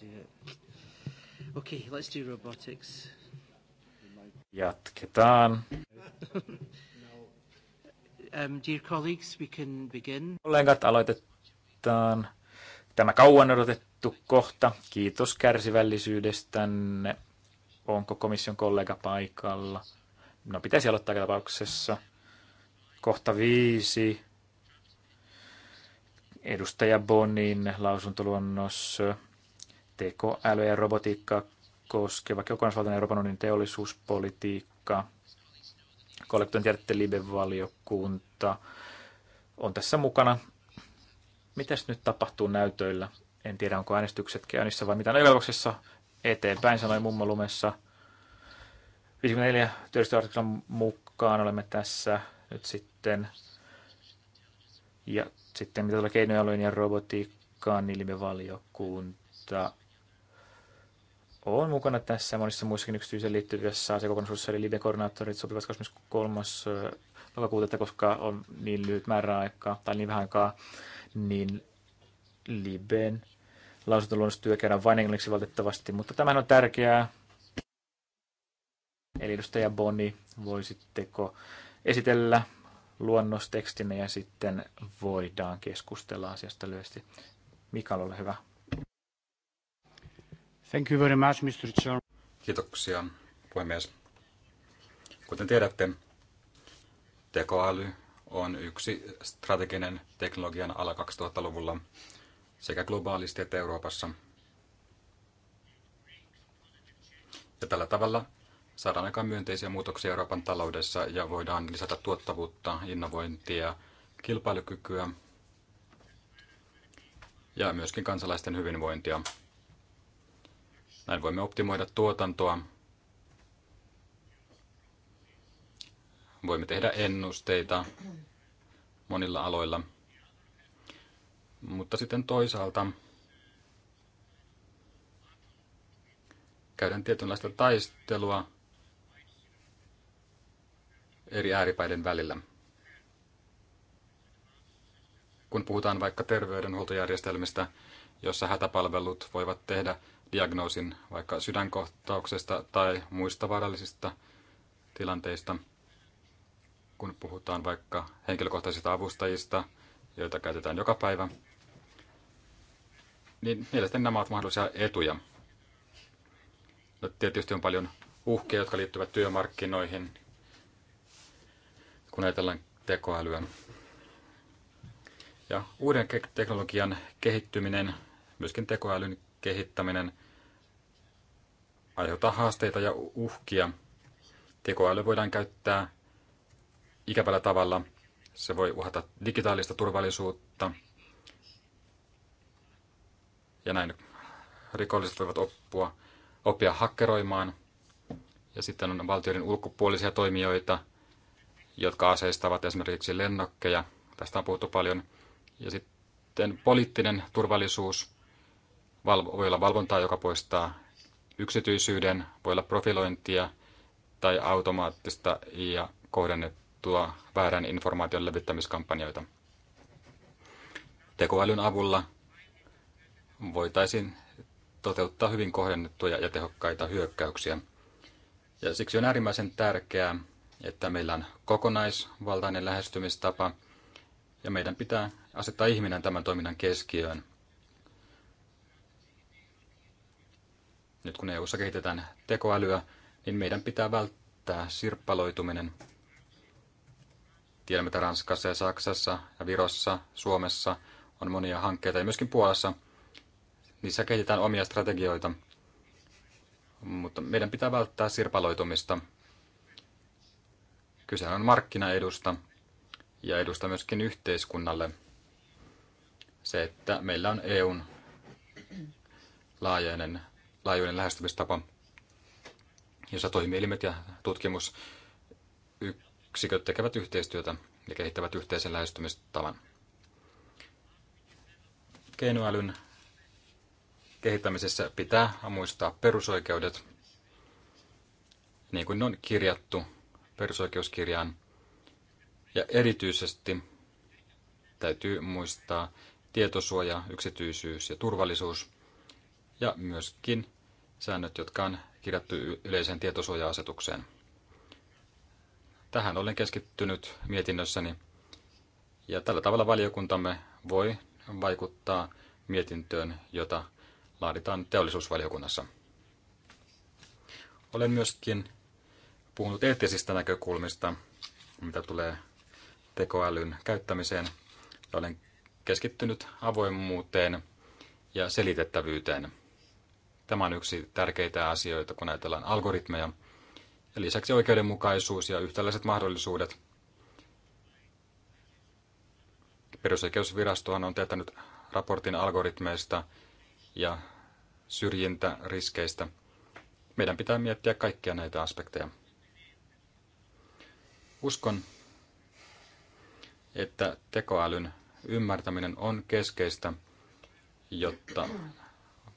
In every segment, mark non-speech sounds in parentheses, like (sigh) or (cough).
do it. Okay, let's do robotics. Jatketaan. (laughs) um, dear colleagues, we can begin. Kollegat, aloitetaan tämä kauan odotettu kohta. Kiitos kärsivällisyydestänne. Onko komission kollega paikalla? No pitäisi aloittaa tapauksessa. Kohta viisi. Edustaja Bonin lausuntoluonnos tekoäly ja robotiikka koskeva kokonaisvaltainen Euroopan unionin teollisuuspolitiikka. Kollektion Libe-valiokunta on tässä mukana. Mitäs nyt tapahtuu näytöillä? En tiedä, onko äänestykset käynnissä vai mitä. Neljäkoksessa no, eteenpäin, sanoi mummo lumessa. 54 työllisyysartiklan mukaan olemme tässä nyt sitten. Ja sitten mitä tulee keinoälyyn ja robotiikkaan, niin valiokunta on mukana tässä monissa muissakin yksityiseen liittyvissä asiakokonaisuudessa, eli live-koordinaattorit sopivat 23. lokakuuta, koska on niin lyhyt määräaika tai niin vähän aikaa, niin Liben lausuntoluonnostyö käydään vain englanniksi valitettavasti, mutta tämähän on tärkeää. Eli edustaja Boni, voisitteko esitellä luonnostekstinne ja sitten voidaan keskustella asiasta lyhyesti. Mikael, ole hyvä. Thank you very much, Mr. Kiitoksia, puhemies. Kuten tiedätte, tekoäly on yksi strateginen teknologian ala 2000-luvulla sekä globaalisti että Euroopassa. Ja tällä tavalla saadaan aikaan myönteisiä muutoksia Euroopan taloudessa ja voidaan lisätä tuottavuutta, innovointia, kilpailukykyä ja myöskin kansalaisten hyvinvointia. Näin voimme optimoida tuotantoa. Voimme tehdä ennusteita monilla aloilla. Mutta sitten toisaalta käydään tietynlaista taistelua eri ääripäiden välillä. Kun puhutaan vaikka terveydenhuoltojärjestelmistä, jossa hätäpalvelut voivat tehdä diagnoosin vaikka sydänkohtauksesta tai muista vaarallisista tilanteista, kun puhutaan vaikka henkilökohtaisista avustajista, joita käytetään joka päivä, niin mielestäni nämä ovat mahdollisia etuja. No, tietysti on paljon uhkia, jotka liittyvät työmarkkinoihin, kun ajatellaan tekoälyä. Ja uuden teknologian kehittyminen, myöskin tekoälyn kehittäminen aiheuttaa haasteita ja uhkia. Tekoäly voidaan käyttää ikävällä tavalla. Se voi uhata digitaalista turvallisuutta. Ja näin rikolliset voivat oppua, oppia hakkeroimaan. Ja sitten on valtioiden ulkopuolisia toimijoita, jotka aseistavat esimerkiksi lennokkeja. Tästä on puhuttu paljon. Ja sitten poliittinen turvallisuus voi olla valvontaa, joka poistaa yksityisyyden, voi olla profilointia tai automaattista ja kohdennettua väärän informaation levittämiskampanjoita. Tekoälyn avulla voitaisiin toteuttaa hyvin kohdennettuja ja tehokkaita hyökkäyksiä. Ja siksi on äärimmäisen tärkeää, että meillä on kokonaisvaltainen lähestymistapa ja meidän pitää asettaa ihminen tämän toiminnan keskiöön – Nyt kun EU:ssa kehitetään tekoälyä, niin meidän pitää välttää sirppaloituminen. Tiedämme, että Ranskassa ja Saksassa ja Virossa, Suomessa on monia hankkeita ja myöskin Puolassa. Niissä kehitetään omia strategioita, mutta meidän pitää välttää sirpaloitumista. Kyse on markkinaedusta ja edusta myöskin yhteiskunnalle. Se, että meillä on EUn laajainen laajuinen lähestymistapa, jossa toimielimet ja tutkimusyksiköt tekevät yhteistyötä ja kehittävät yhteisen lähestymistavan. Keinoälyn kehittämisessä pitää muistaa perusoikeudet, niin kuin ne on kirjattu perusoikeuskirjaan. Ja erityisesti täytyy muistaa tietosuoja, yksityisyys ja turvallisuus – ja mm. myöskin säännöt, jotka on kirjattu yleiseen tietosuoja-asetukseen. Tähän olen keskittynyt mietinnössäni ja tällä tavalla valiokuntamme voi vaikuttaa mietintöön, jota laaditaan teollisuusvaliokunnassa. Olen myöskin puhunut eettisistä näkökulmista, mitä tulee tekoälyn käyttämiseen. Ja olen keskittynyt avoimuuteen ja selitettävyyteen. Tämä on yksi tärkeitä asioita, kun ajatellaan algoritmeja. Ja lisäksi oikeudenmukaisuus ja yhtäläiset mahdollisuudet. Perusoikeusvirastohan on tehtänyt raportin algoritmeista ja syrjintäriskeistä. Meidän pitää miettiä kaikkia näitä aspekteja. Uskon, että tekoälyn ymmärtäminen on keskeistä, jotta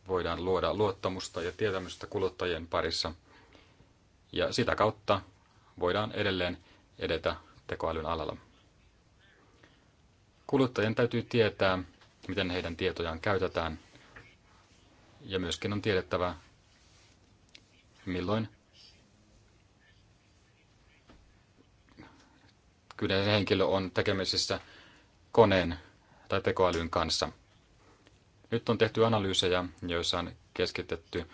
voidaan luoda luottamusta ja tietämystä kuluttajien parissa. Ja sitä kautta voidaan edelleen edetä tekoälyn alalla. Kuluttajien täytyy tietää, miten heidän tietojaan käytetään, ja myöskin on tiedettävä, milloin kyseinen henkilö on tekemisissä koneen tai tekoälyn kanssa – nyt on tehty analyysejä, joissa on keskitetty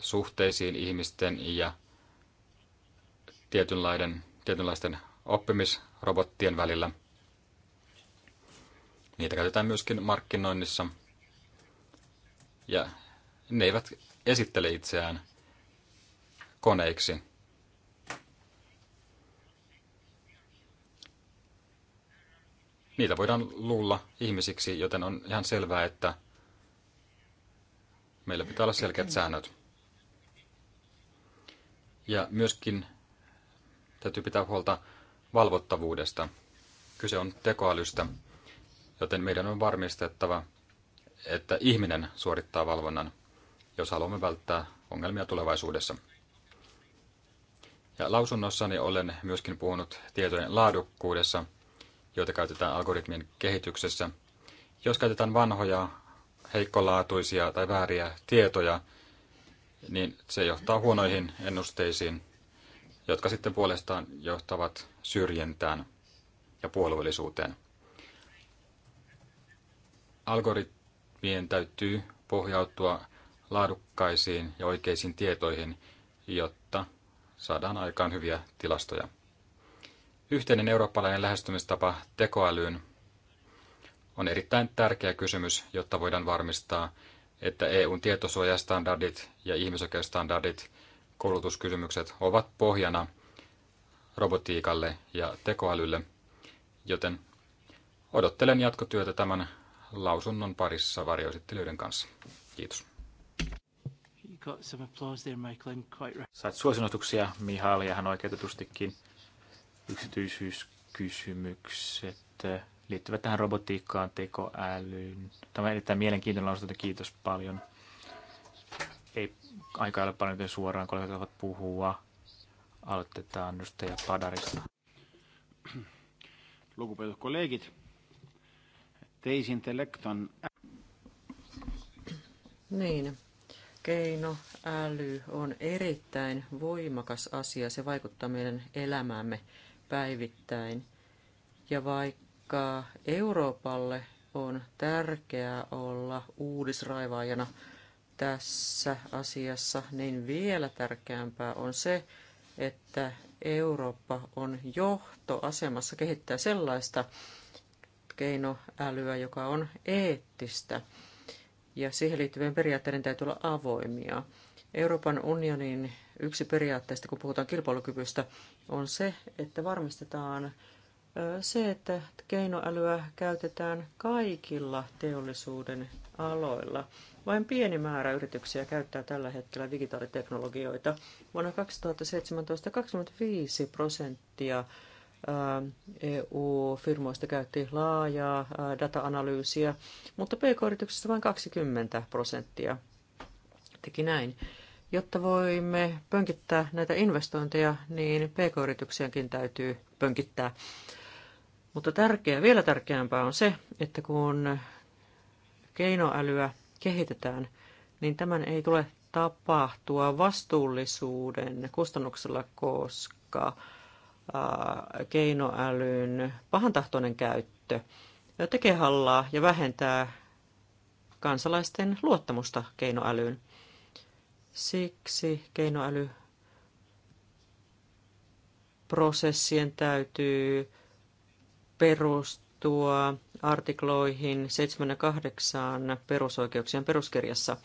suhteisiin ihmisten ja tietynlaisten, tietynlaisten oppimisrobottien välillä. Niitä käytetään myöskin markkinoinnissa. Ja ne eivät esittele itseään koneiksi, niitä voidaan luulla ihmisiksi, joten on ihan selvää, että meillä pitää olla selkeät säännöt. Ja myöskin täytyy pitää huolta valvottavuudesta. Kyse on tekoälystä, joten meidän on varmistettava, että ihminen suorittaa valvonnan, jos haluamme välttää ongelmia tulevaisuudessa. Ja lausunnossani olen myöskin puhunut tietojen laadukkuudessa, joita käytetään algoritmien kehityksessä. Jos käytetään vanhoja, heikkolaatuisia tai vääriä tietoja, niin se johtaa huonoihin ennusteisiin, jotka sitten puolestaan johtavat syrjintään ja puolueellisuuteen. Algoritmien täytyy pohjautua laadukkaisiin ja oikeisiin tietoihin, jotta saadaan aikaan hyviä tilastoja. Yhteinen eurooppalainen lähestymistapa tekoälyyn on erittäin tärkeä kysymys, jotta voidaan varmistaa, että EUn tietosuojastandardit ja ihmisoikeustandardit, koulutuskysymykset ovat pohjana robotiikalle ja tekoälylle, joten odottelen jatkotyötä tämän lausunnon parissa varjoesittelyiden kanssa. Kiitos. Saat suosinnoituksia, Mihail, ja hän oikeutetustikin yksityisyyskysymykset eh, liittyvät tähän robotiikkaan, tekoälyyn. Tämä on erittäin mielenkiintoinen lausunto, kiitos paljon. Ei aika ole paljon, joten suoraan kollegat ovat puhua. Aloitetaan ja Padarista. Lugupeetud kollegit, tehisintellekt on... Niin, äly on erittäin voimakas asia. Se vaikuttaa meidän elämäämme päivittäin. Ja vaikka Euroopalle on tärkeää olla uudisraivaajana tässä asiassa, niin vielä tärkeämpää on se, että Eurooppa on johtoasemassa kehittää sellaista keinoälyä, joka on eettistä. Ja siihen liittyvien periaatteiden täytyy olla avoimia. Euroopan unionin yksi periaatteista, kun puhutaan kilpailukyvystä, on se, että varmistetaan se, että keinoälyä käytetään kaikilla teollisuuden aloilla. Vain pieni määrä yrityksiä käyttää tällä hetkellä digitaaliteknologioita. Vuonna 2017 25 prosenttia EU-firmoista käytti laajaa data-analyysiä, mutta pk yrityksistä vain 20 prosenttia teki näin. Jotta voimme pönkittää näitä investointeja, niin pk-yrityksiäkin täytyy pönkittää. Mutta tärkeää, vielä tärkeämpää on se, että kun keinoälyä kehitetään, niin tämän ei tule tapahtua vastuullisuuden kustannuksella, koska keinoälyn pahantahtoinen käyttö tekee hallaa ja vähentää kansalaisten luottamusta keinoälyyn. Siksi keinoälyprosessien täytyy perustua artikloihin 7 ja 8 perusoikeuksien peruskirjassa.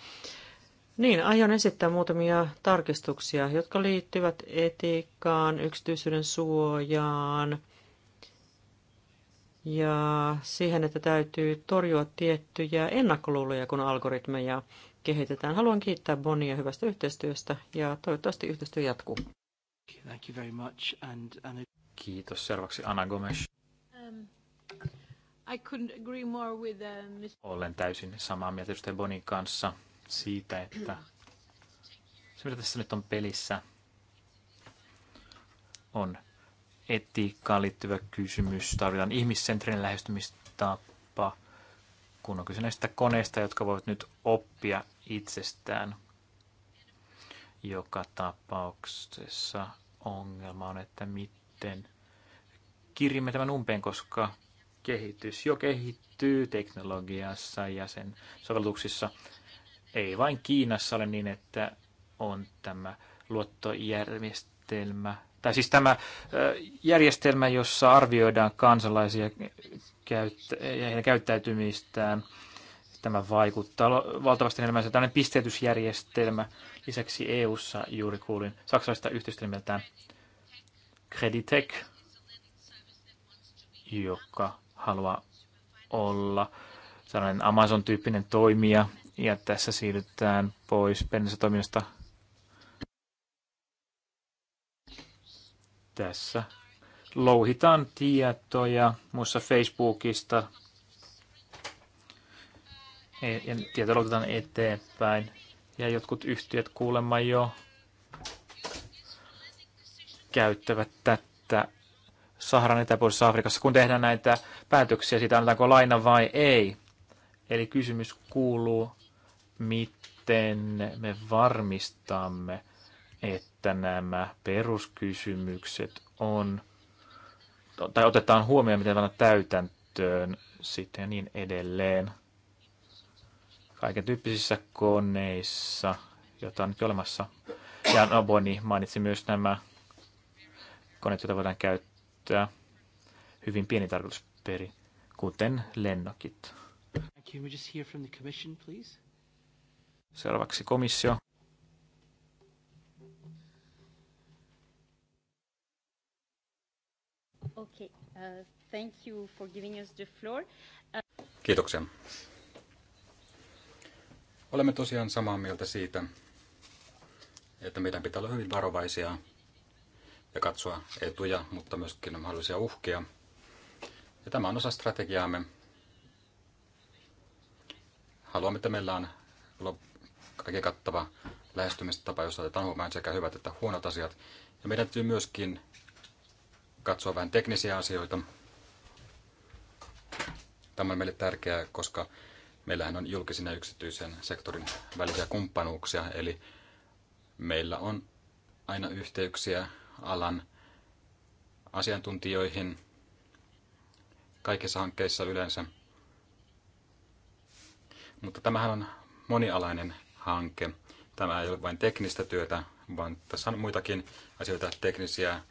Niin, aion esittää muutamia tarkistuksia, jotka liittyvät etiikkaan, yksityisyyden suojaan ja siihen, että täytyy torjua tiettyjä ennakkoluuloja, kun algoritmeja kehitetään. Haluan kiittää Bonia hyvästä yhteistyöstä ja toivottavasti yhteistyö jatkuu. Thank you very much. And Anna... Kiitos. Seuraavaksi Anna Gomes. Um, I couldn't agree more with, uh, Olen täysin samaa mieltä edustaja Bonin kanssa siitä, että se, mitä tässä nyt on pelissä, on etiikkaan liittyvä kysymys. Tarvitaan ihmissentrinen lähestymistapa – kun on kyse näistä koneista, jotka voivat nyt oppia itsestään. Joka tapauksessa ongelma on, että miten kirjimme tämän umpeen, koska kehitys jo kehittyy teknologiassa ja sen sovelluksissa. Ei vain Kiinassa ole niin, että on tämä luottojärjestelmä, tai siis tämä järjestelmä, jossa arvioidaan kansalaisia ja heidän käyttäytymistään, tämä vaikuttaa valtavasti Se Tällainen pisteytysjärjestelmä. Lisäksi EU-ssa juuri kuulin saksalaista yhteistyötä nimeltään Creditec, joka haluaa olla sellainen Amazon-tyyppinen toimija. Ja tässä siirrytään pois perinnisestä toiminnasta – tässä louhitaan tietoja muissa Facebookista. E, ja tietoja louhitaan eteenpäin. Ja jotkut yhtiöt kuulemma jo käyttävät tätä Saharan etäpuolisessa Afrikassa, kun tehdään näitä päätöksiä siitä, annetaanko laina vai ei. Eli kysymys kuuluu, miten me varmistamme että nämä peruskysymykset on, tai otetaan huomioon, miten vanha täytäntöön sitten niin edelleen. Kaiken tyyppisissä koneissa, joita on nyt olemassa. Ja Noboni mainitsi myös nämä koneet, joita voidaan käyttää hyvin pieni tarkoitusperi, kuten lennokit. Seuraavaksi komissio. Okay. Uh, thank you for giving us the floor. Uh... Kiitoksia. Olemme tosiaan samaa mieltä siitä, että meidän pitää olla hyvin varovaisia ja katsoa etuja, mutta myöskin mahdollisia uhkia. Ja tämä on osa strategiaamme. Haluamme, että meillä on kaikki kattava lähestymistapa, jossa otetaan huomioon sekä hyvät että huonot asiat. Ja meidän täytyy myöskin katsoa vähän teknisiä asioita. Tämä on meille tärkeää, koska meillähän on julkisen ja yksityisen sektorin välisiä kumppanuuksia, eli meillä on aina yhteyksiä alan asiantuntijoihin kaikissa hankkeissa yleensä. Mutta tämähän on monialainen hanke. Tämä ei ole vain teknistä työtä, vaan tässä on muitakin asioita, teknisiä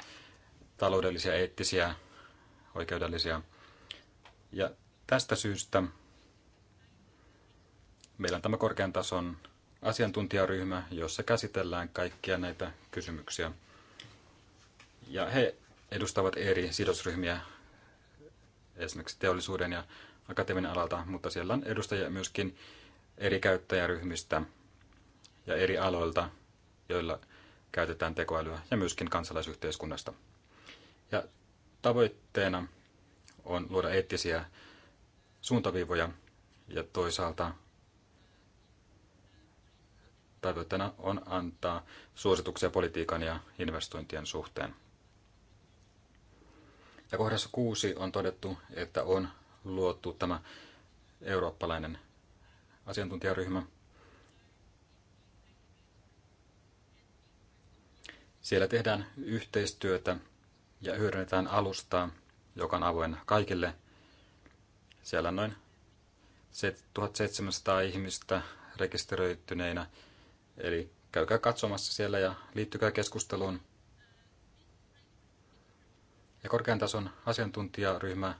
taloudellisia, eettisiä, oikeudellisia. Ja tästä syystä meillä on tämä korkean tason asiantuntijaryhmä, jossa käsitellään kaikkia näitä kysymyksiä. Ja he edustavat eri sidosryhmiä, esimerkiksi teollisuuden ja akatemian alalta, mutta siellä on edustajia myöskin eri käyttäjäryhmistä ja eri aloilta, joilla käytetään tekoälyä ja myöskin kansalaisyhteiskunnasta. Ja tavoitteena on luoda eettisiä suuntaviivoja ja toisaalta tavoitteena on antaa suosituksia politiikan ja investointien suhteen. Ja kohdassa kuusi on todettu, että on luotu tämä eurooppalainen asiantuntijaryhmä. Siellä tehdään yhteistyötä ja hyödynnetään alustaa, joka on avoin kaikille. Siellä on noin 1700 ihmistä rekisteröityneinä, eli käykää katsomassa siellä ja liittykää keskusteluun. Ja korkean tason asiantuntijaryhmä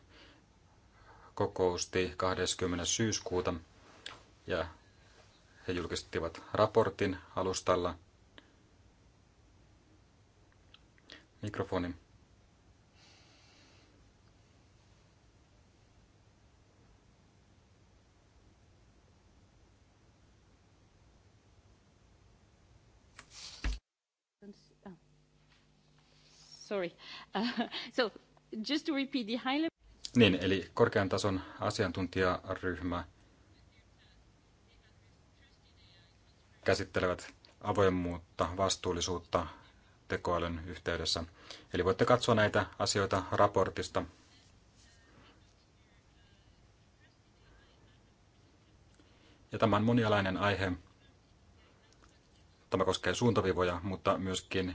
kokousti 20. syyskuuta ja he julkistivat raportin alustalla. Mikrofoni. sorry. (laughs) so, just to repeat the high level... Niin, eli korkean tason asiantuntijaryhmä käsittelevät avoimuutta, vastuullisuutta tekoälyn yhteydessä. Eli voitte katsoa näitä asioita raportista. Ja tämä on monialainen aihe. Tämä koskee suuntavivoja, mutta myöskin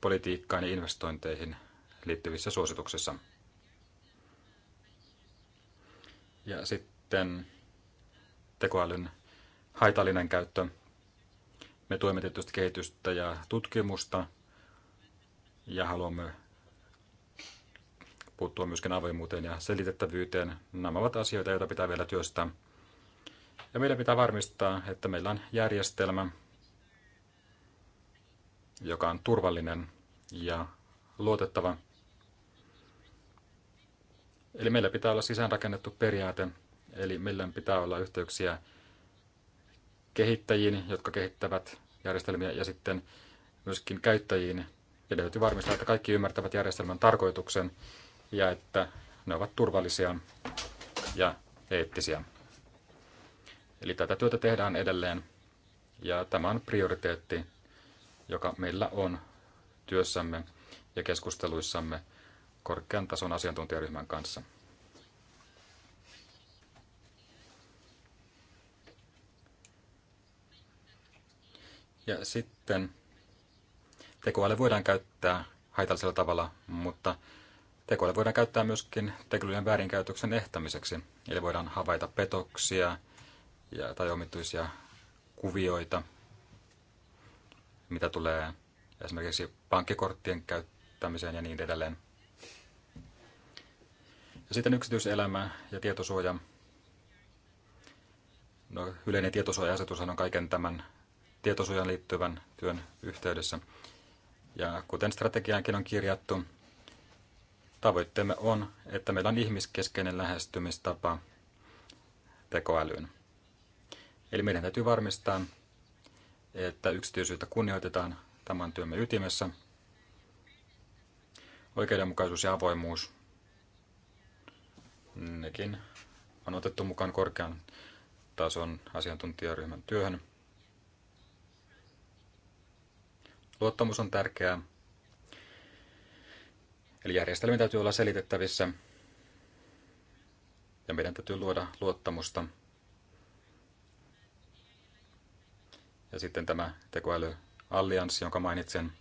politiikkaan ja investointeihin liittyvissä suosituksissa. Ja sitten tekoälyn haitallinen käyttö. Me tuemme tietysti kehitystä ja tutkimusta ja haluamme puuttua myöskin avoimuuteen ja selitettävyyteen. Nämä ovat asioita, joita pitää vielä työstää. Ja meidän pitää varmistaa, että meillä on järjestelmä, joka on turvallinen ja luotettava. Eli meillä pitää olla sisäänrakennettu periaate, eli meillä pitää olla yhteyksiä kehittäjiin, jotka kehittävät järjestelmiä, ja sitten myöskin käyttäjiin. Ja täytyy varmistaa, että kaikki ymmärtävät järjestelmän tarkoituksen ja että ne ovat turvallisia ja eettisiä. Eli tätä työtä tehdään edelleen ja tämä on prioriteetti joka meillä on työssämme ja keskusteluissamme korkean tason asiantuntijaryhmän kanssa. Ja sitten tekoäly voidaan käyttää haitallisella tavalla, mutta tekoäly voidaan käyttää myöskin tekoälyn väärinkäytöksen ehtämiseksi. Eli voidaan havaita petoksia ja, tai omituisia kuvioita – mitä tulee esimerkiksi pankkikorttien käyttämiseen ja niin edelleen. Ja sitten yksityiselämä ja tietosuoja. No, yleinen tietosuoja-asetushan on kaiken tämän tietosuojan liittyvän työn yhteydessä. Ja kuten strategiaankin on kirjattu, tavoitteemme on, että meillä on ihmiskeskeinen lähestymistapa tekoälyyn. Eli meidän täytyy varmistaa, että yksityisyyttä kunnioitetaan. tämän työmme ytimessä. Oikeudenmukaisuus ja avoimuus, nekin on otettu mukaan korkean tason asiantuntijaryhmän työhön. Luottamus on tärkeää. Eli järjestelmien täytyy olla selitettävissä ja meidän täytyy luoda luottamusta Ja sitten tämä tekoälyallianssi, jonka mainitsen.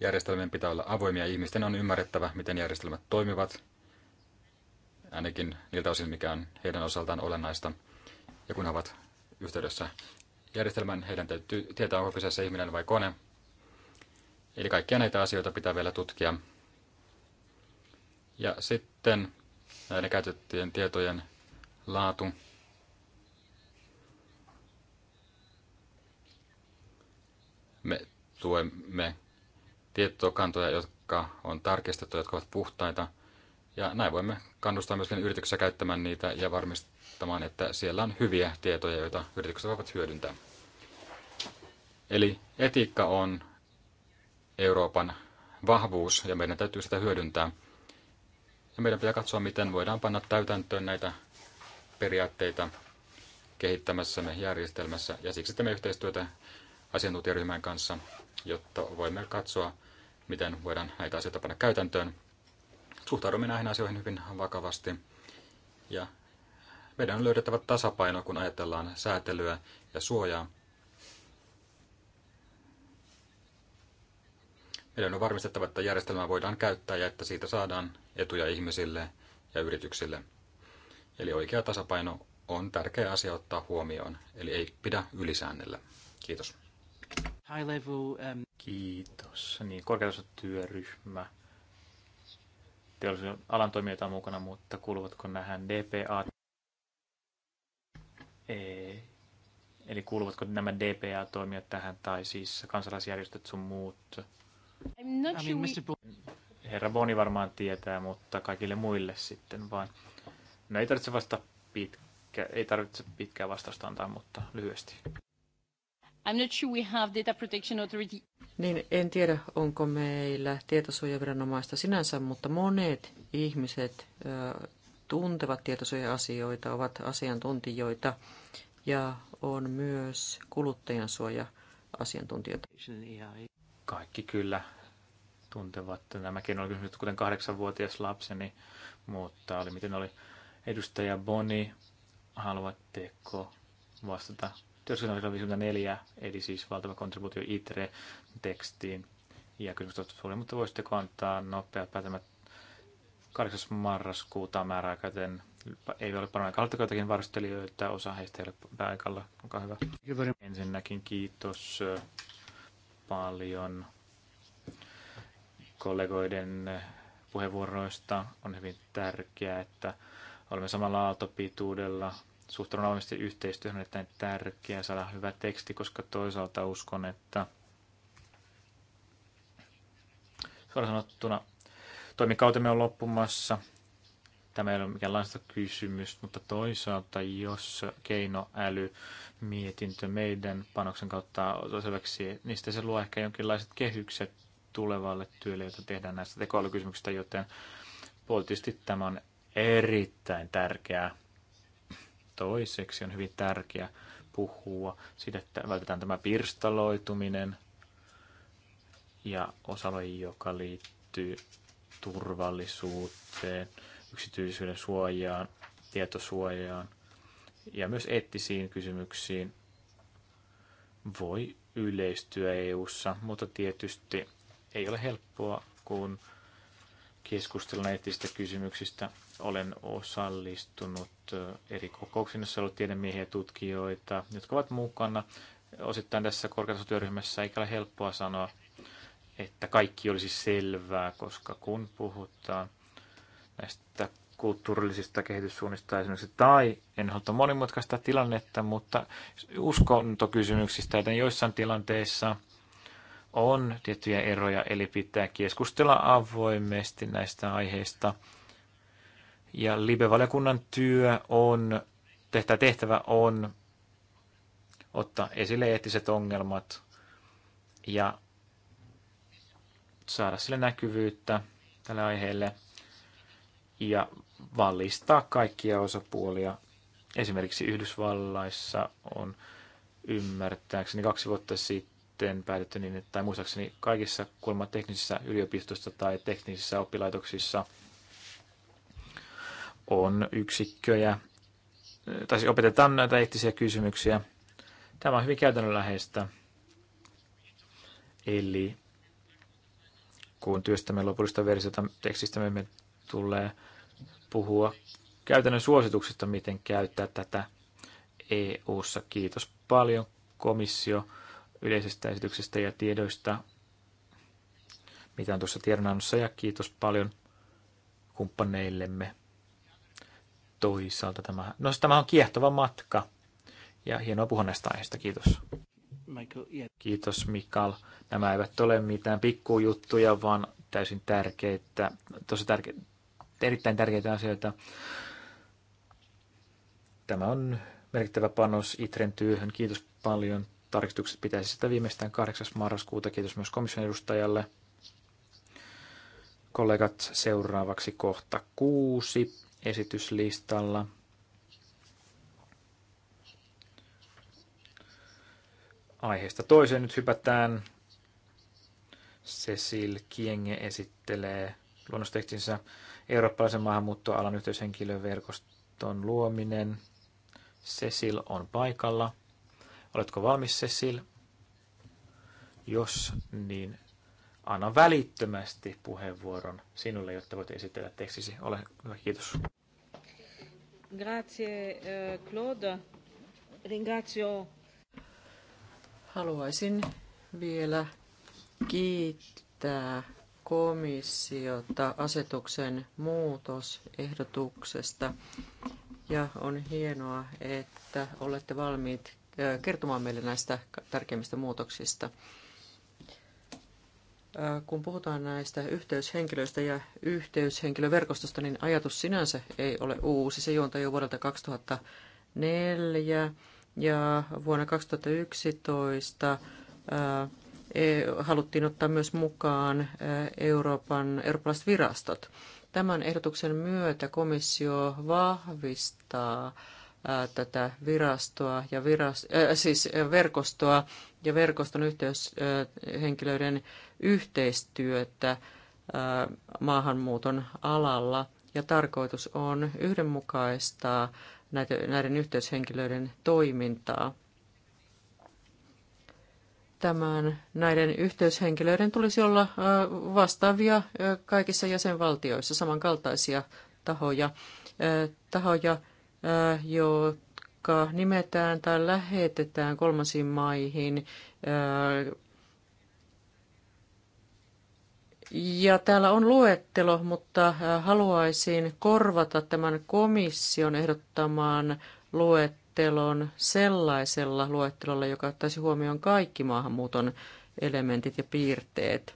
Järjestelmien pitää olla avoimia. Ihmisten on ymmärrettävä, miten järjestelmät toimivat, ainakin niiltä osin, mikä on heidän osaltaan olennaista. Ja kun he ovat yhteydessä järjestelmän, heidän täytyy tietää, onko kyseessä ihminen vai kone. Eli kaikkia näitä asioita pitää vielä tutkia. Ja sitten näiden käytettyjen tietojen laatu. Me tuemme tietokantoja, jotka on tarkistettu, jotka ovat puhtaita. Ja näin voimme kannustaa myöskin yrityksessä käyttämään niitä ja varmistamaan, että siellä on hyviä tietoja, joita yritykset voivat hyödyntää. Eli etiikka on Euroopan vahvuus ja meidän täytyy sitä hyödyntää. Ja meidän pitää katsoa, miten voidaan panna täytäntöön näitä periaatteita kehittämässämme järjestelmässä ja siksi teemme yhteistyötä asiantuntijaryhmän kanssa, jotta voimme katsoa, miten voidaan näitä asioita panna käytäntöön. Suhtaudumme näihin asioihin hyvin vakavasti ja meidän on löydettävä tasapaino, kun ajatellaan säätelyä ja suojaa. Meidän on varmistettava, että järjestelmää voidaan käyttää ja että siitä saadaan etuja ihmisille ja yrityksille. Eli oikea tasapaino on tärkeä asia ottaa huomioon, eli ei pidä ylisäännellä. Kiitos. High level, um... Kiitos. Niin, työryhmä Teollisuuden alan toimijoita on mukana, mutta kuuluvatko nähän DPA? Ei. Eli kuuluvatko nämä DPA-toimijat tähän, tai siis kansalaisjärjestöt sun muut? I'm not sure we... Herra Boni varmaan tietää, mutta kaikille muille sitten vaan. No ei tarvitse vasta pitkä, ei tarvitse pitkää vastausta antaa, mutta lyhyesti. I'm not sure we have data protection authority. Niin, en tiedä, onko meillä tietosuojaviranomaista sinänsä, mutta monet ihmiset ö, tuntevat tietosuoja-asioita, ovat asiantuntijoita ja on myös kuluttajansuoja-asiantuntijoita. Kaikki kyllä tuntevat nämäkin nämä kysymykset, kuten kahdeksanvuotias lapseni, mutta oli miten oli edustaja Boni, haluatteko vastata työskennellä 54, eli siis valtava kontribuutio ITRE-tekstiin. Ja kysymykset suuri, mutta voisitteko antaa nopeat päätelmät 8. marraskuuta määräaika, ei ole paremmin aikaa. jotakin varustelijoita? Osa heistä ei ole paikalla. Onkaan hyvä. Ensinnäkin kiitos äh, paljon kollegoiden äh, puheenvuoroista. On hyvin tärkeää, että olemme samalla aaltopituudella suhtaudun avoimesti yhteistyöhön, on erittäin tärkeää saada hyvä teksti, koska toisaalta uskon, että suoraan sanottuna toimikautemme on loppumassa. Tämä ei ole mikään mikäänlaista kysymys, mutta toisaalta jos keinoäly mietintö meidän panoksen kautta selväksi, niin se luo ehkä jonkinlaiset kehykset tulevalle työlle, jota tehdään näistä tekoälykysymyksistä, joten poliittisesti tämä on erittäin tärkeää Toiseksi on hyvin tärkeää puhua Sitten että vältetään tämä pirstaloituminen ja osa joka liittyy turvallisuuteen, yksityisyyden suojaan, tietosuojaan ja myös eettisiin kysymyksiin voi yleistyä EU:ssa, mutta tietysti ei ole helppoa, kun keskustella eettisistä kysymyksistä. Olen osallistunut eri kokouksiin, joissa on ollut tiedemiehiä ja tutkijoita, jotka ovat mukana osittain tässä korkeatasotyöryhmässä. Eikä ole helppoa sanoa, että kaikki olisi selvää, koska kun puhutaan näistä kulttuurillisista kehityssuunnista esimerkiksi, tai en halua tuota monimutkaista tilannetta, mutta uskontokysymyksistä, joten joissain tilanteissa – on tiettyjä eroja, eli pitää keskustella avoimesti näistä aiheista. Ja libe valiokunnan työ on, tehtä tehtävä on ottaa esille eettiset ongelmat ja saada sille näkyvyyttä tälle aiheelle ja valistaa kaikkia osapuolia. Esimerkiksi Yhdysvalloissa on ymmärtääkseni kaksi vuotta sitten yhteen päätetty niin, että tai muistaakseni kaikissa kuulemma teknisissä yliopistoissa tai teknisissä oppilaitoksissa on yksikköjä, tai siis opetetaan näitä eettisiä kysymyksiä. Tämä on hyvin käytännönläheistä. Eli kun työstämme lopullista versiota tekstistä, me tulee puhua käytännön suosituksista, miten käyttää tätä EU-ssa. Kiitos paljon komissio yleisestä esityksestä ja tiedoista, mitä on tuossa tiedonannossa, ja kiitos paljon kumppaneillemme. Toisaalta tämä, no siis tämä on kiehtova matka, ja hienoa puhua näistä aiheista, kiitos. Michael, yeah. Kiitos Mikael. Nämä eivät ole mitään pikkujuttuja, vaan täysin tärkeitä, tosi tärkeitä, erittäin tärkeitä asioita. Tämä on merkittävä panos Itren työhön. Kiitos paljon tarkistukset pitäisi sitä viimeistään 8. marraskuuta. Kiitos myös komission edustajalle. Kollegat, seuraavaksi kohta kuusi esityslistalla. Aiheesta toiseen nyt hypätään. Cecil Kienge esittelee luonnostekstinsä eurooppalaisen maahanmuuttoalan yhteyshenkilöverkoston luominen. Cecil on paikalla. Oletko valmis, Cecil? Jos niin, anna välittömästi puheenvuoron sinulle, jotta voit esitellä tekstisi. Ole hyvä, kiitos. Grazie, eh, Claude. Ringrazio. Haluaisin vielä kiittää komissiota asetuksen muutosehdotuksesta. Ja on hienoa, että olette valmiit kertomaan meille näistä tärkeimmistä muutoksista. Kun puhutaan näistä yhteyshenkilöistä ja yhteyshenkilöverkostosta, niin ajatus sinänsä ei ole uusi. Se juontaa jo vuodelta 2004 ja vuonna 2011 e, haluttiin ottaa myös mukaan Euroopan, eurooppalaiset virastot. Tämän ehdotuksen myötä komissio vahvistaa tätä virastoa ja viras, äh, siis verkostoa ja verkoston yhteyshenkilöiden yhteistyötä maahanmuuton alalla. Ja tarkoitus on yhdenmukaistaa näiden yhteyshenkilöiden toimintaa. Tämän, näiden yhteyshenkilöiden tulisi olla vastaavia kaikissa jäsenvaltioissa, samankaltaisia tahoja, tahoja Äh, jotka nimetään tai lähetetään kolmansiin maihin. Äh, ja täällä on luettelo, mutta äh, haluaisin korvata tämän komission ehdottamaan luettelon sellaisella luettelolla, joka ottaisi huomioon kaikki maahanmuuton elementit ja piirteet.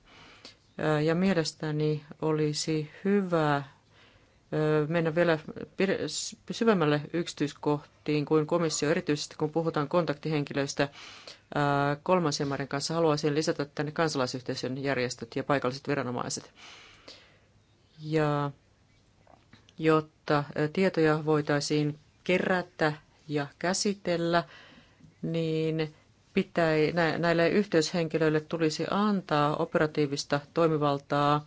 Ja mielestäni olisi hyvä mennä vielä syvemmälle yksityiskohtiin kuin komissio, erityisesti kun puhutaan kontaktihenkilöistä kolmansien maiden kanssa. Haluaisin lisätä tänne kansalaisyhteisön järjestöt ja paikalliset viranomaiset. Ja jotta tietoja voitaisiin kerätä ja käsitellä, niin pitäi näille yhteyshenkilöille tulisi antaa operatiivista toimivaltaa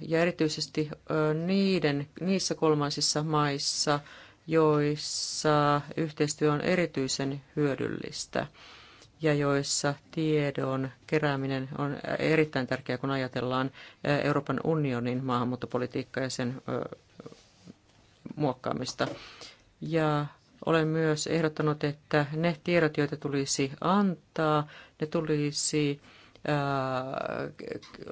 ja erityisesti niiden, niissä kolmansissa maissa, joissa yhteistyö on erityisen hyödyllistä ja joissa tiedon kerääminen on erittäin tärkeää, kun ajatellaan Euroopan unionin maahanmuuttopolitiikkaa ja sen muokkaamista. Ja olen myös ehdottanut, että ne tiedot, joita tulisi antaa, ne tulisi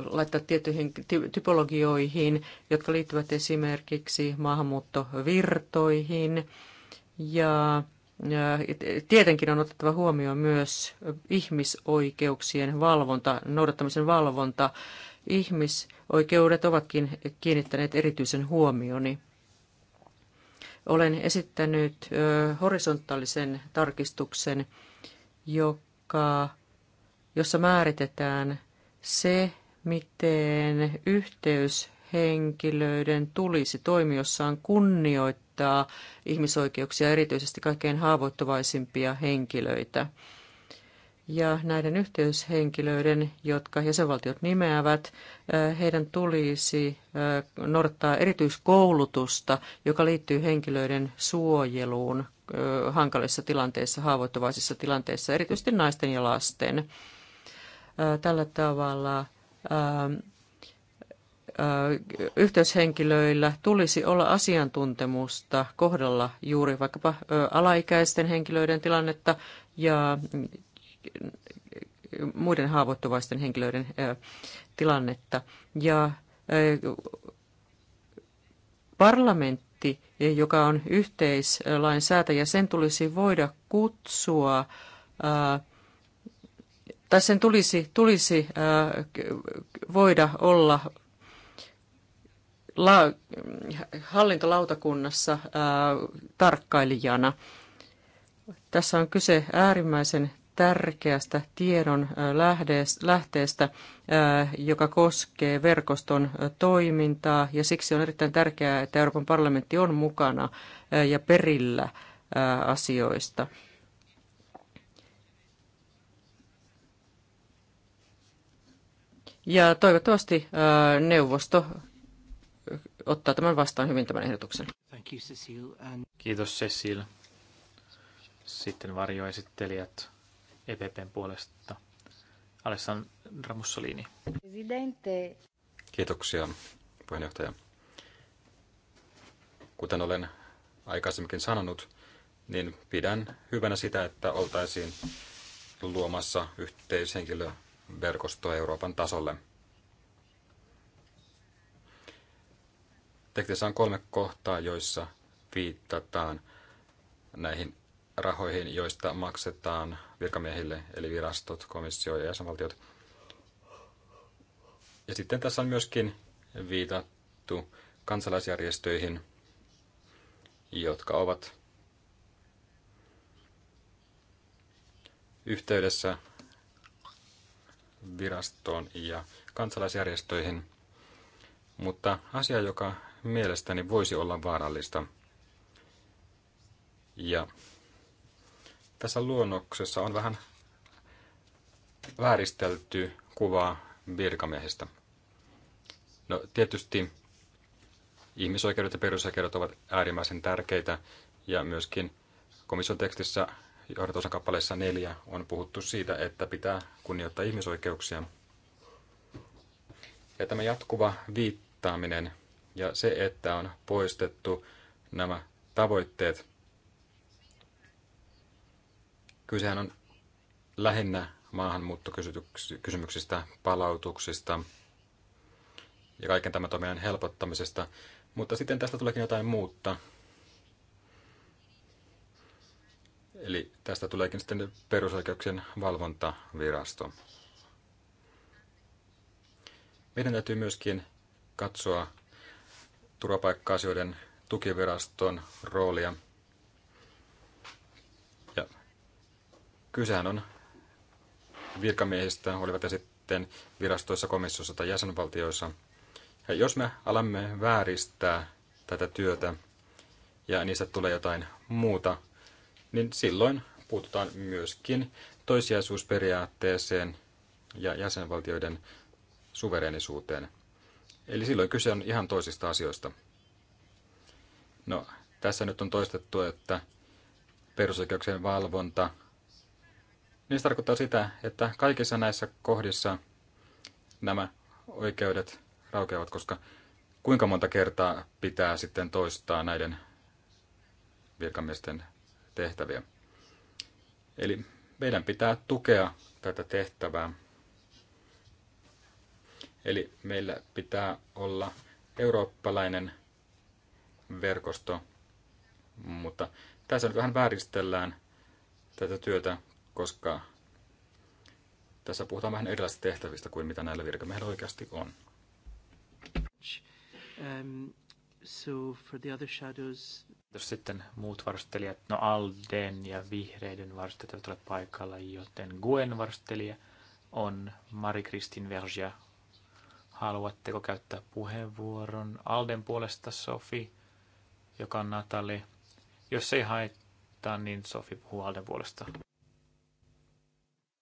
laittaa tiettyihin typologioihin, jotka liittyvät esimerkiksi maahanmuuttovirtoihin. Ja tietenkin on otettava huomioon myös ihmisoikeuksien valvonta, noudattamisen valvonta. Ihmisoikeudet ovatkin kiinnittäneet erityisen huomioni. Olen esittänyt horisontaalisen tarkistuksen, joka jossa määritetään se, miten yhteyshenkilöiden tulisi toimijossaan kunnioittaa ihmisoikeuksia, erityisesti kaikkein haavoittuvaisimpia henkilöitä. Ja näiden yhteyshenkilöiden, jotka jäsenvaltiot nimeävät, heidän tulisi noudattaa erityiskoulutusta, joka liittyy henkilöiden suojeluun hankalissa tilanteissa, haavoittuvaisissa tilanteissa, erityisesti naisten ja lasten tällä tavalla yhteyshenkilöillä tulisi olla asiantuntemusta kohdalla juuri vaikkapa alaikäisten henkilöiden tilannetta ja mm, muiden haavoittuvaisten henkilöiden tilannetta. Ja parlamentti, joka on yhteislainsäätäjä, sen tulisi voida kutsua tai sen tulisi, tulisi voida olla la, hallintolautakunnassa tarkkailijana. Tässä on kyse äärimmäisen tärkeästä tiedon lähteestä, joka koskee verkoston toimintaa, ja siksi on erittäin tärkeää, että Euroopan parlamentti on mukana ja perillä asioista. Ja toivottavasti neuvosto ottaa tämän vastaan hyvin tämän ehdotuksen. Kiitos Cecil. Sitten varjoesittelijät EPPn puolesta. Alessandra Mussolini. Presidente. Kiitoksia puheenjohtaja. Kuten olen aikaisemminkin sanonut, niin pidän hyvänä sitä, että oltaisiin luomassa yhteishenkilö verkostoa Euroopan tasolle. Tekstissä on kolme kohtaa, joissa viitataan näihin rahoihin, joista maksetaan virkamiehille, eli virastot, komissio ja jäsenvaltiot. Ja sitten tässä on myöskin viitattu kansalaisjärjestöihin, jotka ovat yhteydessä virastoon ja kansalaisjärjestöihin, mutta asia, joka mielestäni voisi olla vaarallista. Ja tässä luonnoksessa on vähän vääristelty kuvaa virkamiehistä. No tietysti ihmisoikeudet ja perusoikeudet ovat äärimmäisen tärkeitä ja myöskin komission tekstissä johdatuksen kappaleessa neljä on puhuttu siitä, että pitää kunnioittaa ihmisoikeuksia. Ja tämä jatkuva viittaaminen ja se, että on poistettu nämä tavoitteet. Kysehän on lähinnä maahanmuuttokysymyksistä, palautuksista ja kaiken tämän toiminnan helpottamisesta. Mutta sitten tästä tuleekin jotain muutta, Eli tästä tuleekin sitten perusoikeuksien valvontavirasto. Meidän täytyy myöskin katsoa turvapaikka-asioiden tukiviraston roolia. Ja kysehän on virkamiehistä, olivat sitten virastoissa, komissiossa tai jäsenvaltioissa. Ja jos me alamme vääristää tätä työtä ja niistä tulee jotain muuta, niin silloin puututaan myöskin toisiaisuusperiaatteeseen ja jäsenvaltioiden suverenisuuteen. Eli silloin kyse on ihan toisista asioista. No, tässä nyt on toistettu, että perusoikeuksien valvonta, niin se tarkoittaa sitä, että kaikissa näissä kohdissa nämä oikeudet raukeavat, koska kuinka monta kertaa pitää sitten toistaa näiden virkamiesten tehtäviä. Eli meidän pitää tukea tätä tehtävää. Eli meillä pitää olla eurooppalainen verkosto, mutta tässä nyt vähän vääristellään tätä työtä, koska tässä puhutaan vähän erilaisista tehtävistä kuin mitä näillä virkamiehillä oikeasti on. Um, so for the other shadows, jos sitten muut varustelijat, no Alden ja Vihreiden varustelijat eivät ole paikalla, joten Guen varustelija on Marie kristin Vergia. Haluatteko käyttää puheenvuoron Alden puolesta, Sofi, joka on Natali? Jos ei haittaa, niin Sofi puhuu Alden puolesta.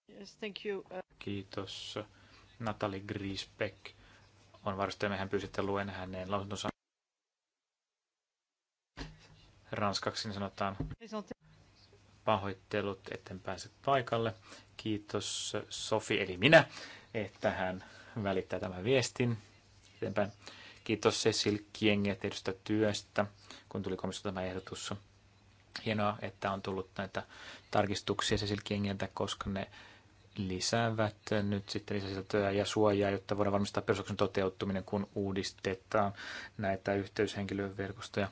Yes, thank you. Uh, Kiitos. Natali Griesbeck on varustajamme. mehän pyysitte luen hänen lausuntonsa ranskaksi niin sanotaan pahoittelut, etten pääse paikalle. Kiitos Sofi, eli minä, että hän välittää tämän viestin eteenpäin. Kiitos Cecil Kienge tehdystä työstä, kun tuli komissio tämä ehdotus. Hienoa, että on tullut näitä tarkistuksia Cecil Kiengeltä, koska ne lisäävät nyt sitten lisäsisältöä ja suojaa, jotta voidaan varmistaa perusoksen toteuttuminen, kun uudistetaan näitä yhteyshenkilöverkostoja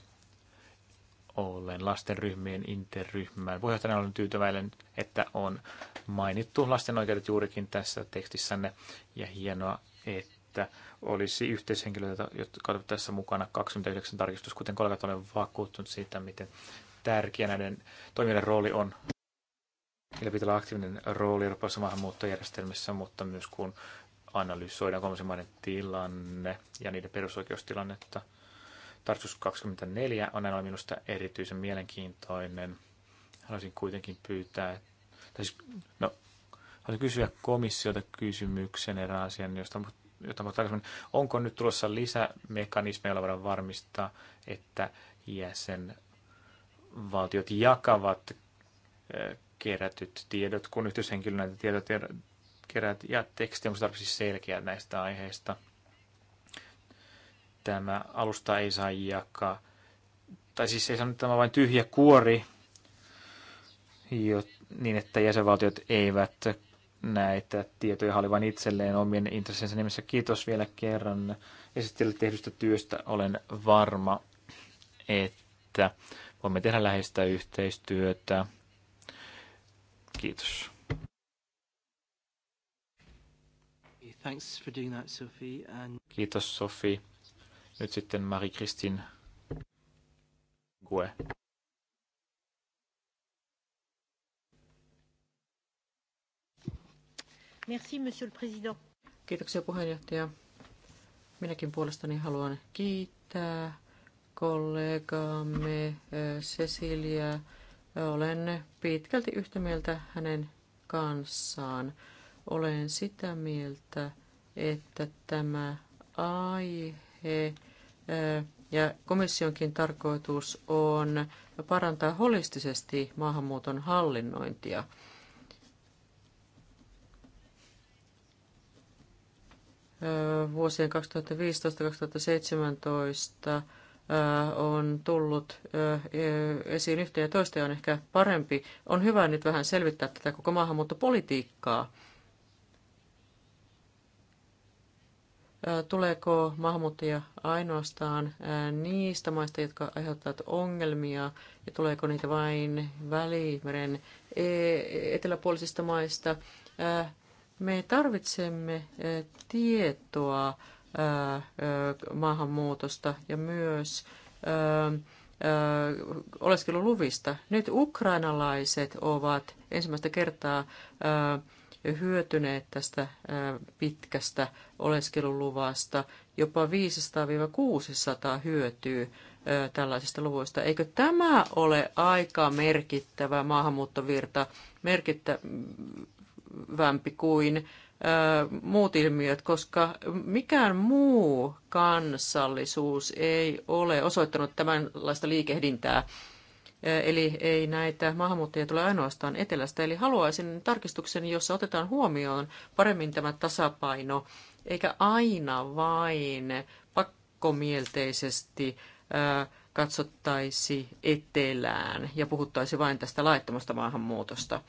olleen lastenryhmien interryhmään. Puheenjohtajana olen tyytyväinen, että on mainittu lasten oikeudet juurikin tässä tekstissänne ja hienoa, että olisi yhteishenkilöitä, jotka ovat tässä mukana 29 tarkistus, kuten kollegat olen vakuuttunut siitä, miten tärkeä näiden toimijoiden rooli on. Niillä pitää olla aktiivinen rooli Euroopassa maahanmuuttojärjestelmissä, mutta myös kun analysoidaan kolmansien maiden tilanne ja niiden perusoikeustilannetta – Tarkistus 24 on aina minusta erityisen mielenkiintoinen. Haluaisin kuitenkin pyytää, tai siis, no, haluaisin kysyä komissiota kysymyksen erään asian, josta jota tarkemmin. Onko nyt tulossa lisämekanismeja, joilla voidaan varmistaa, että jäsenvaltiot jakavat kerätyt tiedot, kun yhteyshenkilö näitä tietoja kerät, ja teksti onko tarpeeksi selkeä näistä aiheista? tämä alusta ei saa jakaa, tai siis ei sano tämä vain tyhjä kuori, jo, niin että jäsenvaltiot eivät näitä tietoja vain itselleen omien intressiensä nimessä. Kiitos vielä kerran esittelylle tehdystä työstä. Olen varma, että voimme tehdä läheistä yhteistyötä. Kiitos. Thanks for doing that, Sophie. And... Kiitos Sofi. Nyt sitten Marie-Kristin Gue. Merci, monsieur le président. Kiitoksia puheenjohtaja. Minäkin puolestani haluan kiittää kollegaamme Cecilia. Olen pitkälti yhtä mieltä hänen kanssaan. Olen sitä mieltä, että tämä aihe ja komissionkin tarkoitus on parantaa holistisesti maahanmuuton hallinnointia. Vuosien 2015-2017 on tullut esiin yhteen ja toista ja on ehkä parempi. On hyvä nyt vähän selvittää tätä koko maahanmuuttopolitiikkaa Tuleeko maahanmuuttajia ainoastaan niistä maista, jotka aiheuttavat ongelmia, ja tuleeko niitä vain Välimeren e, eteläpuolisista maista? Me tarvitsemme tietoa maahanmuutosta ja myös oleskeluluvista. Nyt ukrainalaiset ovat ensimmäistä kertaa hyötyneet tästä pitkästä oleskeluluvasta. Jopa 500-600 hyötyy tällaisista luvuista. Eikö tämä ole aika merkittävä maahanmuuttovirta, merkittävämpi kuin muut ilmiöt, koska mikään muu kansallisuus ei ole osoittanut tämänlaista liikehdintää Eli ei näitä maahanmuuttajia tule ainoastaan etelästä. Eli haluaisin tarkistuksen, jossa otetaan huomioon paremmin tämä tasapaino, eikä aina vain pakkomielteisesti katsottaisi etelään ja puhuttaisi vain tästä laittomasta maahanmuutosta.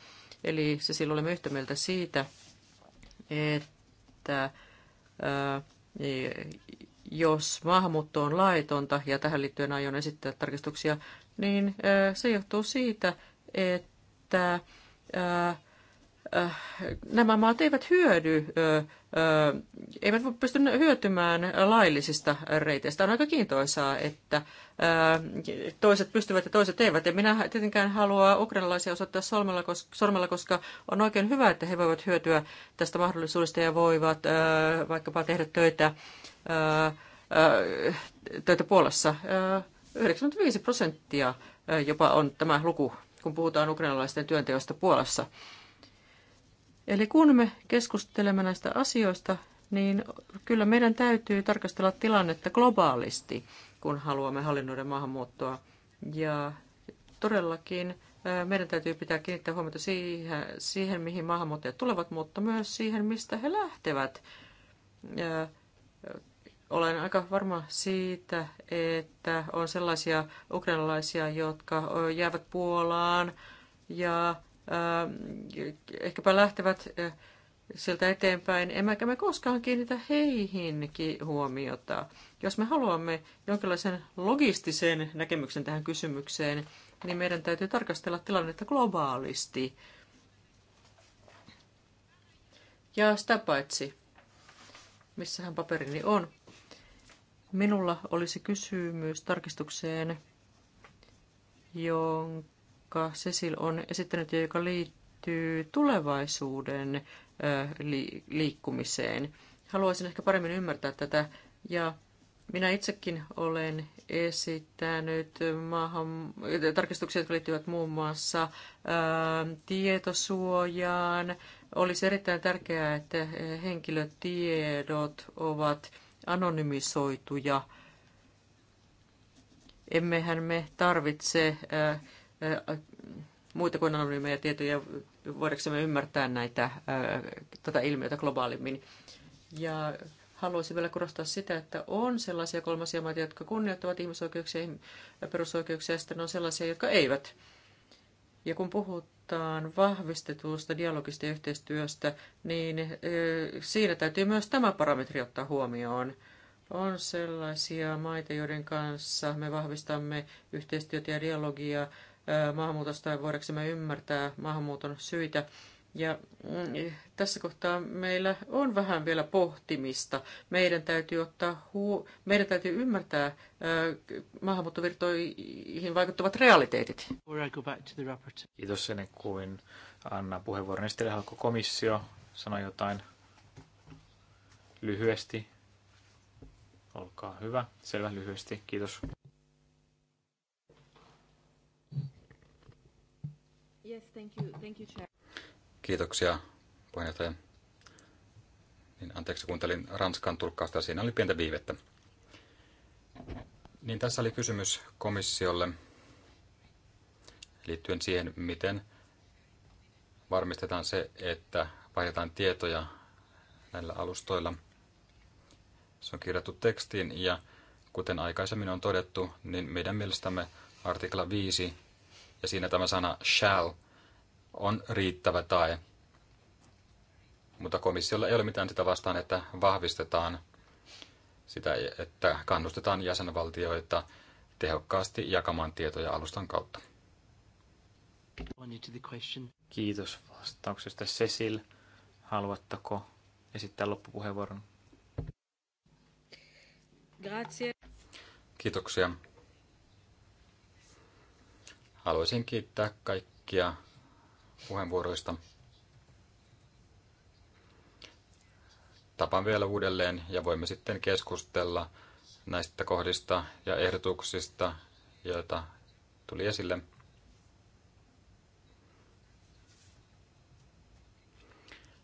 Eli se silloin olemme yhtä mieltä siitä, että jos maahanmuutto on laitonta, ja tähän liittyen aion esittää tarkistuksia, niin se johtuu siitä, että nämä maat eivät hyödy, eivät pysty hyötymään laillisista reiteistä. On aika kiintoisaa, että toiset pystyvät ja toiset eivät. Ja minä tietenkään haluan ukrainalaisia osoittaa sormella, sormella, koska on oikein hyvä, että he voivat hyötyä tästä mahdollisuudesta ja voivat vaikkapa tehdä töitä, töitä Puolassa 95 prosenttia jopa on tämä luku, kun puhutaan ukrainalaisten työnteosta Puolassa. Eli kun me keskustelemme näistä asioista, niin kyllä meidän täytyy tarkastella tilannetta globaalisti, kun haluamme hallinnoida maahanmuuttoa. Ja todellakin meidän täytyy pitää kiinnittää huomiota siihen, siihen, mihin maahanmuuttajat tulevat, mutta myös siihen, mistä he lähtevät. Olen aika varma siitä, että on sellaisia ukrainalaisia, jotka jäävät Puolaan ja ehkäpä lähtevät sieltä eteenpäin, emmekä me koskaan kiinnitä heihinkin huomiota. Jos me haluamme jonkinlaisen logistisen näkemyksen tähän kysymykseen, niin meidän täytyy tarkastella tilannetta globaalisti. Ja sitä paitsi, missähän paperini on, Minulla olisi kysymys tarkistukseen, jonka Cecil on esittänyt ja joka liittyy tulevaisuuden liikkumiseen. Haluaisin ehkä paremmin ymmärtää tätä ja minä itsekin olen esittänyt maahan, tarkistuksia, jotka liittyvät muun muassa ää, tietosuojaan. Olisi erittäin tärkeää, että henkilötiedot ovat anonymisoituja. Emmehän me tarvitse ää, äh, ää, äh, muita kuin anonyymeja tietoja, voidaanko me ymmärtää näitä, ää, äh, tätä ilmiötä globaalimmin. Ja haluaisin vielä korostaa sitä, että on sellaisia kolmasia maita, jotka kunnioittavat ihmisoikeuksia ja perusoikeuksia, ja sitten on sellaisia, jotka eivät. Ja kun puhutaan vahvistetusta dialogista ja yhteistyöstä, niin siinä täytyy myös tämä parametri ottaa huomioon. On sellaisia maita, joiden kanssa me vahvistamme yhteistyötä ja dialogia maahanmuutosta ja voidaanko me ymmärtää maahanmuuton syitä ja mm, eh, tässä kohtaa meillä on vähän vielä pohtimista. Meidän täytyy, ottaa huo- meidän täytyy ymmärtää äh, maahanmuuttovirtoihin vaikuttavat realiteetit. Kiitos sen kuin Anna puheenvuoron esittelee. Haluatko komissio sanoa jotain lyhyesti? Olkaa hyvä. Selvä lyhyesti. Kiitos. Yes, thank you. Thank you, Chair. Kiitoksia, puheenjohtaja. Niin, anteeksi, kuuntelin Ranskan tulkkausta ja siinä oli pientä viivettä. Niin tässä oli kysymys komissiolle liittyen siihen, miten varmistetaan se, että vaihdetaan tietoja näillä alustoilla. Se on kirjattu tekstiin ja kuten aikaisemmin on todettu, niin meidän mielestämme artikla 5 ja siinä tämä sana shall – on riittävä tae. Mutta komissiolla ei ole mitään sitä vastaan, että vahvistetaan sitä, että kannustetaan jäsenvaltioita tehokkaasti jakamaan tietoja alustan kautta. Kiitos vastauksesta. Cecil, haluatteko esittää loppupuheenvuoron? Grazie. Kiitoksia. Haluaisin kiittää kaikkia puheenvuoroista. Tapaan vielä uudelleen ja voimme sitten keskustella näistä kohdista ja ehdotuksista, joita tuli esille.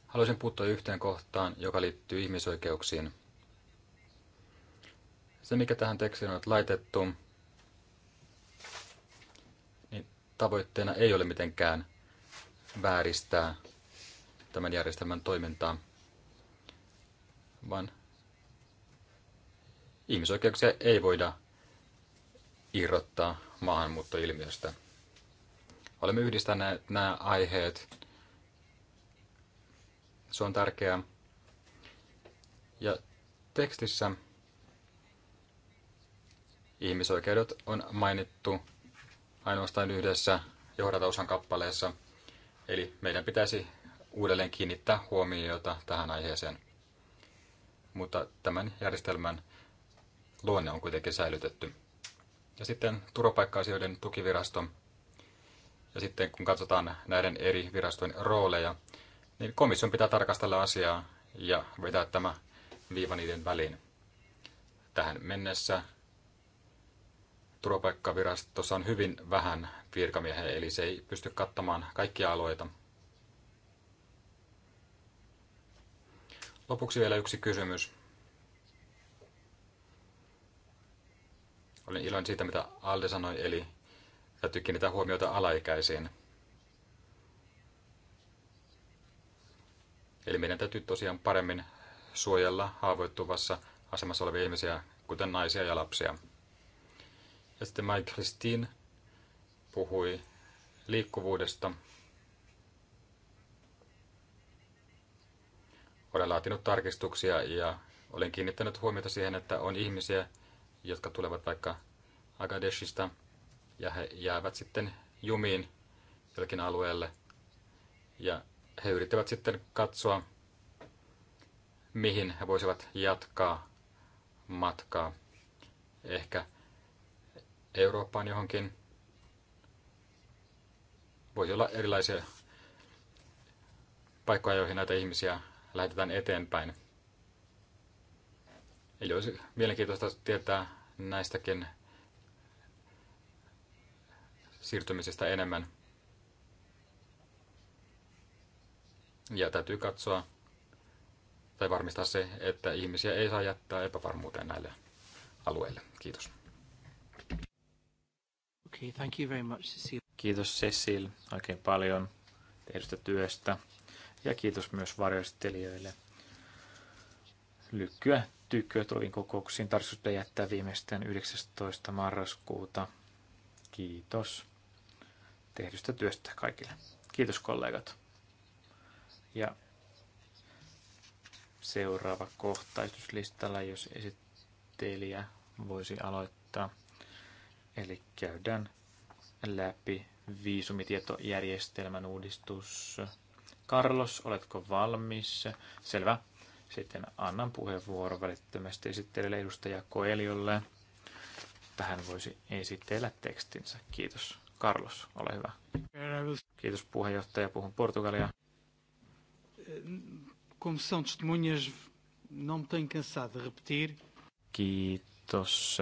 Haluaisin puuttua yhteen kohtaan, joka liittyy ihmisoikeuksiin. Se, mikä tähän tekstiin on laitettu, niin tavoitteena ei ole mitenkään vääristää tämän järjestelmän toimintaa, vaan ihmisoikeuksia ei voida irrottaa maahanmuuttoilmiöstä. Olemme yhdistäneet nämä aiheet. Se on tärkeää. Ja tekstissä ihmisoikeudet on mainittu ainoastaan yhdessä johdatausan kappaleessa – Eli meidän pitäisi uudelleen kiinnittää huomiota tähän aiheeseen. Mutta tämän järjestelmän luonne on kuitenkin säilytetty. Ja sitten turvapaikka-asioiden tukivirasto. Ja sitten kun katsotaan näiden eri virastojen rooleja, niin komission pitää tarkastella asiaa ja vetää tämä viiva niiden väliin. Tähän mennessä turvapaikkavirastossa on hyvin vähän virkamiehiä, eli se ei pysty kattamaan kaikkia alueita. Lopuksi vielä yksi kysymys. Olen iloinen siitä, mitä Alde sanoi, eli täytyy kiinnittää huomiota alaikäisiin. Eli meidän täytyy tosiaan paremmin suojella haavoittuvassa asemassa olevia ihmisiä, kuten naisia ja lapsia. Ja sitten Mai Christine puhui liikkuvuudesta. Olen laatinut tarkistuksia ja olen kiinnittänyt huomiota siihen, että on ihmisiä, jotka tulevat vaikka Agadeshista ja he jäävät sitten jumiin jollekin alueelle. Ja he yrittävät sitten katsoa, mihin he voisivat jatkaa matkaa. Ehkä Eurooppaan johonkin. Voisi olla erilaisia paikkoja, joihin näitä ihmisiä lähetetään eteenpäin. Eli olisi mielenkiintoista tietää näistäkin siirtymisistä enemmän. Ja täytyy katsoa tai varmistaa se, että ihmisiä ei saa jättää epävarmuuteen näille alueille. Kiitos. Okay, thank you very much, Cecil. Kiitos Cecil oikein paljon tehdystä työstä ja kiitos myös varjostelijoille. Lykkyä tykkyä tuleviin kokouksiin tarkoitus jättää viimeistään 19. marraskuuta. Kiitos tehdystä työstä kaikille. Kiitos kollegat. Ja seuraava kohtaistuslistalla, jos esittelijä voisi aloittaa. Eli käydään läpi viisumitietojärjestelmän uudistus. Carlos, oletko valmis? Selvä. Sitten annan puheenvuoron välittömästi esittelijälle edustaja Koeliolle. Tähän voisi esitellä tekstinsä. Kiitos. Carlos, ole hyvä. Kiitos puheenjohtaja. Puhun Portugalia. Comissão são testemunhas, não me cansado de repetir. Kiitos.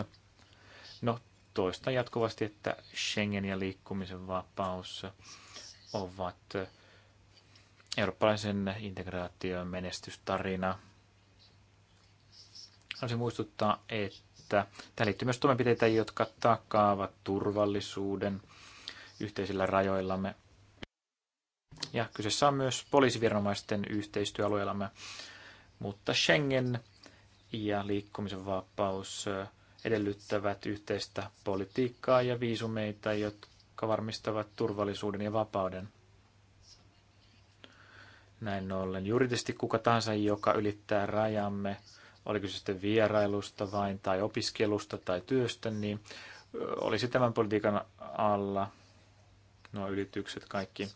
No, toista jatkuvasti, että Schengen ja liikkumisen vapaus ovat eurooppalaisen integraation menestystarina. Haluaisin muistuttaa, että tähän liittyy myös toimenpiteitä, jotka takaavat turvallisuuden yhteisillä rajoillamme. Ja kyseessä on myös poliisiviranomaisten yhteistyöalueellamme, mutta Schengen ja liikkumisen vapaus edellyttävät yhteistä politiikkaa ja viisumeita, jotka varmistavat turvallisuuden ja vapauden. Näin ollen juridisesti kuka tahansa, joka ylittää rajamme, oliko se sitten vierailusta vain tai opiskelusta tai työstä, niin olisi tämän politiikan alla nuo ylitykset kaikki.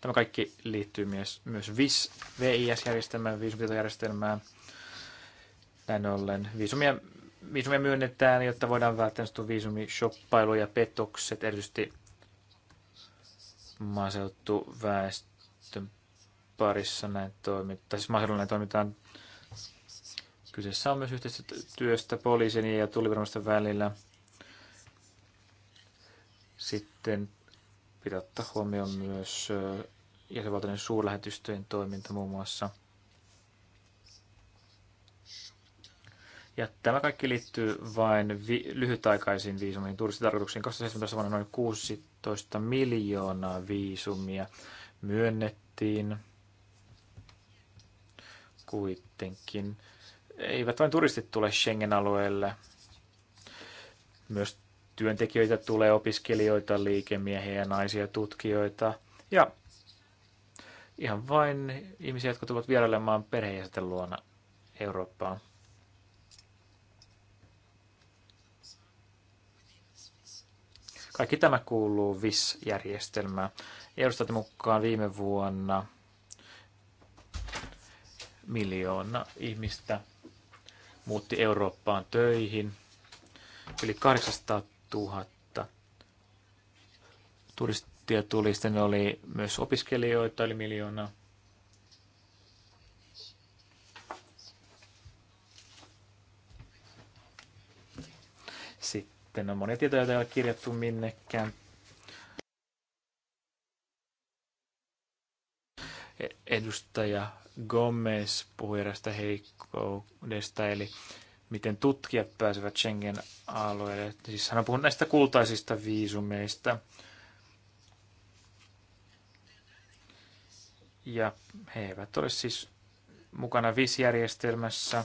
Tämä kaikki liittyy myös, myös VIS, VIS-järjestelmään, viisumitietojärjestelmään. Näin ollen viisumia viisumia myönnetään, jotta voidaan välttää viisumishoppailu ja petokset, erityisesti väestön parissa näin toimitaan, siis maaseudulla näin toimitaan. Kyseessä on myös yhteistä työstä poliisin ja tuliviranomaisten välillä. Sitten pitää ottaa huomioon myös jäsenvaltainen suurlähetystöjen toiminta muun muassa – Ja tämä kaikki liittyy vain vi- lyhytaikaisiin viisumiin turistitarkoituksiin. 2017 vuonna noin 16 miljoonaa viisumia myönnettiin kuitenkin. Eivät vain turistit tule Schengen-alueelle. Myös työntekijöitä tulee, opiskelijoita, liikemiehiä ja naisia, tutkijoita. Ja ihan vain ihmisiä, jotka tulevat vierailemaan perheenjäsenten luona Eurooppaan. Kaikki tämä kuuluu VIS-järjestelmään. Eurostatin mukaan viime vuonna miljoona ihmistä muutti Eurooppaan töihin. Yli 800 000 turistia tuli. Sitten oli myös opiskelijoita, eli miljoona. Sitten sitten on monia tietoja, joita ei ole kirjattu minnekään. Edustaja Gomez puhui erästä heikkoudesta, eli miten tutkijat pääsevät Schengen-alueelle. Siis hän on puhunut näistä kultaisista viisumeista. Ja he eivät ole siis mukana VIS-järjestelmässä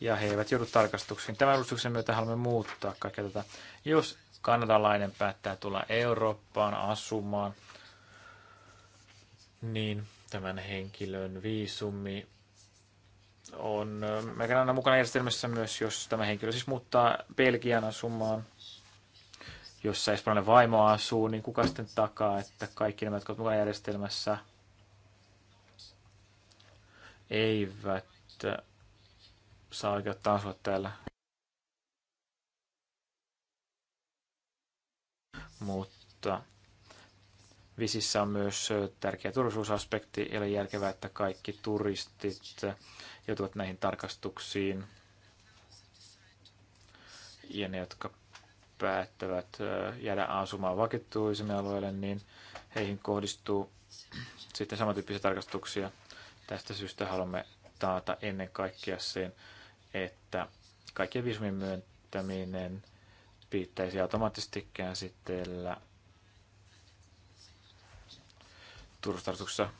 ja he eivät joudu tarkastuksiin. Tämän uudistuksen myötä haluamme muuttaa kaikkea tätä. Jos kanadalainen päättää tulla Eurooppaan asumaan, niin tämän henkilön viisumi on meillä aina mukana järjestelmässä myös, jos tämä henkilö siis muuttaa Belgian asumaan, jossa espanjalainen vaimo asuu, niin kuka sitten takaa, että kaikki nämä, jotka ovat mukana järjestelmässä, eivät saa oikeutta asua täällä. Mutta Visissä on myös tärkeä turvallisuusaspekti, eli järkevää, että kaikki turistit joutuvat näihin tarkastuksiin. Ja ne, jotka päättävät jäädä asumaan vakituisemmin alueelle, niin heihin kohdistuu sitten samantyyppisiä tarkastuksia. Tästä syystä haluamme taata ennen kaikkea sen, että kaikkien viisumin myöntäminen pitäisi automaattisesti käsitellä turvastartuksessa.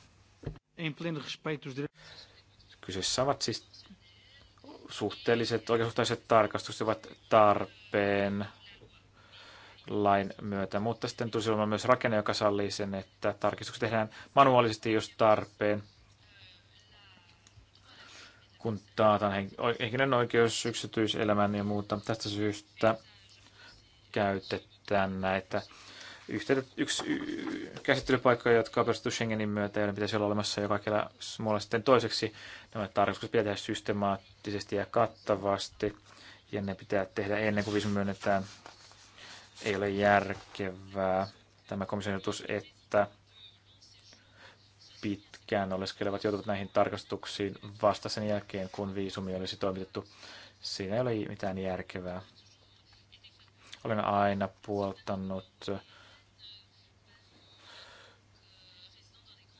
Kyseessä ovat siis suhteelliset, oikeasuhtaiset tarkastukset ovat tarpeen lain myötä, mutta sitten tulisi olla myös rakenne, joka sallii sen, että tarkistukset tehdään manuaalisesti, jos tarpeen kun taataan henkinen oikeus yksityiselämään ja muuta. Tästä syystä käytetään näitä yhteydet, yksi käsittelypaikkoja, jotka on perustettu Schengenin myötä, joiden pitäisi olla olemassa jo kaikilla muualla sitten toiseksi. Nämä tarkastukset pitää tehdä systemaattisesti ja kattavasti, ja ne pitää tehdä ennen kuin viisi myönnetään. Ei ole järkevää tämä komission että pitää pitkään oleskelevat joutuvat näihin tarkastuksiin vasta sen jälkeen, kun viisumi olisi toimitettu. Siinä ei ole mitään järkevää. Olen aina puoltanut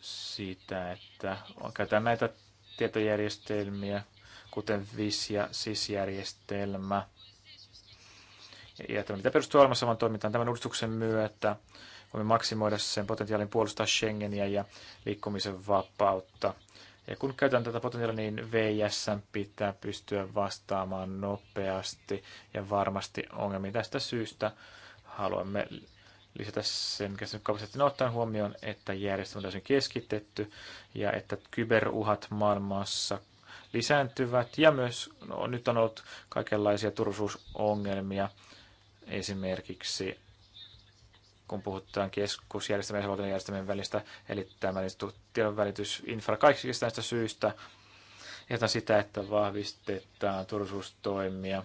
siitä, että käytetään näitä tietojärjestelmiä, kuten VIS- ja SIS-järjestelmä. Ja tämä, mitä perustuu olemassa vaan toimintaan tämän uudistuksen myötä, voimme maksimoida sen potentiaalin puolustaa Schengeniä ja liikkumisen vapautta. Ja kun käytän tätä potentiaalia, niin VS pitää pystyä vastaamaan nopeasti ja varmasti ongelmiin tästä syystä. Haluamme lisätä sen käsittelykapasiteetin no, ottaen huomioon, että järjestelmä on täysin keskitetty ja että kyberuhat maailmassa lisääntyvät ja myös no, nyt on ollut kaikenlaisia turvallisuusongelmia, esimerkiksi kun puhutaan keskusjärjestelmän ja järjestelmien välistä, eli tämä niin tiedon välitysinfra kaikista näistä syistä, ja sitä, että vahvistetaan turvallisuustoimia.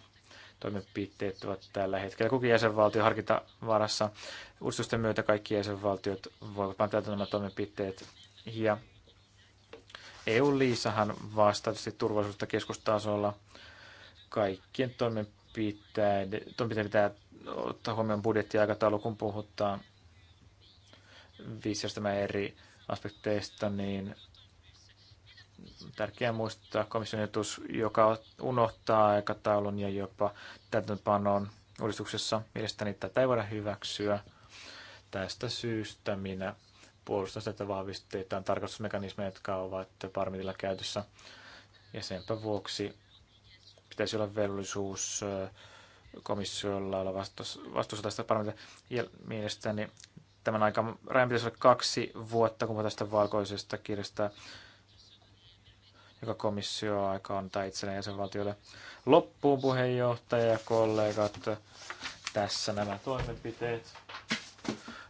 Toimenpiteet ovat tällä hetkellä kukin jäsenvaltio harkita varassa. Uudistusten myötä kaikki jäsenvaltiot voivat täytä nämä toimenpiteet. Ja EU-liisahan vastaa turvallisuutta keskustasolla kaikkien toimenpiteiden pitää, toimenpiteitä pitää ottaa huomioon budjettiaikataulu, kun puhutaan mä eri aspekteista, niin tärkeää muistaa komission etus, joka unohtaa aikataulun ja jopa täytäntöpanon uudistuksessa. Mielestäni tätä ei voida hyväksyä. Tästä syystä minä puolustan että vahvistetaan tarkastusmekanismeja, jotka ovat parmitilla käytössä. Ja senpä vuoksi pitäisi olla velvollisuus komissiolla olla vastuussa tästä parlamentin. Ja mielestäni tämän aikaan rajan pitäisi olla kaksi vuotta, kun tästä valkoisesta kirjasta, joka komissio aika tai itselleen jäsenvaltioille. Loppuun puheenjohtaja ja kollegat, tässä nämä toimenpiteet,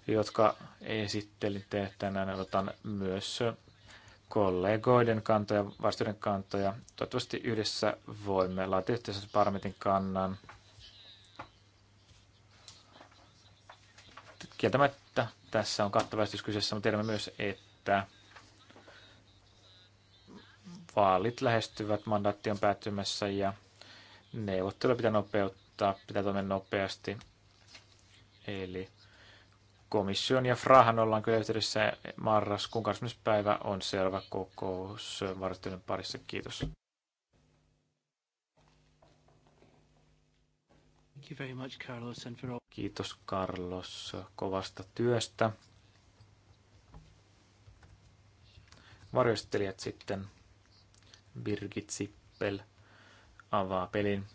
jotka esittelitte tänään. otan myös kollegoiden kantoja, vastuuden kantoja. Toivottavasti yhdessä voimme laatia yhteisen parlamentin kannan. Kieltämättä tässä on kattavaisuus kyseessä, mutta tiedämme myös, että vaalit lähestyvät, mandaatti on päättymässä ja neuvotteluja pitää nopeuttaa, pitää toimia nopeasti. Eli komission ja Frahan ollaan kyllä yhteydessä marraskuun 20. päivä on selvä kokous varoittelun parissa. Kiitos. Kiitos Carlos kovasta työstä. Varjostelijat sitten. Birgit Sippel avaa pelin.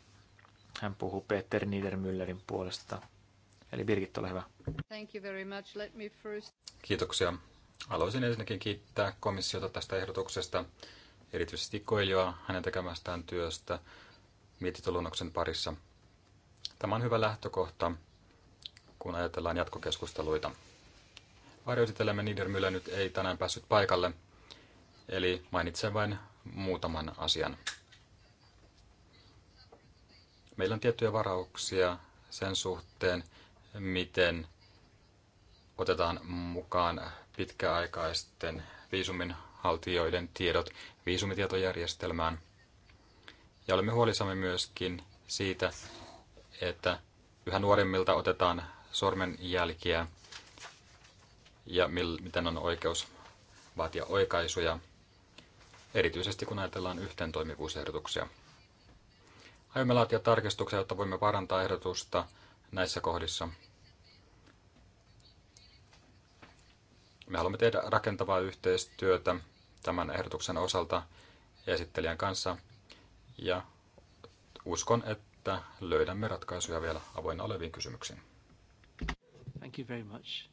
Hän puhuu Peter Niedermüllerin puolesta. Eli Birgit, ole hyvä. Thank you very much. Let me first... Kiitoksia. Haluaisin ensinnäkin kiittää komissiota tästä ehdotuksesta, erityisesti Koiljoa hänen tekemästään työstä mietintöluonnoksen parissa. Tämä on hyvä lähtökohta, kun ajatellaan jatkokeskusteluita. Varjoesitelemme Niedermüller nyt ei tänään päässyt paikalle, eli mainitsen vain muutaman asian. Meillä on tiettyjä varauksia sen suhteen, miten otetaan mukaan pitkäaikaisten viisumin haltijoiden tiedot viisumitietojärjestelmään. Ja olemme huolissamme myöskin siitä, että yhä nuoremmilta otetaan sormenjälkiä ja mil, miten on oikeus vaatia oikaisuja, erityisesti kun ajatellaan toimivuusehdotuksia. Aiomme laatia tarkistuksia, jotta voimme parantaa ehdotusta näissä kohdissa. Me haluamme tehdä rakentavaa yhteistyötä tämän ehdotuksen osalta esittelijän kanssa ja uskon, että löydämme ratkaisuja vielä avoinna oleviin kysymyksiin. Thank you very much.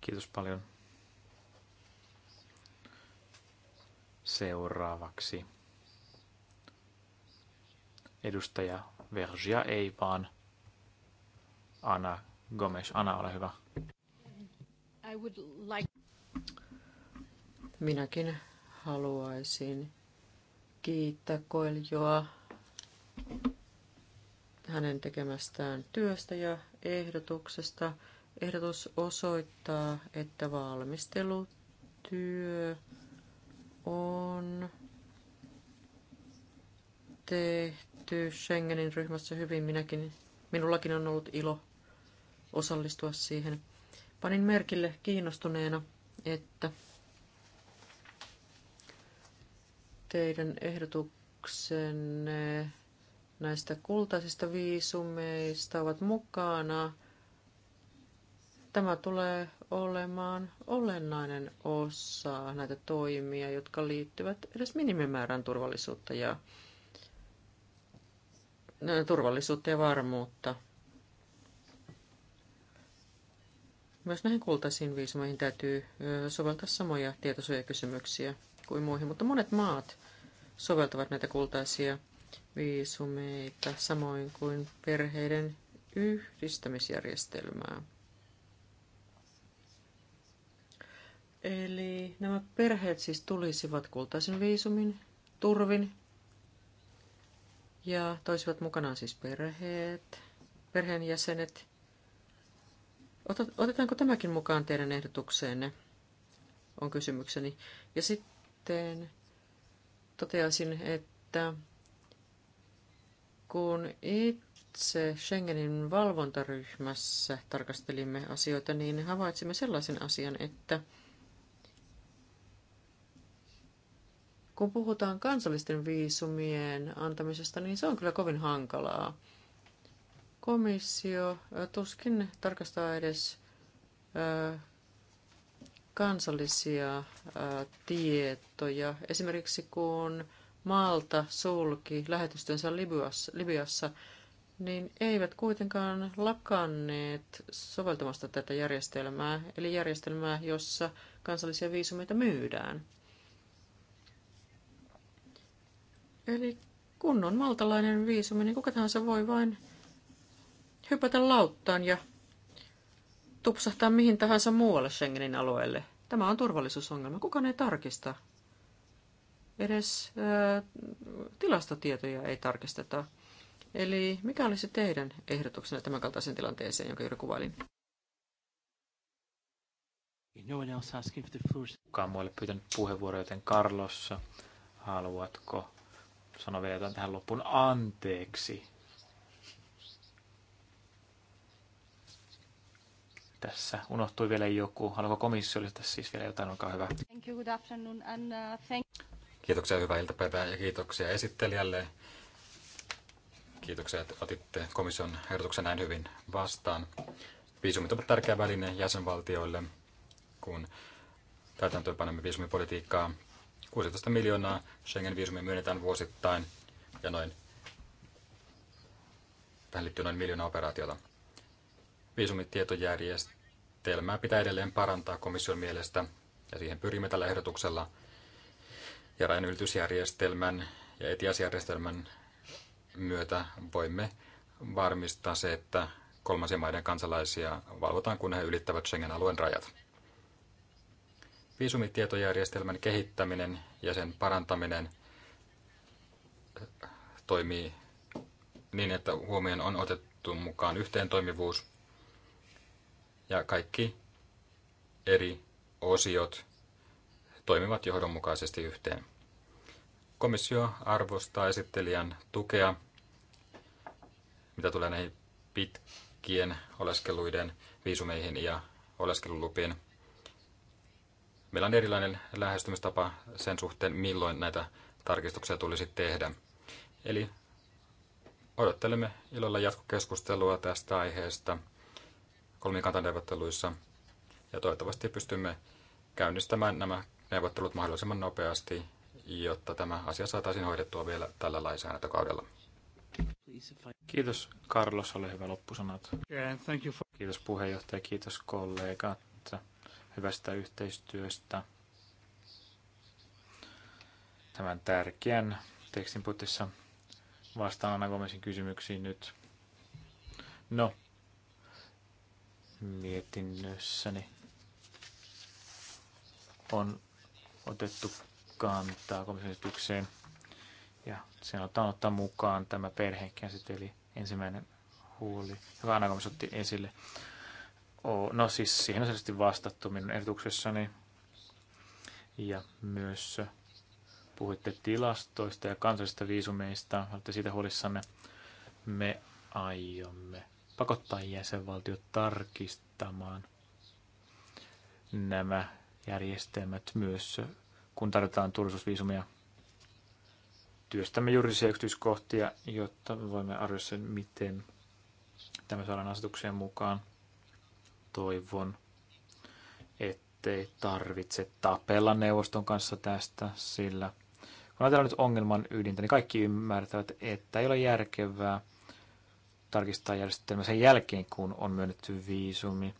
Kiitos paljon. Seuraavaksi edustaja Vergia ei vaan Ana Gomes. Anna, ole hyvä. I would like... Minäkin haluaisin kiittää Koeljoa hänen tekemästään työstä ja ehdotuksesta. Ehdotus osoittaa, että valmistelutyö on tehty Schengenin ryhmässä hyvin. Minäkin, minullakin on ollut ilo osallistua siihen. Panin merkille kiinnostuneena, että teidän ehdotuksenne näistä kultaisista viisumeista ovat mukana. Tämä tulee olemaan olennainen osa näitä toimia, jotka liittyvät edes minimimäärän turvallisuutta ja, turvallisuutta ja varmuutta. Myös näihin kultaisiin viisumeihin täytyy soveltaa samoja tietosuojakysymyksiä kuin muihin, mutta monet maat soveltavat näitä kultaisia viisumeita samoin kuin perheiden yhdistämisjärjestelmää. Eli nämä perheet siis tulisivat kultaisen viisumin turvin ja toisivat mukanaan siis perheet, perheenjäsenet Otetaanko tämäkin mukaan teidän ehdotukseenne, on kysymykseni. Ja sitten toteaisin, että kun itse Schengenin valvontaryhmässä tarkastelimme asioita, niin havaitsimme sellaisen asian, että kun puhutaan kansallisten viisumien antamisesta, niin se on kyllä kovin hankalaa. Komissio tuskin tarkastaa edes kansallisia tietoja. Esimerkiksi kun Malta sulki lähetystönsä Libyassa, Libyassa niin eivät kuitenkaan lakanneet soveltamasta tätä järjestelmää, eli järjestelmää, jossa kansallisia viisumeita myydään. Eli kunnon maltalainen viisumi, niin kuka tahansa voi vain hypätä lauttaan ja tupsahtaa mihin tahansa muualle Schengenin alueelle. Tämä on turvallisuusongelma. Kukaan ei tarkista. Edes ää, tilastotietoja ei tarkisteta. Eli mikä olisi teidän ehdotuksena tämän kaltaisen tilanteeseen, jonka juuri kuvailin? No Kukaan muu ei pyytänyt puheenvuoroa, joten Carlos, haluatko sanoa vielä jotain tähän loppuun anteeksi? Tässä unohtui vielä joku. Haluaako komissio lisätä siis vielä jotain? Olkaa hyvä. Thank you, good afternoon, and, uh, thank... Kiitoksia, hyvää iltapäivää ja kiitoksia esittelijälle. Kiitoksia, että otitte komission ehdotuksen näin hyvin vastaan. Viisumit ovat tärkeä väline jäsenvaltioille, kun täytäntöönpanemme viisumipolitiikkaa. 16 miljoonaa Schengen-viisumia myönnetään vuosittain ja noin tähän liittyy noin miljoona operaatiota. Viisumitietojärjestelmää pitää edelleen parantaa komission mielestä, ja siihen pyrimme tällä ehdotuksella. Ja rajanylitysjärjestelmän ja etiasjärjestelmän myötä voimme varmistaa se, että kolmansien maiden kansalaisia valvotaan, kun he ylittävät Schengen-alueen rajat. Viisumitietojärjestelmän kehittäminen ja sen parantaminen toimii niin, että huomioon on otettu mukaan yhteentoimivuus ja kaikki eri osiot toimivat johdonmukaisesti yhteen. Komissio arvostaa esittelijän tukea, mitä tulee näihin pitkien oleskeluiden, viisumeihin ja oleskelulupiin. Meillä on erilainen lähestymistapa sen suhteen, milloin näitä tarkistuksia tulisi tehdä. Eli odottelemme ilolla jatkokeskustelua tästä aiheesta – kolmikantaneuvotteluissa ja toivottavasti pystymme käynnistämään nämä neuvottelut mahdollisimman nopeasti, jotta tämä asia saataisiin hoidettua vielä tällä lainsäädäntökaudella. Kiitos Carlos, ole hyvä loppusanat. Kiitos puheenjohtaja, kiitos kollegat hyvästä yhteistyöstä tämän tärkeän tekstin putissa vastaan Anna Gomesin kysymyksiin nyt. No, mietinnössäni on otettu kantaa komission ja se on ottaa mukaan tämä perhekäsite, eli ensimmäinen huoli, joka aina komissio otti esille. No siis siihen on selvästi vastattu minun ehdotuksessani ja myös puhuitte tilastoista ja kansallisista viisumeista, olette siitä huolissanne. Me aiomme pakottaa jäsenvaltiot tarkistamaan nämä järjestelmät myös, kun tarvitaan turvallisuusviisumia. Työstämme juridisia yksityiskohtia, jotta me voimme arvioida sen, miten tämä saadaan asetukseen mukaan. Toivon, ettei tarvitse tapella neuvoston kanssa tästä, sillä kun ajatellaan nyt ongelman ydintä, niin kaikki ymmärtävät, että ei ole järkevää – tarkistaa järjestelmä sen jälkeen, kun on myönnetty viisumi.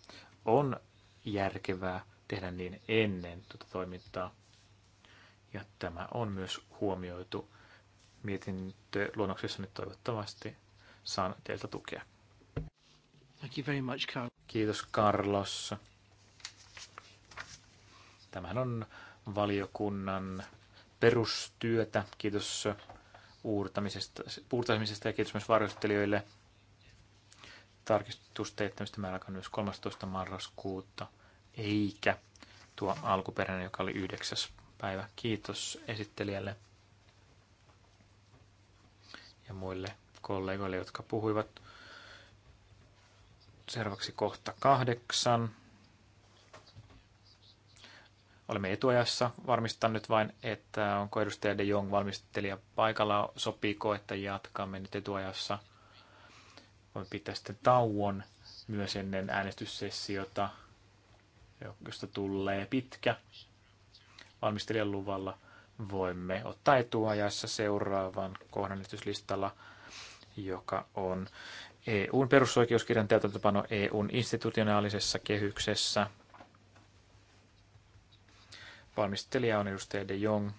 On järkevää tehdä niin ennen tuota toimintaa. Ja tämä on myös huomioitu mietintöluonnoksessa nyt toivottavasti saan teiltä tukea. Thank you very much, Carl. Kiitos Carlos. Tämähän on valiokunnan perustyötä. Kiitos uurtamisesta, uurtamisesta ja kiitos myös varjostelijoille tarkistusteittämistä mä alkan myös 13. marraskuuta, eikä tuo alkuperäinen, joka oli 9. päivä. Kiitos esittelijälle ja muille kollegoille, jotka puhuivat. Seuraavaksi kohta kahdeksan. Olemme etuajassa. Varmistan nyt vain, että onko edustaja De Jong valmistelija paikalla. Sopiiko, että jatkamme nyt etuajassa – voin pitää sitten tauon myös ennen äänestyssessiota, josta tulee pitkä. Valmistelijan luvalla voimme ottaa etuajassa seuraavan kohdan joka on EUn perusoikeuskirjan täytäntöpano EUn institutionaalisessa kehyksessä. Valmistelija on edustaja De Jong,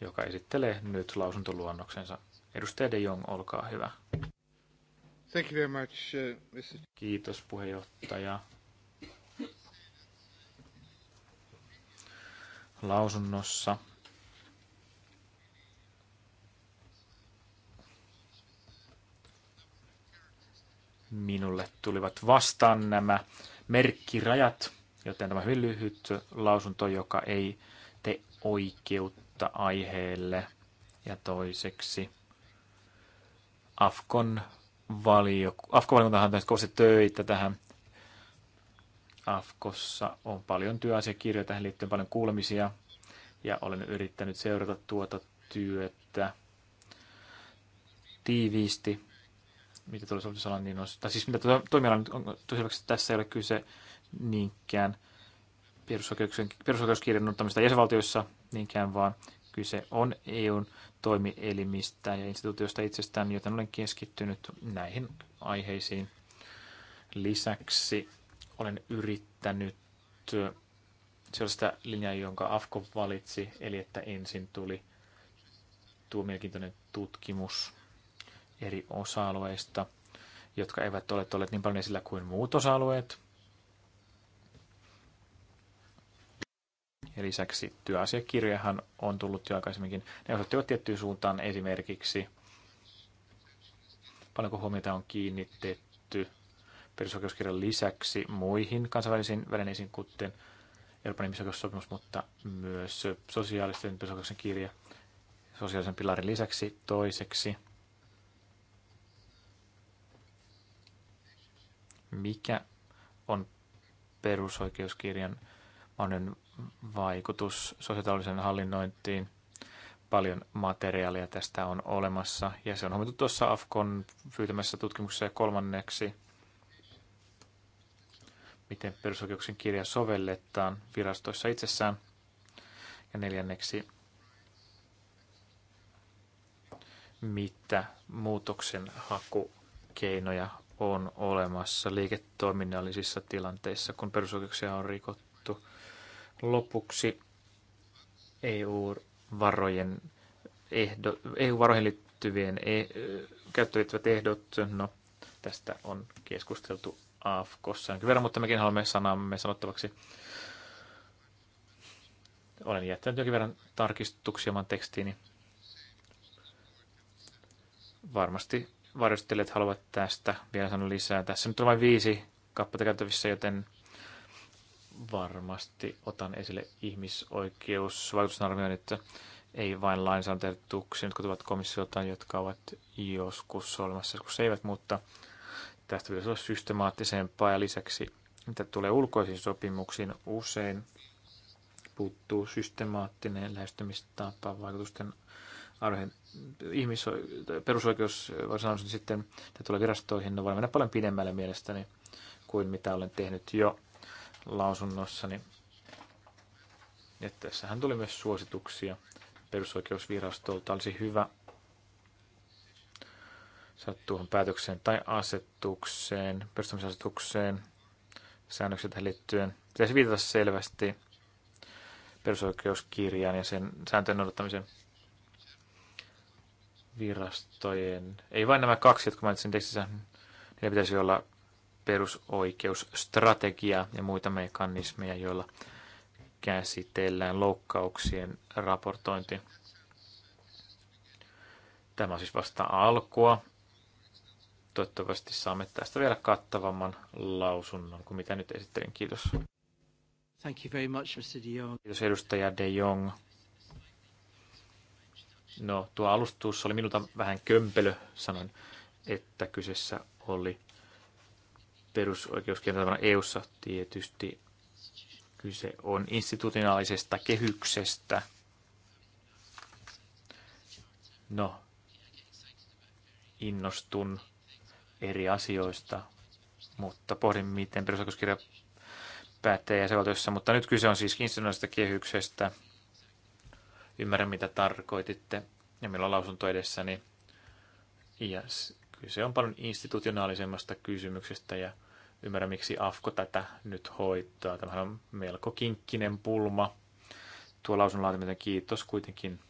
joka esittelee nyt lausuntoluonnoksensa. Edustaja De Jong, olkaa hyvä. Thank you very much, uh, Mr. Kiitos puheenjohtaja. Lausunnossa minulle tulivat vastaan nämä merkkirajat, joten tämä hyvin lyhyt lausunto, joka ei tee oikeutta aiheelle. Ja toiseksi Afkon valioku- afk on tehnyt kovasti töitä tähän. AFKossa on paljon työasiakirjoja tähän liittyen, paljon kuulemisia, ja olen yrittänyt seurata tuota työtä tiiviisti, mitä tulee olla, niin on, tai siis mitä toimialan on tosiaan, tässä ei ole kyse niinkään perusoikeuskirjan ottamista jäsenvaltioissa niinkään, vaan Kyse on EUn toimielimistä ja instituutioista itsestään, joten olen keskittynyt näihin aiheisiin. Lisäksi olen yrittänyt sellaista linjaa, jonka AFKO valitsi, eli että ensin tuli tuo mielenkiintoinen tutkimus eri osa-alueista, jotka eivät ole olleet niin paljon esillä kuin muut osa-alueet. Ja lisäksi työasiakirjahan on tullut jo aikaisemminkin. Ne osoittivat tiettyyn suuntaan esimerkiksi, paljonko huomiota on kiinnitetty perusoikeuskirjan lisäksi muihin kansainvälisiin välineisiin, kuten Euroopan ihmisoikeussopimus, mutta myös sosiaalisten perusoikeuksien kirja sosiaalisen pilarin lisäksi toiseksi. Mikä on perusoikeuskirjan on vaikutus sosiaalisen hallinnointiin. Paljon materiaalia tästä on olemassa ja se on huomattu tuossa Afkon pyytämässä tutkimuksessa kolmanneksi, miten perusoikeuksien kirja sovelletaan virastoissa itsessään. Ja neljänneksi, mitä muutoksen hakukeinoja on olemassa liiketoiminnallisissa tilanteissa, kun perusoikeuksia on rikottu Lopuksi EU-varojen ehdo, EU-varoihin liittyvien e, käyttöön ehdot, no tästä on keskusteltu AFKossa jonkin verran, mutta mekin haluamme sanamme sanottavaksi. Olen jättänyt jonkin verran tarkistuksia oman tekstiini. Varmasti varjostelijat haluavat tästä vielä sanoa lisää. Tässä nyt on vain viisi kappaletta käytävissä, joten varmasti otan esille ihmisoikeusvaikutusarvioinnit, ei vain lainsäädäntöehdotuksia, jotka tulevat komissioltaan, jotka ovat joskus olemassa, joskus eivät, mutta tästä pitäisi olla systemaattisempaa ja lisäksi mitä tulee ulkoisiin sopimuksiin, usein puuttuu systemaattinen lähestymistapa vaikutusten arvoihin ihmiso- perusoikeus, että sitten, että tulee virastoihin, no voi mennä paljon pidemmälle mielestäni kuin mitä olen tehnyt jo lausunnossani. Ja tässähän tuli myös suosituksia perusoikeusvirastolta. Olisi hyvä saada tuohon päätökseen tai asetukseen, perustamisasetukseen säännöksiä tähän liittyen. Pitäisi viitata selvästi perusoikeuskirjaan ja sen sääntöjen noudattamisen virastojen. Ei vain nämä kaksi, jotka mainitsin tekstissä, niillä pitäisi olla perusoikeusstrategia ja muita mekanismeja, joilla käsitellään loukkauksien raportointi. Tämä on siis vasta alkua. Toivottavasti saamme tästä vielä kattavamman lausunnon kuin mitä nyt esittelin. Kiitos. Thank you very much, Mr. De Jong. Kiitos edustaja De Jong. No, tuo alustus oli minulta vähän kömpelö. Sanoin, että kyseessä oli perusoikeuskentävänä EU-ssa tietysti kyse on institutionaalisesta kehyksestä. No, innostun eri asioista, mutta pohdin, miten perusoikeuskirja päättää jäsenvaltiossa. Mutta nyt kyse on siis institutionaalisesta kehyksestä. Ymmärrän, mitä tarkoititte. Ja meillä on lausunto edessäni. Ja Kyse on paljon institutionaalisemmasta kysymyksestä ja ymmärrä, miksi AFKO tätä nyt hoitaa. Tämähän on melko kinkkinen pulma. Tuo lausunnon kiitos kuitenkin.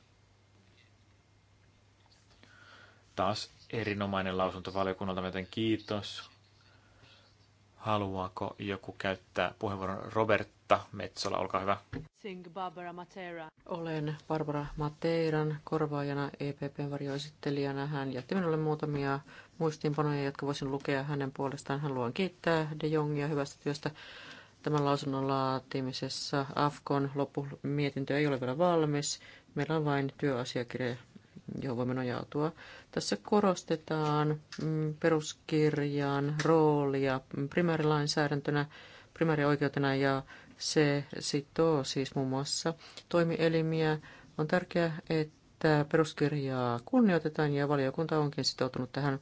Taas erinomainen lausunto valiokunnalta, joten kiitos. Haluaako joku käyttää puheenvuoron? Robert Martta Metsola, olkaa hyvä. Sing Barbara Matera. Olen Barbara Mateiran korvaajana EPPn varjoesittelijänä. Hän jätti minulle muutamia muistiinpanoja, jotka voisin lukea hänen puolestaan. Hän luon kiittää De Jongia hyvästä työstä tämän lausunnon laatimisessa. Afkon loppumietintö ei ole vielä valmis. Meillä on vain työasiakirja, johon voimme nojautua. Tässä korostetaan mm, peruskirjan roolia primäärilainsäädäntönä, primäärioikeutena ja se sitoo siis muun muassa toimielimiä. On tärkeää, että peruskirjaa kunnioitetaan ja valiokunta onkin sitoutunut tähän.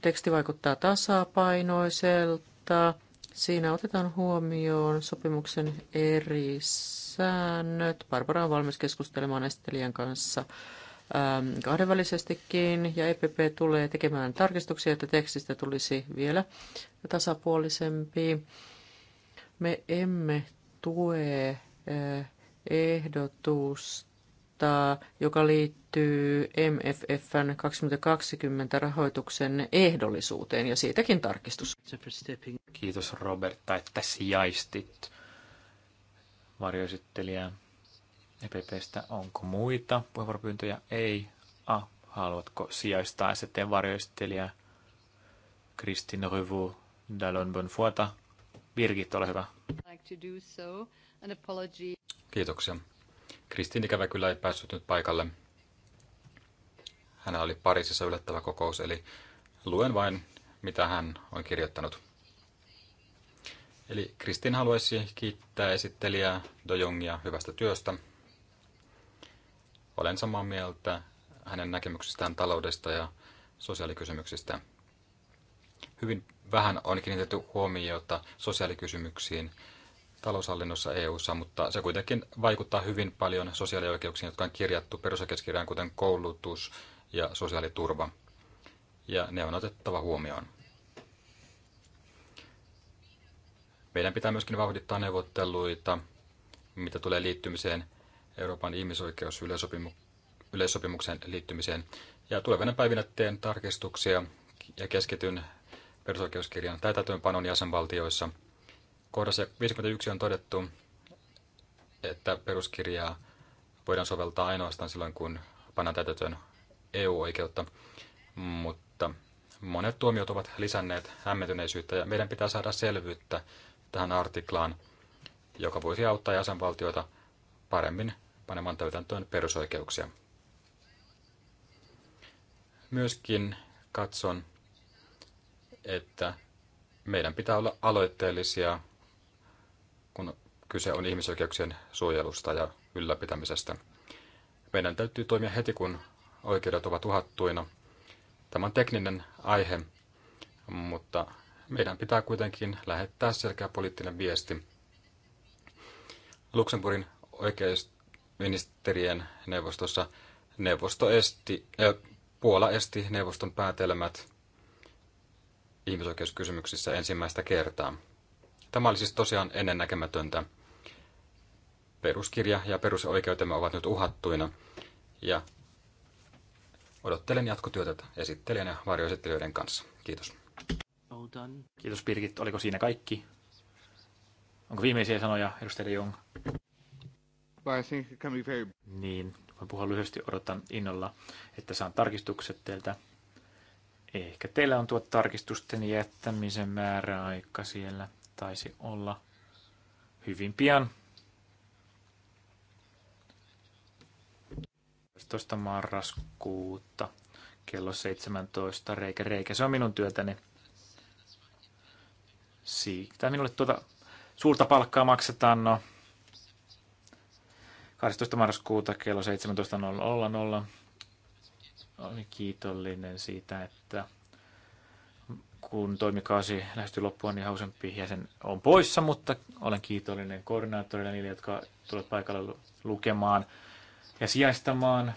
Teksti vaikuttaa tasapainoiselta. Siinä otetaan huomioon sopimuksen eri säännöt. Barbara on valmis keskustelemaan esittelijän kanssa Ähm, kahdenvälisestikin, ja EPP tulee tekemään tarkistuksia, että tekstistä tulisi vielä tasapuolisempi. Me emme tue äh, ehdotusta, joka liittyy MFFn 2020 rahoituksen ehdollisuuteen, ja siitäkin tarkistus. Kiitos Roberta, että sijaistit varjoesittelijää. EPPstä. Onko muita puheenvuoropyyntöjä? Ei. A. haluatko sijaistaa sitten varjoistelija Christine Revu Dallon Bonfuota? Birgit, ole hyvä. Kiitoksia. Kristin ikävä kyllä ei päässyt nyt paikalle. Hänellä oli Pariisissa yllättävä kokous, eli luen vain, mitä hän on kirjoittanut. Eli Kristin haluaisi kiittää esittelijää Dojongia hyvästä työstä. Olen samaa mieltä hänen näkemyksistään taloudesta ja sosiaalikysymyksistä. Hyvin vähän on kiinnitetty huomiota sosiaalikysymyksiin taloushallinnossa EU:ssa, mutta se kuitenkin vaikuttaa hyvin paljon sosiaalioikeuksiin, jotka on kirjattu perusoikeuskirjaan, kuten koulutus ja sosiaaliturva. Ja ne on otettava huomioon. Meidän pitää myöskin vauhdittaa neuvotteluita, mitä tulee liittymiseen Euroopan ihmisoikeusyleissopimukseen liittymiseen. Ja tulevina päivinä teen tarkistuksia ja keskityn perusoikeuskirjan täytäntöönpanon jäsenvaltioissa. Kohdassa 51 on todettu, että peruskirjaa voidaan soveltaa ainoastaan silloin, kun pannaan täytäntöön EU-oikeutta, mutta monet tuomiot ovat lisänneet hämmentyneisyyttä ja meidän pitää saada selvyyttä tähän artiklaan, joka voisi auttaa jäsenvaltioita paremmin panemaan täytäntöön perusoikeuksia. Myöskin katson, että meidän pitää olla aloitteellisia, kun kyse on ihmisoikeuksien suojelusta ja ylläpitämisestä. Meidän täytyy toimia heti, kun oikeudet ovat uhattuina. Tämä on tekninen aihe, mutta meidän pitää kuitenkin lähettää selkeä poliittinen viesti. Luxemburgin oikeist, ministerien neuvostossa neuvosto esti, äh, Puola esti neuvoston päätelmät ihmisoikeuskysymyksissä ensimmäistä kertaa. Tämä oli siis tosiaan ennennäkemätöntä. Peruskirja ja perusoikeutemme ovat nyt uhattuina ja odottelen jatkotyötä esittelijän ja varjoesittelijöiden kanssa. Kiitos. Kiitos Birgit. Oliko siinä kaikki? Onko viimeisiä sanoja, edustaja Jung? But I think it can be very... Niin, voin puhua lyhyesti, odotan innolla, että saan tarkistukset teiltä. Ehkä teillä on tuo tarkistusten jättämisen määräaika siellä. Taisi olla hyvin pian. 11. marraskuuta kello 17 reikä reikä. Se on minun työtäni. Siitä minulle tuota suurta palkkaa maksetaan, no 12. marraskuuta kello 17.00. Olin kiitollinen siitä, että kun toimikausi lähestyy loppuun, niin hausempi jäsen on poissa, mutta olen kiitollinen koordinaattorille niille, jotka tulevat paikalle lukemaan ja sijaistamaan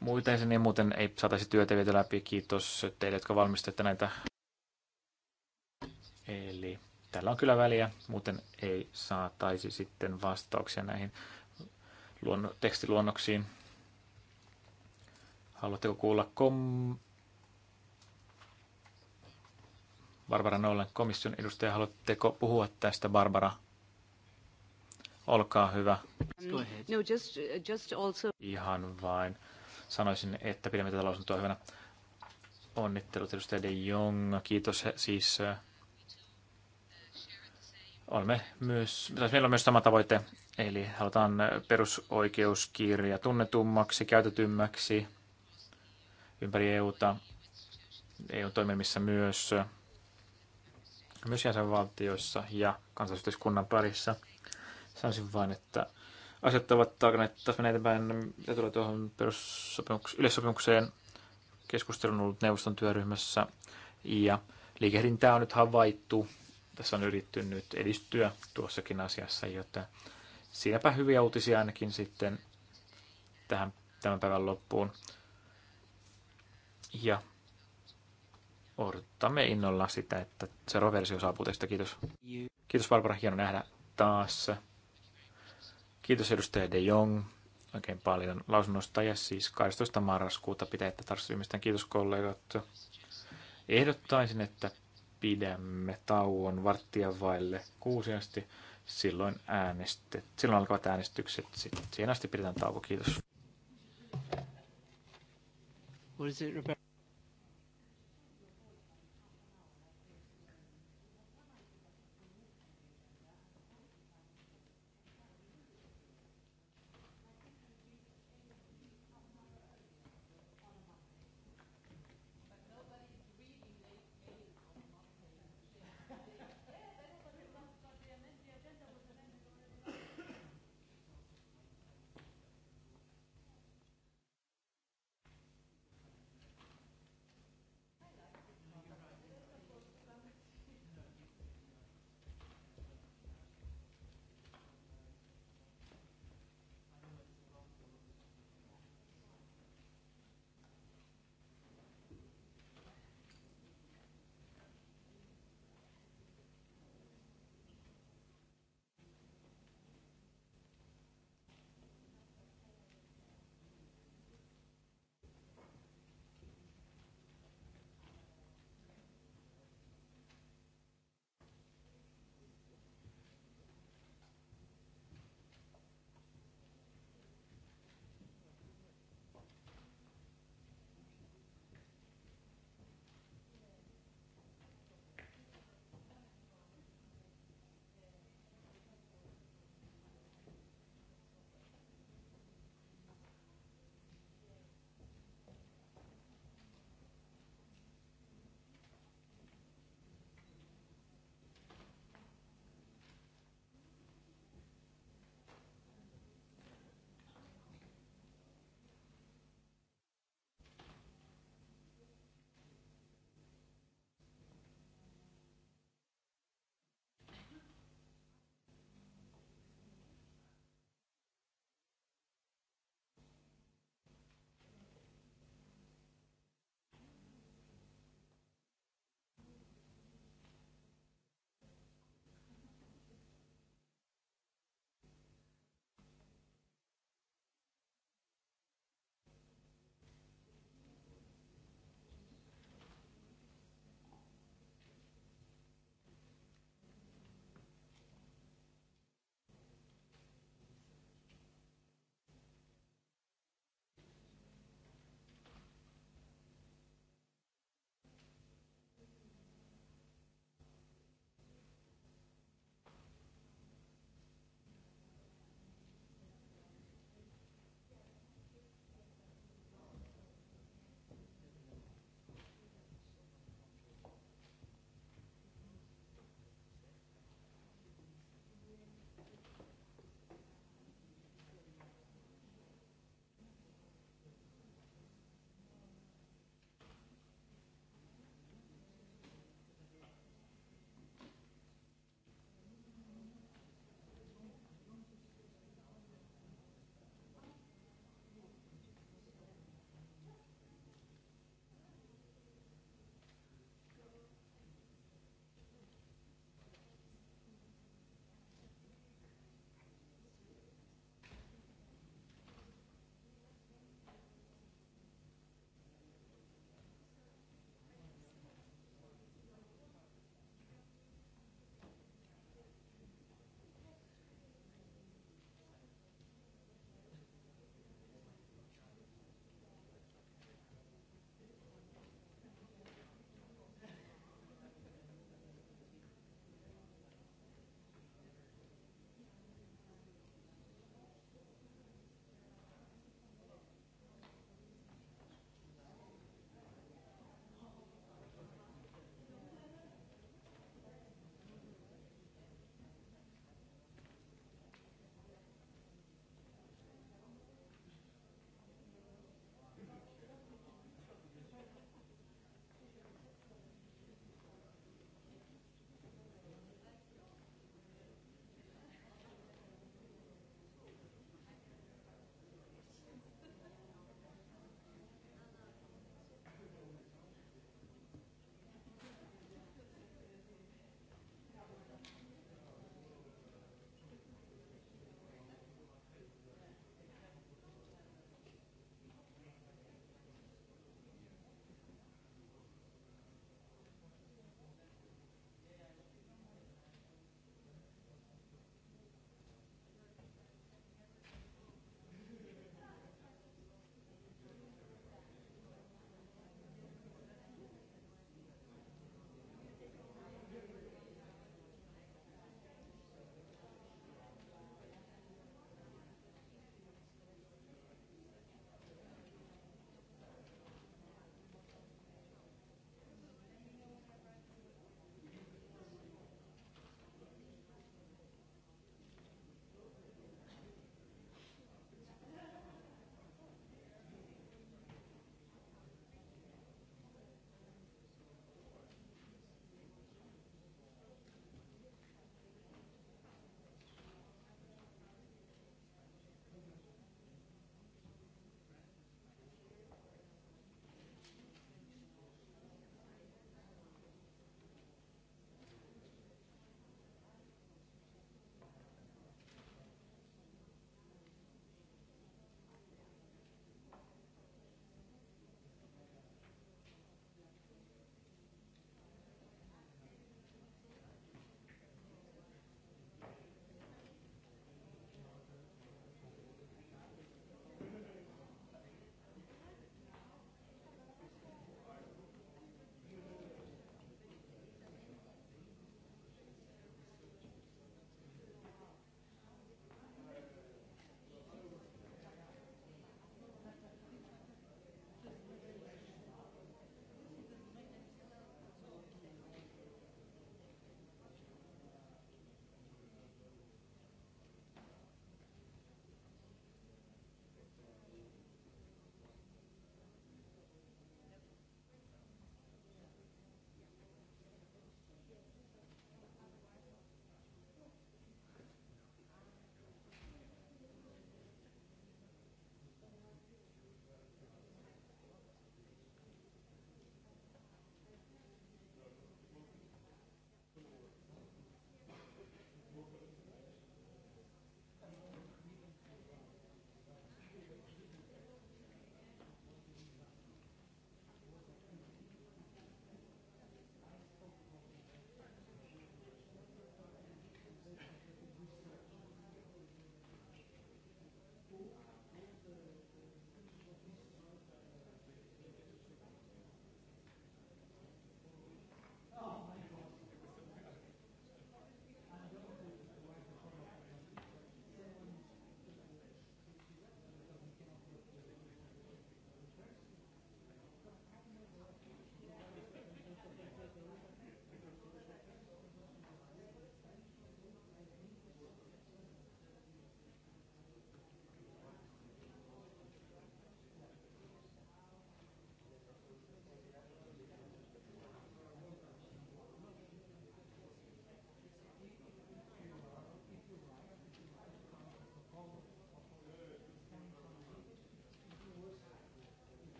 muita jäseniä. Muuten ei saataisi työtä vietä läpi. Kiitos teille, jotka valmistatte näitä. Eli tällä on kyllä väliä, muuten ei saataisi sitten vastauksia näihin luon, tekstiluonnoksiin. Haluatteko kuulla kom... Barbara Nollen, komission edustaja, haluatteko puhua tästä, Barbara? Olkaa hyvä. Um, no, just, just also... Ihan vain. Sanoisin, että pidämme tätä lausuntoa hyvänä. Onnittelut edustaja De Jong. Kiitos siis äh, olemme myös, meillä on myös sama tavoite, eli halutaan perusoikeuskirja tunnetummaksi, käytetymmäksi ympäri EUta, EU-toimimissa myös, myös jäsenvaltioissa ja kansallisyhteiskunnan parissa. Sanoisin vain, että asiat ovat taakaneet taas mennä eteenpäin, mitä tulee tuohon yleissopimukseen. keskustelun on ollut neuvoston työryhmässä ja liikehdintää on nyt havaittu tässä on yrittynyt edistyä tuossakin asiassa, joten siinäpä hyviä uutisia ainakin sitten tähän tämän päivän loppuun. Ja odotamme innolla sitä, että se versio saapuu teistä. Kiitos. Kiitos Barbara, hieno nähdä taas. Kiitos edustaja De Jong oikein paljon lausunnosta ja siis 12. marraskuuta pitää että tarvitsisi Kiitos kollegat. Ehdottaisin, että pidämme tauon varttia vaille kuusi asti. Silloin, äänestet, silloin alkavat äänestykset. Sitten siihen asti pidetään tauko. Kiitos. What is it,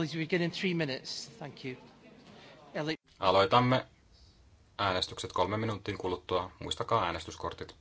we begin in three minutes. Thank you. Aloitamme äänestykset kolmen minuutin kuluttua. Muistakaa äänestyskortit.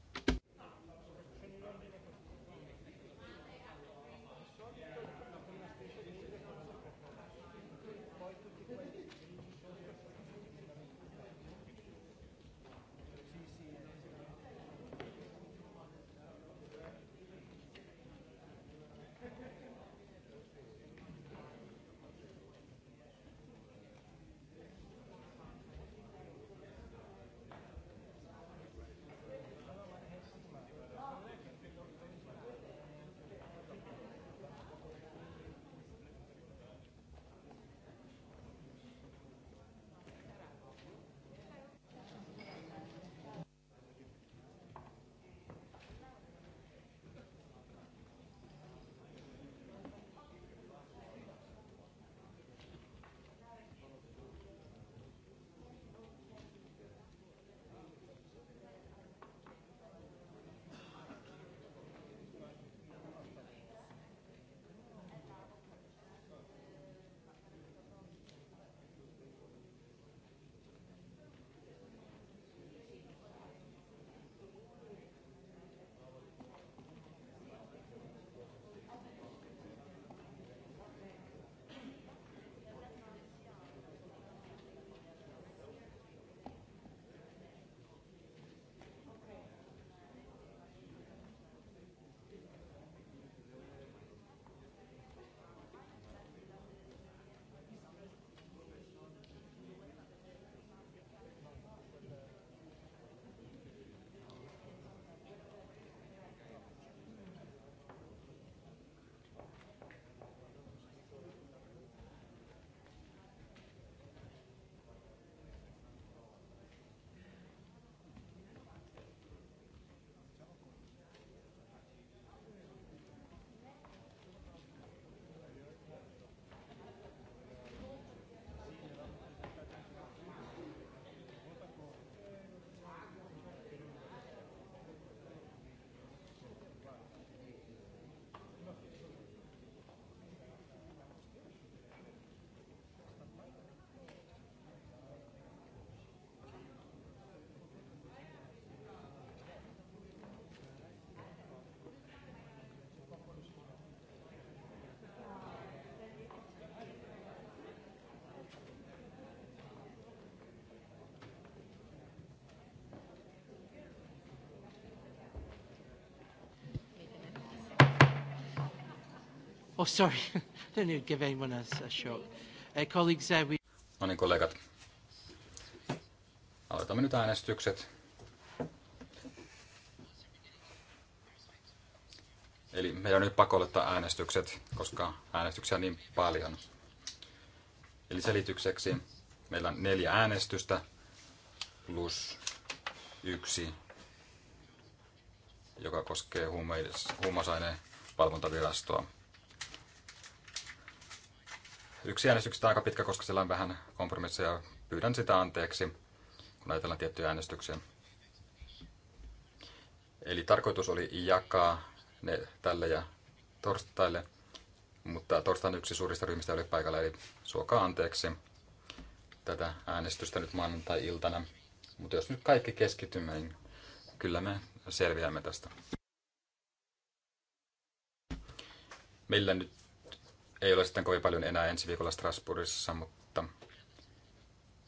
Oh, sorry. Don't need to give anyone a, a shock. Uh, colleagues, uh, we... No niin, kollegat. Aloitamme nyt äänestykset. Eli meidän on nyt pakollettaa äänestykset, koska äänestyksiä on niin paljon. Eli selitykseksi meillä on neljä äänestystä plus yksi, joka koskee huumausaineen valvontavirastoa. Yksi äänestyksestä aika pitkä, koska siellä on vähän kompromisseja. Pyydän sitä anteeksi, kun ajatellaan tiettyjä äänestyksiä. Eli tarkoitus oli jakaa ne tälle ja torstaille, mutta torstain yksi suurista ryhmistä oli paikalla, eli suokaa anteeksi tätä äänestystä nyt maanantai-iltana. Mutta jos nyt kaikki keskitymme, niin kyllä me selviämme tästä. Meillä nyt ei ole sitten kovin paljon enää ensi viikolla Strasbourgissa, mutta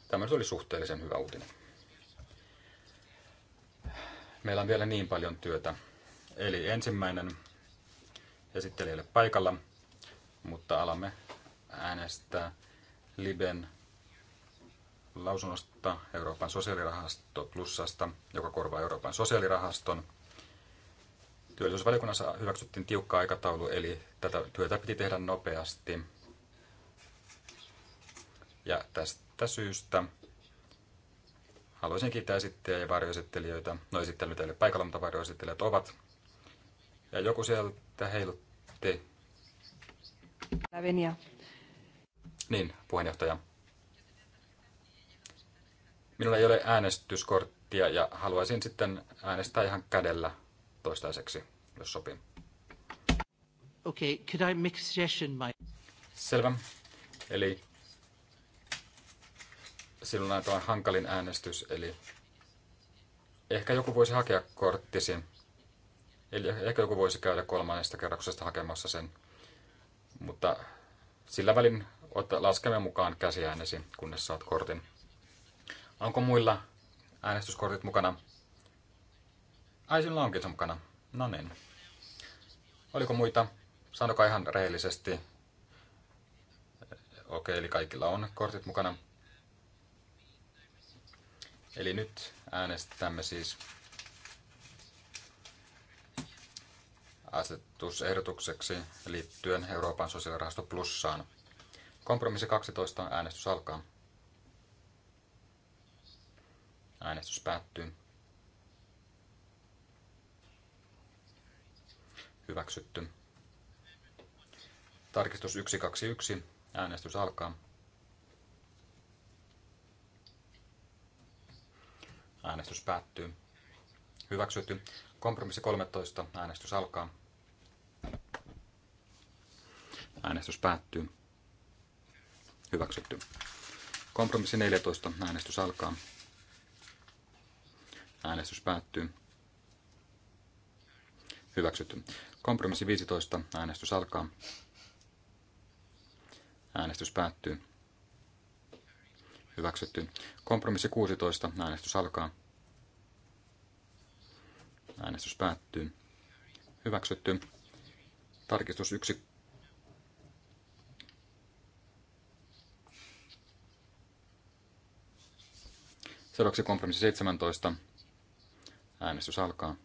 tämä oli suhteellisen hyvä uutinen. Meillä on vielä niin paljon työtä. Eli ensimmäinen esittelijälle paikalla, mutta alamme äänestää Liben lausunnosta Euroopan sosiaalirahasto plussasta, joka korvaa Euroopan sosiaalirahaston – Työllisyysvaliokunnassa hyväksyttiin tiukka aikataulu, eli tätä työtä piti tehdä nopeasti. Ja tästä syystä haluaisin kiittää esittäjiä ja varjoesittelijöitä. No esittelyt ei paikalla, mutta varjoesittelijät ovat. Ja joku sieltä heilutti. Lävinia. Niin, puheenjohtaja. Minulla ei ole äänestyskorttia ja haluaisin sitten äänestää ihan kädellä toistaiseksi, jos sopii. Okay, could I make a suggestion, my... Selvä. Eli silloin on tämä hankalin äänestys, eli ehkä joku voisi hakea korttisi. Eli eh-, ehkä joku voisi käydä kolmannesta kerroksesta hakemassa sen. Mutta sillä välin otta, laskemme mukaan käsiäänesi, kunnes saat kortin. Onko muilla äänestyskortit mukana? Ai sinulla onkin se mukana. No niin. Oliko muita? Sanokaa ihan rehellisesti. Okei, okay, eli kaikilla on kortit mukana. Eli nyt äänestämme siis asetusehdotukseksi liittyen Euroopan sosiaalirahasto plussaan. Kompromissi 12 äänestys alkaa. Äänestys päättyy. hyväksytty. Tarkistus 121. Äänestys alkaa. Äänestys päättyy. Hyväksytty. Kompromissi 13. Äänestys alkaa. Äänestys päättyy. Hyväksytty. Kompromissi 14. Äänestys alkaa. Äänestys päättyy. Hyväksytty. Kompromissi 15. Äänestys alkaa. Äänestys päättyy. Hyväksytty. Kompromissi 16. Äänestys alkaa. Äänestys päättyy. Hyväksytty. Tarkistus 1. Seuraavaksi kompromissi 17. Äänestys alkaa.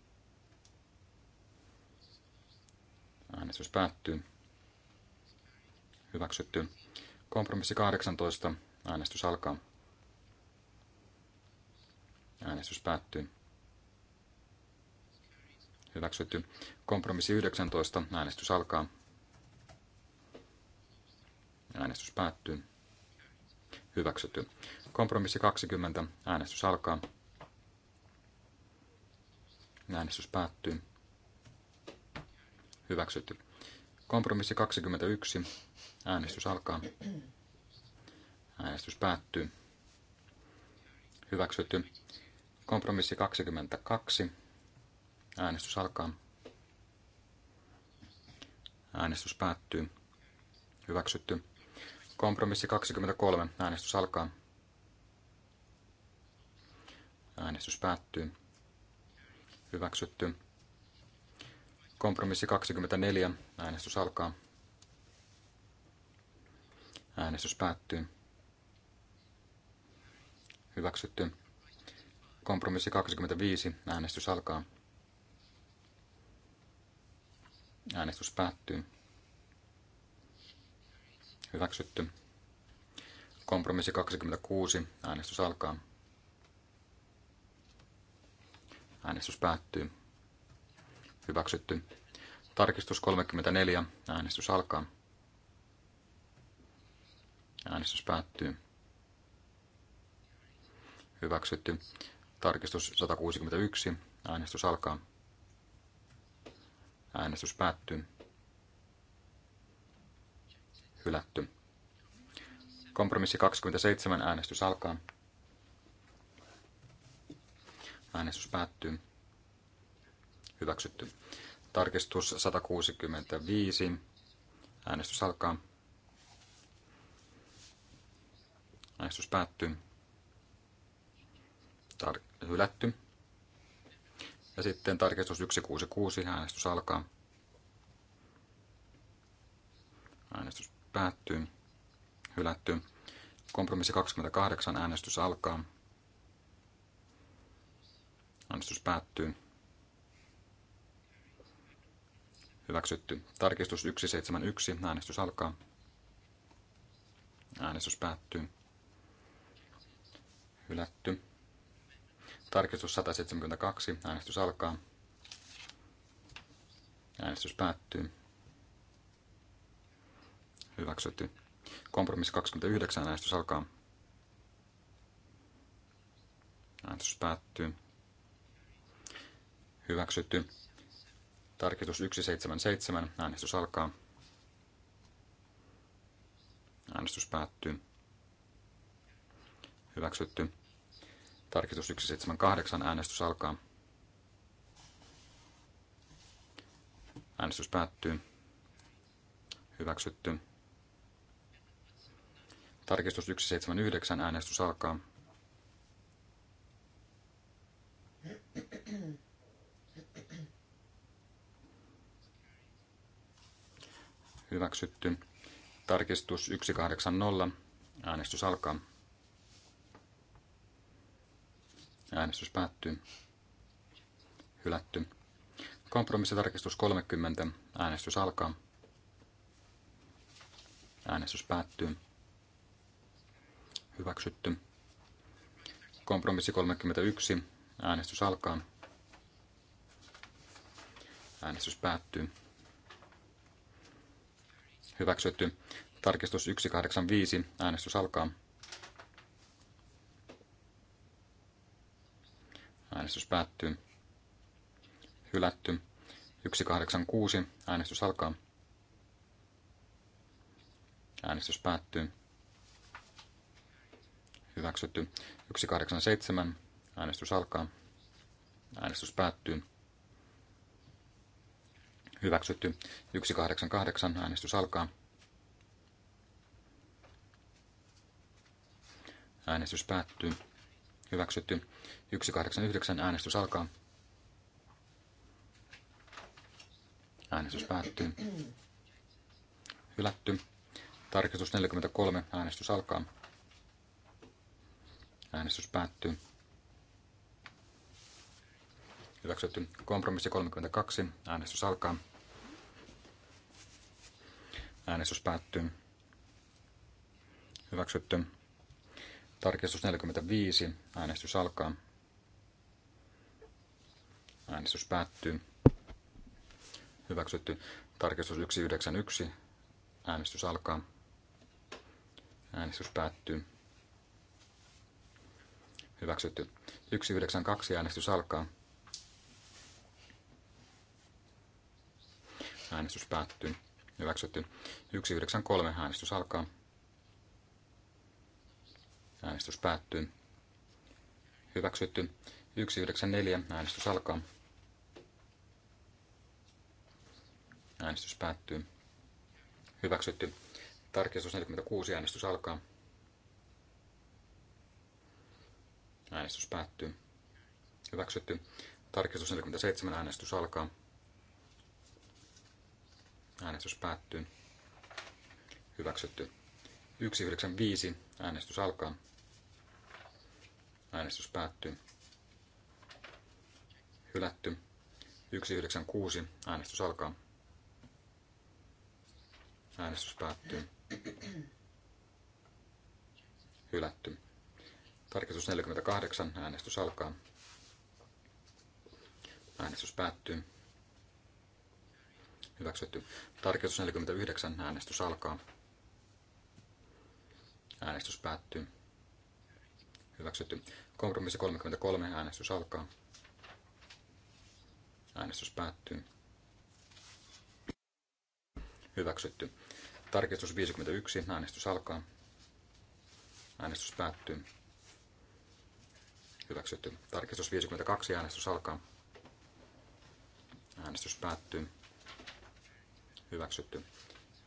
Äänestys päättyy. Hyväksytty. Kompromissi 18. Äänestys alkaa. Äänestys päättyy. Hyväksytty. Kompromissi 19. Äänestys alkaa. Äänestys päättyy. Hyväksytty. Kompromissi 20. Äänestys alkaa. Äänestys päättyy. Hyväksytty. Kompromissi 21. Äänestys alkaa. Äänestys päättyy. Hyväksytty. Kompromissi 22. Äänestys alkaa. Äänestys päättyy. Hyväksytty. Kompromissi 23. Äänestys alkaa. Äänestys päättyy. Hyväksytty. Kompromissi 24. Äänestys alkaa. Äänestys päättyy. Hyväksytty. Kompromissi 25. Äänestys alkaa. Äänestys päättyy. Hyväksytty. Kompromissi 26. Äänestys alkaa. Äänestys päättyy. Hyväksytty. Tarkistus 34. Äänestys alkaa. Äänestys päättyy. Hyväksytty. Tarkistus 161. Äänestys alkaa. Äänestys päättyy. Hylätty. Kompromissi 27. Äänestys alkaa. Äänestys päättyy hyväksytty. Tarkistus 165. Äänestys alkaa. Äänestys päättyy. Tar- hylätty. Ja sitten tarkistus 166. Äänestys alkaa. Äänestys päättyy. Hylätty. Kompromissi 28. Äänestys alkaa. Äänestys päättyy. Hyväksytty. Tarkistus 171. Äänestys alkaa. Äänestys päättyy. Hylätty. Tarkistus 172. Äänestys alkaa. Äänestys päättyy. Hyväksytty. Kompromissi 29. Äänestys alkaa. Äänestys päättyy. Hyväksytty. Tarkistus 177. Äänestys alkaa. Äänestys päättyy. Hyväksytty. Tarkistus 178. Äänestys alkaa. Äänestys päättyy. Hyväksytty. Tarkistus 179. Äänestys alkaa. hyväksytty. Tarkistus 180, äänestys alkaa. Äänestys päättyy. Hylätty. Kompromissitarkistus 30, äänestys alkaa. Äänestys päättyy. Hyväksytty. Kompromissi 31. Äänestys alkaa. Äänestys päättyy hyväksytty. Tarkistus 185, äänestys alkaa. Äänestys päättyy. Hylätty. 186, äänestys alkaa. Äänestys päättyy. Hyväksytty. 187, äänestys alkaa. Äänestys päättyy. Hyväksytty. 188. Äänestys alkaa. Äänestys päättyy. Hyväksytty. 189. Äänestys alkaa. Äänestys päättyy. Hylätty. Tarkistus 43. Äänestys alkaa. Äänestys päättyy. Hyväksytty. Kompromissi 32. Äänestys alkaa. Äänestys päättyy. Hyväksytty. Tarkistus 45. Äänestys alkaa. Äänestys päättyy. Hyväksytty. Tarkistus 191. Äänestys alkaa. Äänestys päättyy. Hyväksytty. 192. Äänestys alkaa. Äänestys päättyy. Hyväksytty. 193. Äänestys alkaa. Äänestys päättyy. Hyväksytty. 194. Äänestys alkaa. Äänestys päättyy. Hyväksytty. Tarkistus 46. Äänestys alkaa. Äänestys päättyy. Hyväksytty. Tarkistus 47. Äänestys alkaa. Äänestys päättyy. Hyväksytty. 195. Äänestys alkaa. Äänestys päättyy. Hylätty. 196. Äänestys alkaa. Äänestys päättyy. Hylätty. Tarkistus 48. Äänestys alkaa. Äänestys päättyy hyväksytty. Tarkistus 49, äänestys alkaa. Äänestys päättyy. Hyväksytty. Kompromissi 33, äänestys alkaa. Äänestys päättyy. Hyväksytty. Tarkistus 51, äänestys alkaa. Äänestys päättyy. Hyväksytty. Tarkistus 52, äänestys alkaa. Äänestys päättyy. Hyväksytty.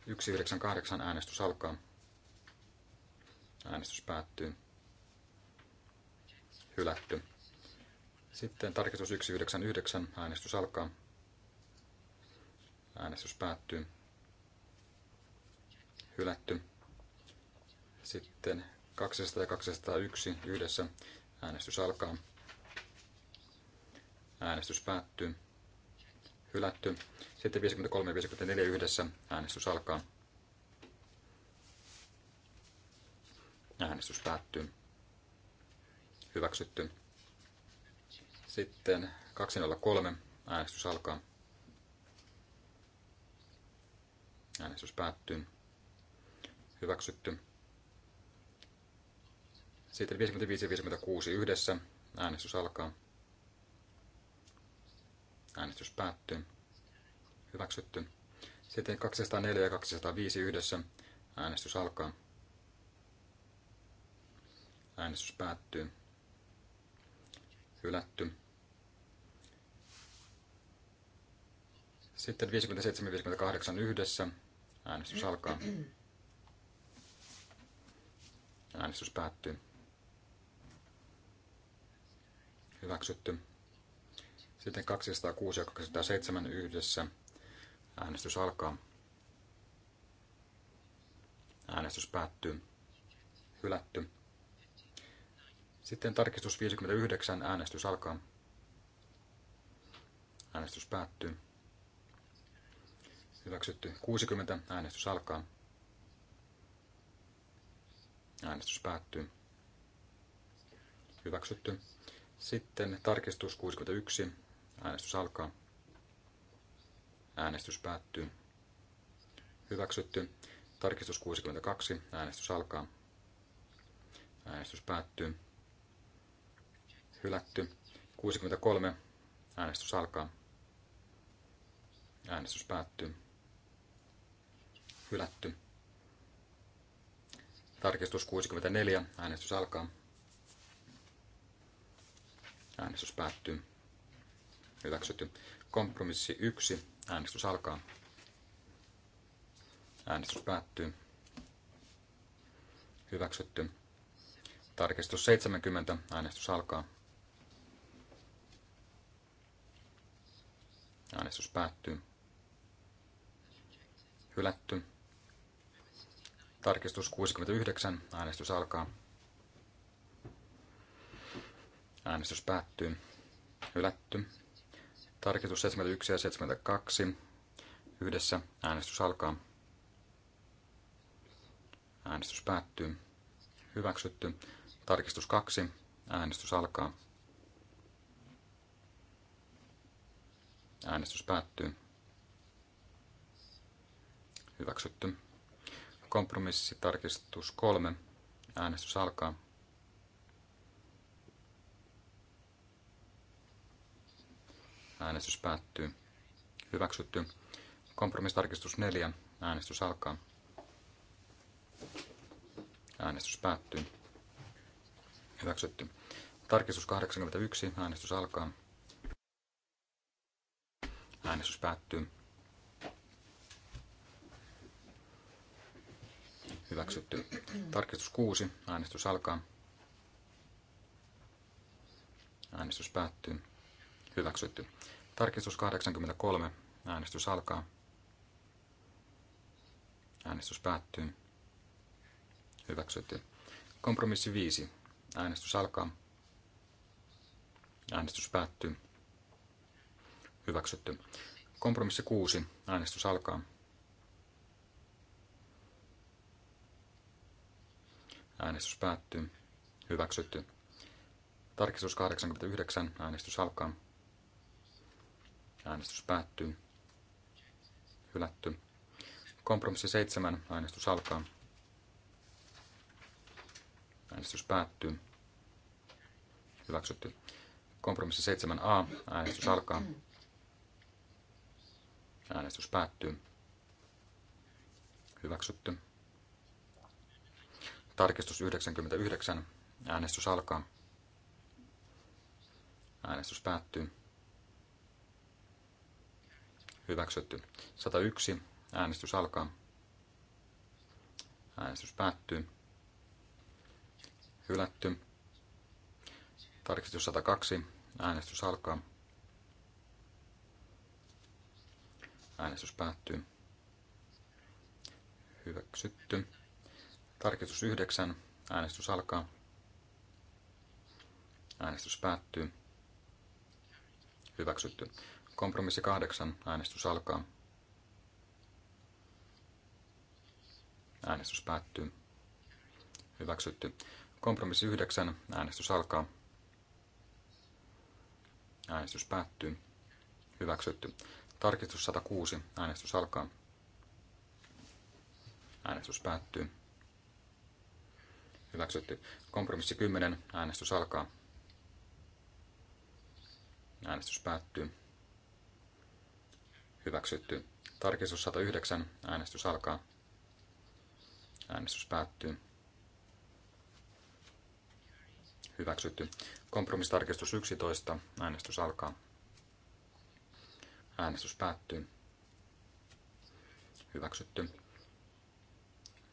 198 äänestys alkaa. Äänestys päättyy. Hylätty. Sitten tarkistus 199. Äänestys alkaa. Äänestys päättyy. Hylätty. Sitten 200 ja 201 yhdessä. Äänestys alkaa. Äänestys päättyy hylätty. Sitten 53 ja 54 yhdessä äänestys alkaa. Äänestys päättyy. Hyväksytty. Sitten 203 äänestys alkaa. Äänestys päättyy. Hyväksytty. Sitten 55 ja 56 yhdessä. Äänestys alkaa. Äänestys päättyy. Hyväksytty. Sitten 204 ja 205 yhdessä. Äänestys alkaa. Äänestys päättyy. Hylätty. Sitten 57-58 yhdessä. Äänestys alkaa. Äänestys päättyy. Hyväksytty. Sitten 206 ja 207 yhdessä. Äänestys alkaa. Äänestys päättyy. Hylätty. Sitten tarkistus 59. Äänestys alkaa. Äänestys päättyy. Hyväksytty. 60. Äänestys alkaa. Äänestys päättyy. Hyväksytty. Sitten tarkistus 61. Äänestys alkaa. Äänestys päättyy. Hyväksytty. Tarkistus 62. Äänestys alkaa. Äänestys päättyy. Hylätty. 63. Äänestys alkaa. Äänestys päättyy. Hylätty. Tarkistus 64. Äänestys alkaa. Äänestys päättyy hyväksytty. Kompromissi 1, äänestys alkaa. Äänestys päättyy. Hyväksytty. Tarkistus 70, äänestys alkaa. Äänestys päättyy. Hylätty. Tarkistus 69. Äänestys alkaa. Äänestys päättyy. Hylätty. Tarkistus 71 ja 72. Yhdessä äänestys alkaa. Äänestys päättyy. Hyväksytty. Tarkistus 2. Äänestys alkaa. Äänestys päättyy. Hyväksytty. Kompromissitarkistus 3. Äänestys alkaa. Äänestys päättyy. Hyväksytty. Kompromistarkistus 4. Äänestys alkaa. Äänestys päättyy. Hyväksytty. Tarkistus 81. Äänestys alkaa. Äänestys päättyy. Hyväksytty. Tarkistus 6. Äänestys alkaa. Äänestys päättyy. Hyväksytty. Tarkistus 83. Äänestys alkaa. Äänestys päättyy. Hyväksytty. Kompromissi 5. Äänestys alkaa. Äänestys päättyy. Hyväksytty. Kompromissi 6. Äänestys alkaa. Äänestys päättyy. Hyväksytty. Tarkistus 89. Äänestys alkaa. Äänestys päättyy. Hylätty. Kompromissi 7. Äänestys alkaa. Äänestys päättyy. Hyväksytty. Kompromissi 7a. Äänestys alkaa. Äänestys päättyy. Hyväksytty. Tarkistus 99. Äänestys alkaa. Äänestys päättyy. Hyväksytty. 101. Äänestys alkaa. Äänestys päättyy. Hylätty. Tarkistus 102. Äänestys alkaa. Äänestys päättyy. Hyväksytty. Tarkistus 9. Äänestys alkaa. Äänestys päättyy. Hyväksytty. Kompromissi kahdeksan. Äänestys alkaa. Äänestys päättyy. Hyväksytty. Kompromissi yhdeksän. Äänestys alkaa. Äänestys päättyy. Hyväksytty. Tarkistus 106. Äänestys alkaa. Äänestys päättyy. Hyväksytty. Kompromissi 10. Äänestys alkaa. Äänestys päättyy. Hyväksytty. Tarkistus 109. Äänestys alkaa. Äänestys päättyy. Hyväksytty. Kompromistarkistus 11. Äänestys alkaa. Äänestys päättyy. Hyväksytty.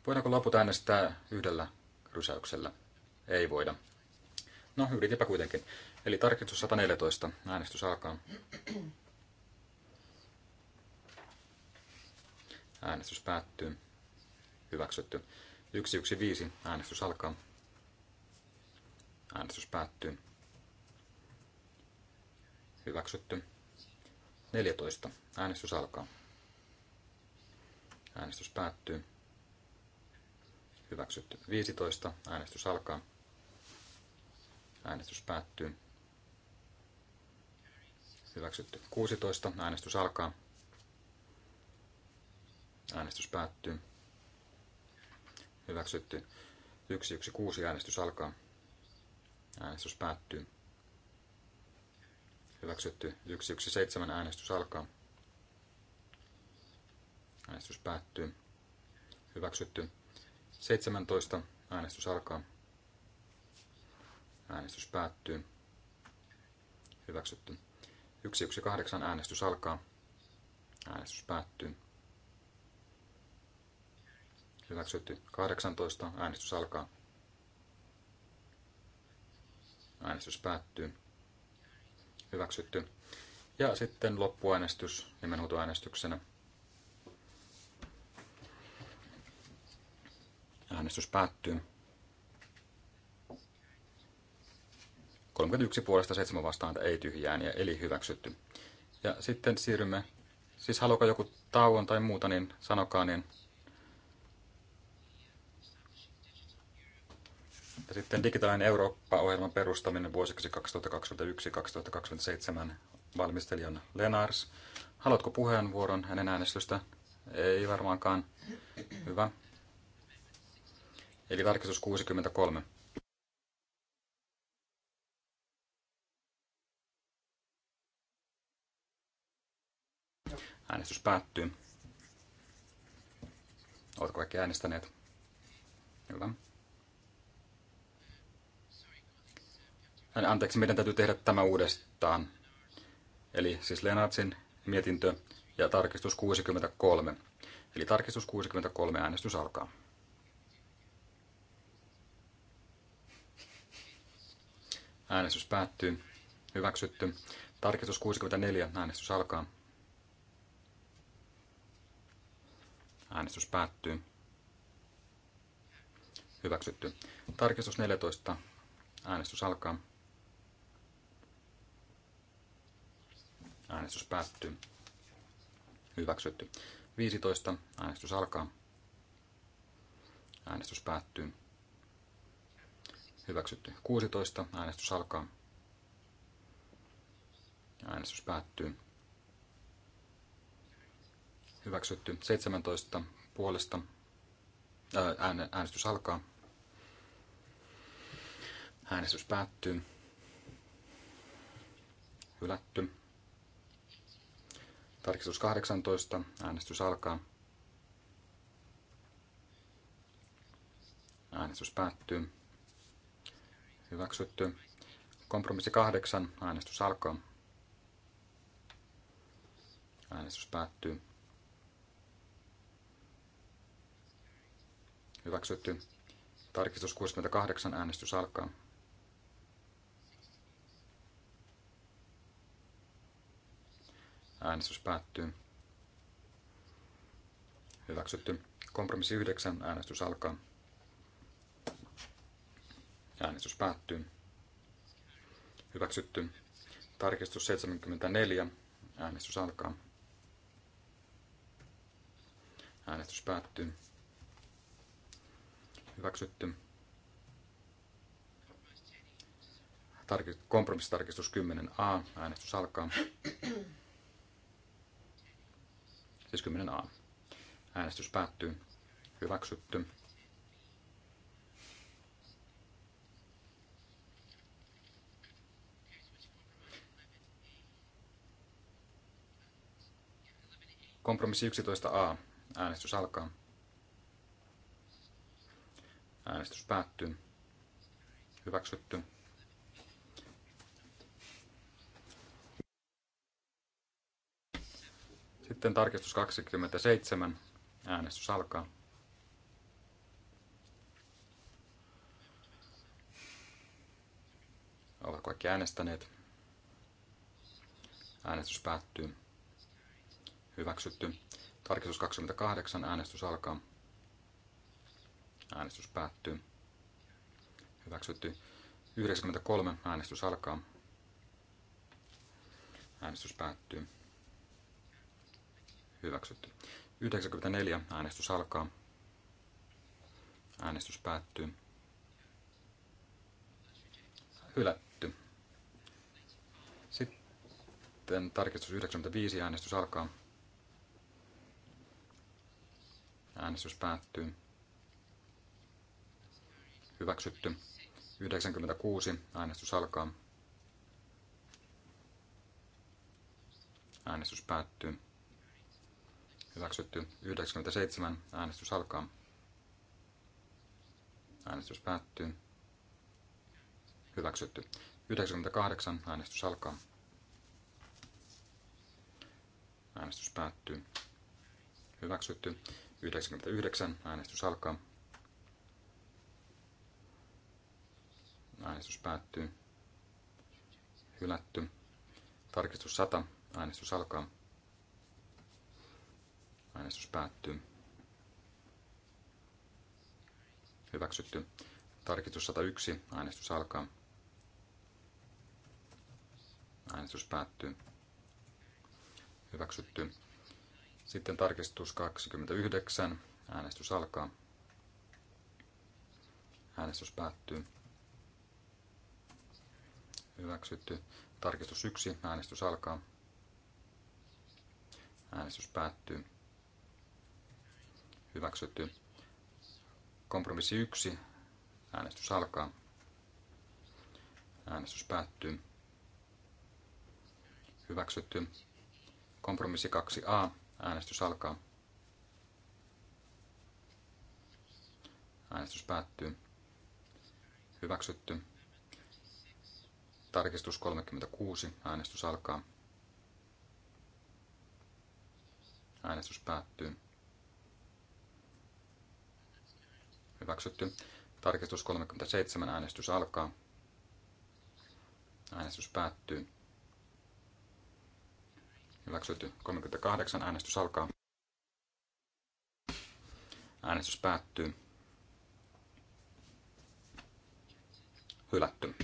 Voidaanko loput äänestää yhdellä rysäyksellä? Ei voida. No, yritinpä kuitenkin. Eli tarkistus 114. Äänestys alkaa. Äänestys päättyy. Hyväksytty. 115. Äänestys alkaa. Äänestys päättyy. Hyväksytty. 14. Äänestys alkaa. Äänestys päättyy. Hyväksytty. 15. Äänestys alkaa. Äänestys päättyy. Hyväksytty. 16. Äänestys alkaa. Äänestys päättyy. Hyväksytty. 116 äänestys alkaa. Äänestys päättyy. Hyväksytty. 117 äänestys alkaa. Äänestys päättyy. Hyväksytty. 17 äänestys alkaa. Äänestys päättyy. Hyväksytty. 118 äänestys alkaa. Äänestys päättyy. Hyväksytty. 18. Äänestys alkaa. Äänestys päättyy. Hyväksytty. Ja sitten loppuäänestys nimenhuutoäänestyksenä. Äänestys päättyy. 31 puolesta 7 vastaan ei tyhjään ja eli hyväksytty. Ja sitten siirrymme, siis haluaako joku tauon tai muuta, niin sanokaa, niin sitten digitaalinen Eurooppa-ohjelman perustaminen vuosiksi 2021-2027 valmistelijan Lenars. Haluatko puheenvuoron hänen äänestystä? Ei varmaankaan. Hyvä. Eli tarkistus 63. Äänestys päättyy. Oletko kaikki äänestäneet? Hyvä. Anteeksi, meidän täytyy tehdä tämä uudestaan. Eli siis Lenartsin mietintö ja tarkistus 63. Eli tarkistus 63 äänestys alkaa. Äänestys päättyy. Hyväksytty. Tarkistus 64. Äänestys alkaa. Äänestys päättyy. Hyväksytty. Tarkistus 14. Äänestys alkaa. Äänestys päättyy. Hyväksytty. 15. Äänestys alkaa. Äänestys päättyy. Hyväksytty. 16. Äänestys alkaa. Äänestys päättyy. Hyväksytty. 17. Puolesta. äänestys alkaa. Äänestys päättyy. Hylätty. Tarkistus 18. Äänestys alkaa. Äänestys päättyy. Hyväksytty. Kompromissi 8. Äänestys alkaa. Äänestys päättyy. Hyväksytty. Tarkistus 68. Äänestys alkaa. Äänestys päättyy. Hyväksytty. Kompromissi 9. Äänestys alkaa. Äänestys päättyy. Hyväksytty. Tarkistus 74. Äänestys alkaa. Äänestys päättyy. Hyväksytty. Kompromissitarkistus 10a. Äänestys alkaa siis 10a. Äänestys päättyy. Hyväksytty. Kompromissi 11a. Äänestys alkaa. Äänestys päättyy. Hyväksytty. Sitten tarkistus 27. Äänestys alkaa. Ovatko kaikki äänestäneet. Äänestys päättyy. Hyväksytty. Tarkistus 28. Äänestys alkaa. Äänestys päättyy. Hyväksytty. 93. Äänestys alkaa. Äänestys päättyy hyväksytty. 94 äänestys alkaa. Äänestys päättyy. Hylätty. Sitten tarkistus 95 äänestys alkaa. Äänestys päättyy. Hyväksytty. 96. Äänestys alkaa. Äänestys päättyy. Hyväksytty 97. Äänestys alkaa. Äänestys päättyy. Hyväksytty. 98. Äänestys alkaa. Äänestys päättyy. Hyväksytty. 99. Äänestys alkaa. Äänestys päättyy. Hylätty. Tarkistus 100. Äänestys alkaa. Äänestys päättyy. Hyväksytty. Tarkistus 101. Äänestys alkaa. Äänestys päättyy. Hyväksytty. Sitten tarkistus 29. Äänestys alkaa. Äänestys päättyy. Hyväksytty. Tarkistus 1. Äänestys alkaa. Äänestys päättyy hyväksytty. Kompromissi 1, äänestys alkaa. Äänestys päättyy. Hyväksytty. Kompromissi 2a, äänestys alkaa. Äänestys päättyy. Hyväksytty. Tarkistus 36. Äänestys alkaa. Äänestys päättyy. Hyväksytty. Tarkistus 37. Äänestys alkaa. Äänestys päättyy. Hyväksytty. 38. Äänestys alkaa. Äänestys päättyy. Hylätty.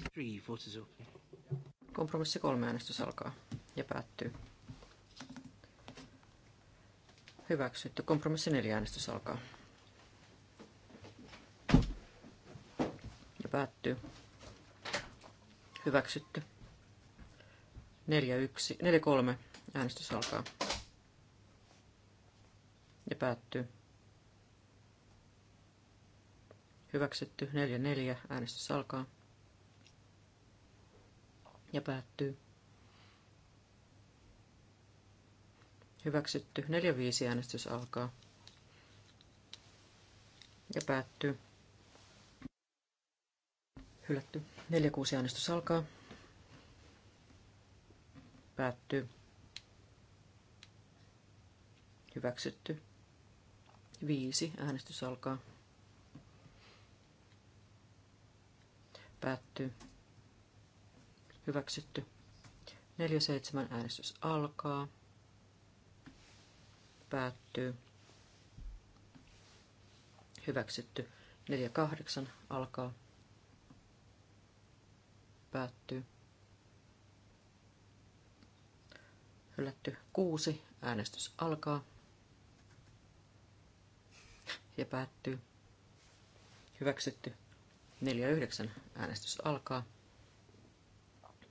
Kompromissi kolme äänestys alkaa ja päättyy. Hyväksytty. Kompromissi neljä äänestys alkaa. päättyy. Hyväksytty. 4-1, 4-3 äänestys alkaa. Ja päättyy. Hyväksytty. 4-4 äänestys alkaa. Ja päättyy. Hyväksytty. 4-5 äänestys alkaa. Ja päättyy. Hylätty. 4-6 äänestys alkaa. Päättyy. Hyväksytty. 5. Äänestys alkaa. Päättyy. Hyväksytty. 4.7. Äänestys alkaa. Päättyy. Hyväksytty. 4.8. Alkaa. Päättyy. Hylätty kuusi. Äänestys alkaa. Ja päättyy. Hyväksytty. 49 äänestys alkaa.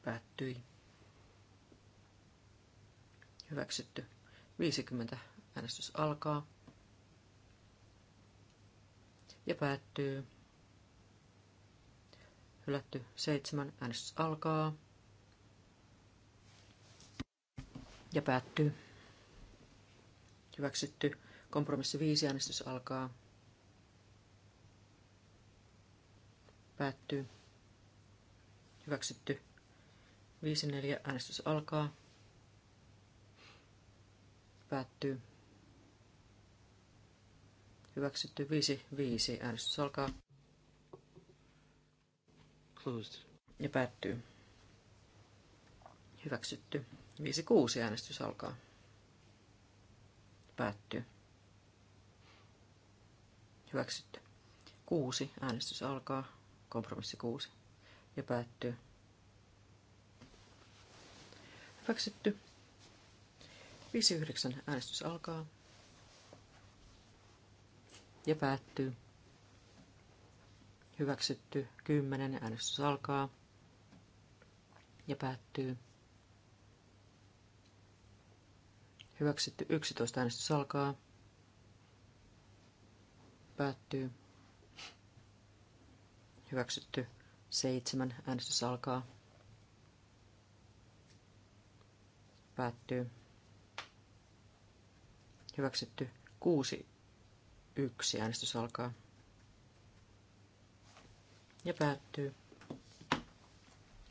Päättyi. Hyväksytty. 50 äänestys alkaa. Ja päättyy. Hylätty seitsemän. Äänestys alkaa. Ja päättyy. Hyväksytty. Kompromissi viisi. Äänestys alkaa. Päättyy. Hyväksytty. 5-4 äänestys alkaa. Päättyy. Hyväksytty 5-5 äänestys alkaa. Closed. Ja päättyy. Hyväksytty. 5-6 äänestys alkaa. Päättyy. Hyväksytty. 6 äänestys alkaa. Kompromissi 6. Ja päättyy. Hyväksytty. 5-9 äänestys alkaa. Ja päättyy. Hyväksytty 10. Äänestys alkaa ja päättyy. Hyväksytty 11. Äänestys alkaa. Päättyy. Hyväksytty 7. Äänestys alkaa. Päättyy. Hyväksytty 6. yksi Äänestys alkaa ja päättyy.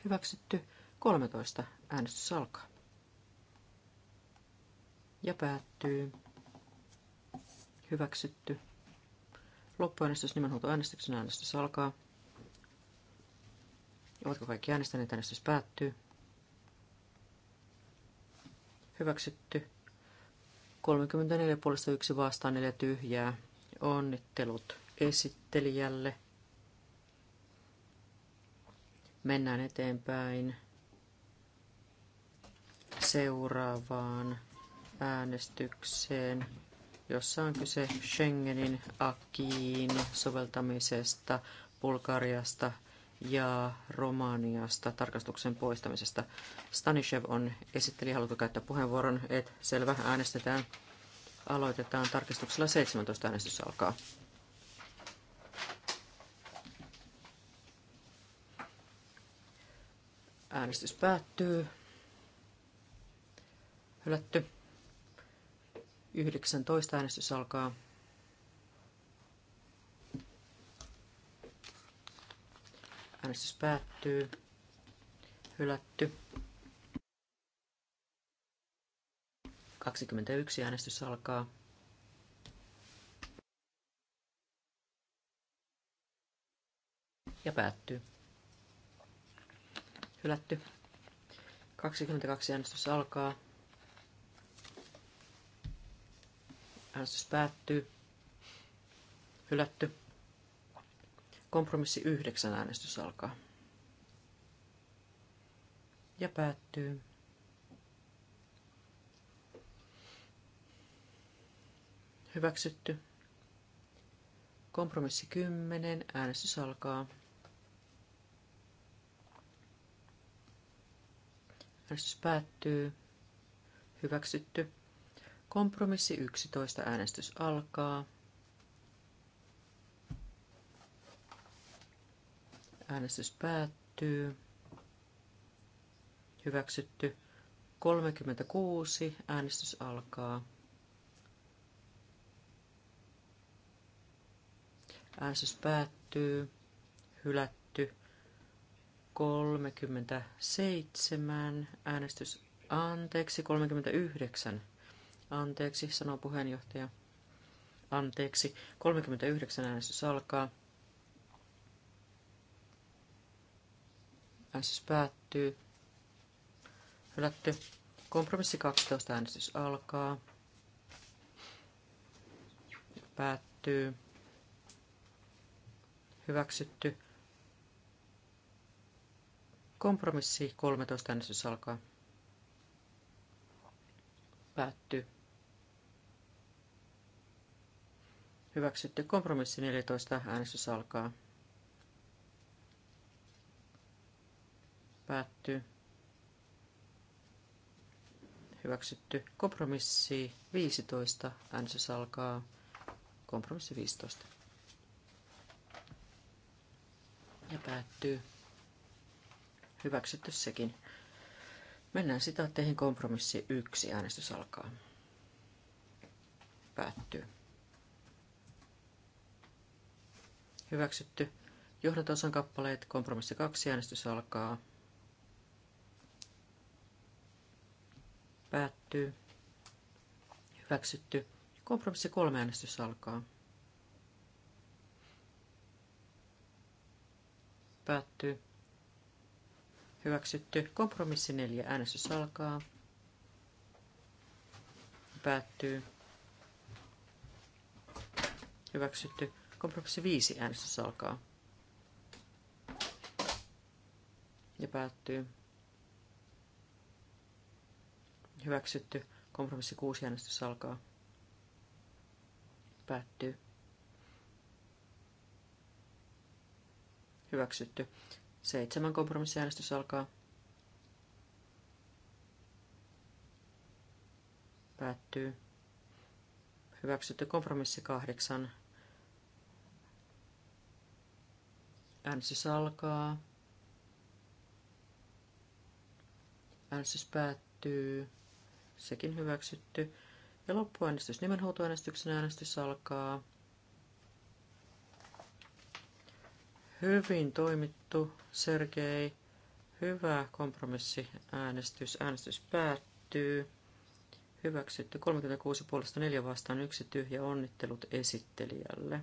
Hyväksytty 13. Äänestys alkaa. Ja päättyy. Hyväksytty. Loppuäänestys nimenhuoltoäänestyksen äänestys alkaa. Oletko kaikki äänestäneet? Äänestys päättyy. Hyväksytty. 34 puolesta yksi vastaan, neljä tyhjää. Onnittelut esittelijälle. Mennään eteenpäin seuraavaan äänestykseen, jossa on kyse Schengenin akiin soveltamisesta Bulgariasta ja Romaniasta tarkastuksen poistamisesta. Stanishev on esitteli, haluatko käyttää puheenvuoron? Et, selvä, äänestetään. Aloitetaan tarkistuksella 17 äänestys alkaa. Äänestys päättyy. Hylätty. 19 äänestys alkaa. Äänestys päättyy. Hylätty. 21 äänestys alkaa. Ja päättyy hylätty. 22 äänestys alkaa. Äänestys päättyy. Hylätty. Kompromissi 9 äänestys alkaa. Ja päättyy. Hyväksytty. Kompromissi 10. Äänestys alkaa. Äänestys päättyy. Hyväksytty. Kompromissi 11. Äänestys alkaa. Äänestys päättyy. Hyväksytty. 36. Äänestys alkaa. Äänestys päättyy. Hylätty. 37, äänestys anteeksi, 39, anteeksi, sanoo puheenjohtaja, anteeksi, 39 äänestys alkaa. Äänestys päättyy. Hylätty. Kompromissi 12 äänestys alkaa. Päättyy. Hyväksytty. Kompromissi 13 äänestys alkaa. Päättyy. Hyväksytty. Kompromissi 14 äänestys alkaa. Päättyy. Hyväksytty. Kompromissi 15 äänestys alkaa. Kompromissi 15. Ja päättyy. Hyväksytty sekin. Mennään sitaatteihin kompromissi 1. Äänestys alkaa. Päättyy. Hyväksytty. Johdatosan kappaleet. Kompromissi 2. Äänestys alkaa. Päättyy. Hyväksytty. Kompromissi 3. Äänestys alkaa. Päättyy. Hyväksytty. Kompromissi 4. Äänestys alkaa. Päättyy. Hyväksytty. Kompromissi 5. Äänestys alkaa. Ja päättyy. Hyväksytty. Kompromissi 6. Äänestys alkaa. Päättyy. Hyväksytty. Seitsemän kompromissiäänestys alkaa. Päättyy. Hyväksytty kompromissi kahdeksan. Äänestys alkaa. Äänestys päättyy. Sekin hyväksytty. Ja loppuäänestys nimenhuutoäänestyksen äänestys alkaa. Hyvin toimittu, Sergei. Hyvä kompromissi. Äänestys. Äänestys päättyy. Hyväksytty 36 puolesta 4 vastaan yksi tyhjä. Onnittelut esittelijälle.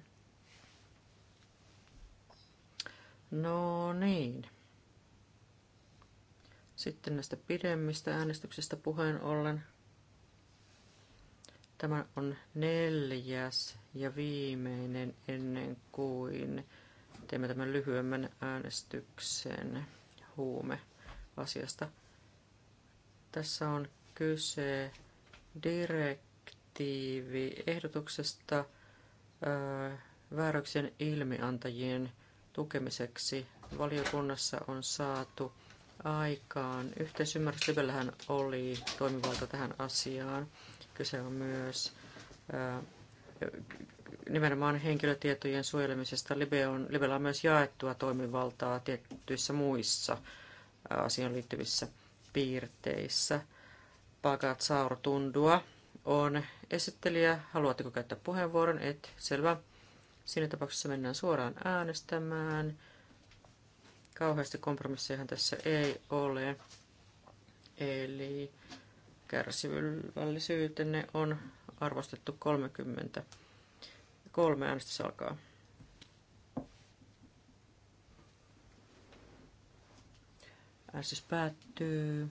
No niin. Sitten näistä pidemmistä äänestyksistä puheen ollen. Tämä on neljäs ja viimeinen ennen kuin Teemme tämän lyhyemmän äänestyksen huume asiasta. Tässä on kyse direktiiviehdotuksesta vääräyksen ilmiantajien tukemiseksi. Valiokunnassa on saatu aikaan yhteisymmärrys. Libellähän oli toimivalta tähän asiaan. Kyse on myös nimenomaan henkilötietojen suojelemisesta. Libe on, Libellä on myös jaettua toimivaltaa tiettyissä muissa asiaan liittyvissä piirteissä. Pagat Saurtundua on esittelijä. Haluatteko käyttää puheenvuoron? Et, selvä. Siinä tapauksessa mennään suoraan äänestämään. Kauheasti kompromissejahan tässä ei ole. Eli kärsivällisyytenne on arvostettu 30 Kolme äänestys alkaa. Äänestys päättyy.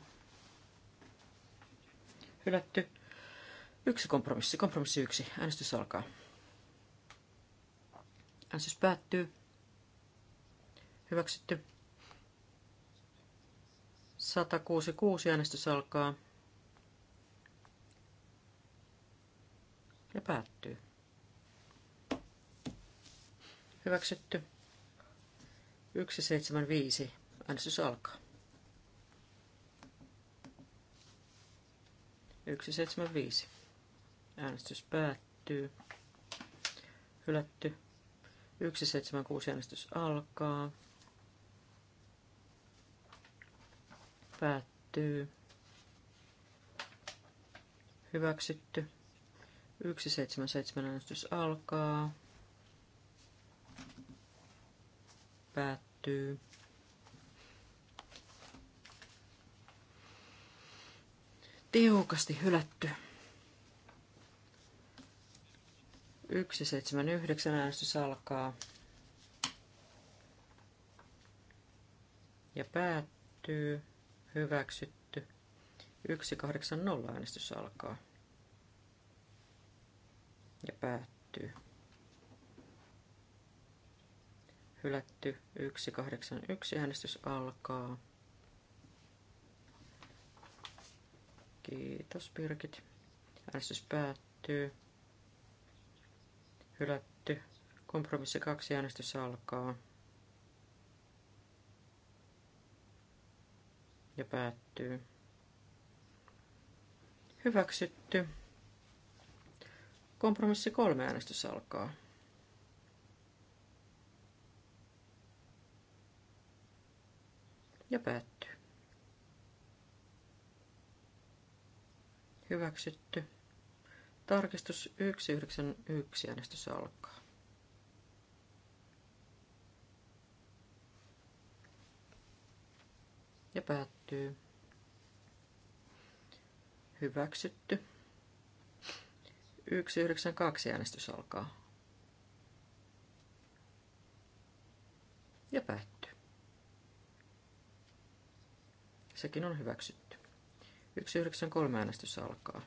Hylätty. Yksi kompromissi. Kompromissi yksi. Äänestys alkaa. Äänestys päättyy. Hyväksytty. 166 äänestys alkaa. Ja päättyy. Hyväksytty. 175. Äänestys alkaa. 175. Äänestys päättyy. Hylätty. 176 äänestys alkaa. Päättyy. Hyväksytty. 177 äänestys alkaa. Päättyy. Tiukasti hylätty. 179 äänestys alkaa. Ja päättyy. Hyväksytty. 180 äänestys alkaa. Ja päättyy. Hylätty 181. Äänestys alkaa. Kiitos Pirkit. Äänestys päättyy. Hylätty. Kompromissi 2. Äänestys alkaa. Ja päättyy. Hyväksytty. Kompromissi 3. Äänestys alkaa. ja päättyy. Hyväksytty. Tarkistus 191 äänestys alkaa. Ja päättyy. Hyväksytty. 192 äänestys alkaa. Ja päättyy. Sekin on hyväksytty. 193 äänestys alkaa.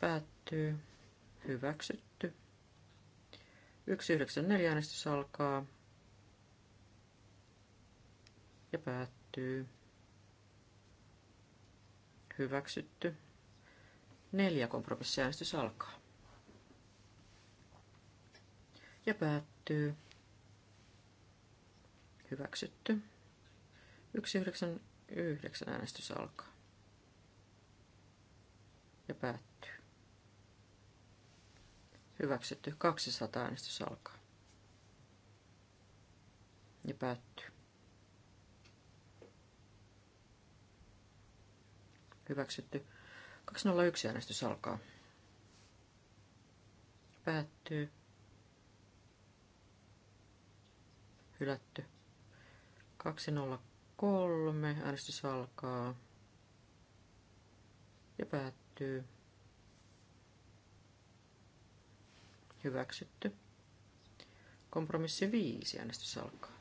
Päättyy. Hyväksytty. 194 äänestys alkaa. Ja päättyy. Hyväksytty. Neljä kompromissiäänestys alkaa. Ja päättyy päättyy. Hyväksytty. 199 äänestys alkaa. Ja päättyy. Hyväksytty. 200 äänestys alkaa. Ja päättyy. Hyväksytty. 201 äänestys alkaa. Päättyy. hylätty. 203, äänestys alkaa ja päättyy. Hyväksytty. Kompromissi 5, äänestys alkaa.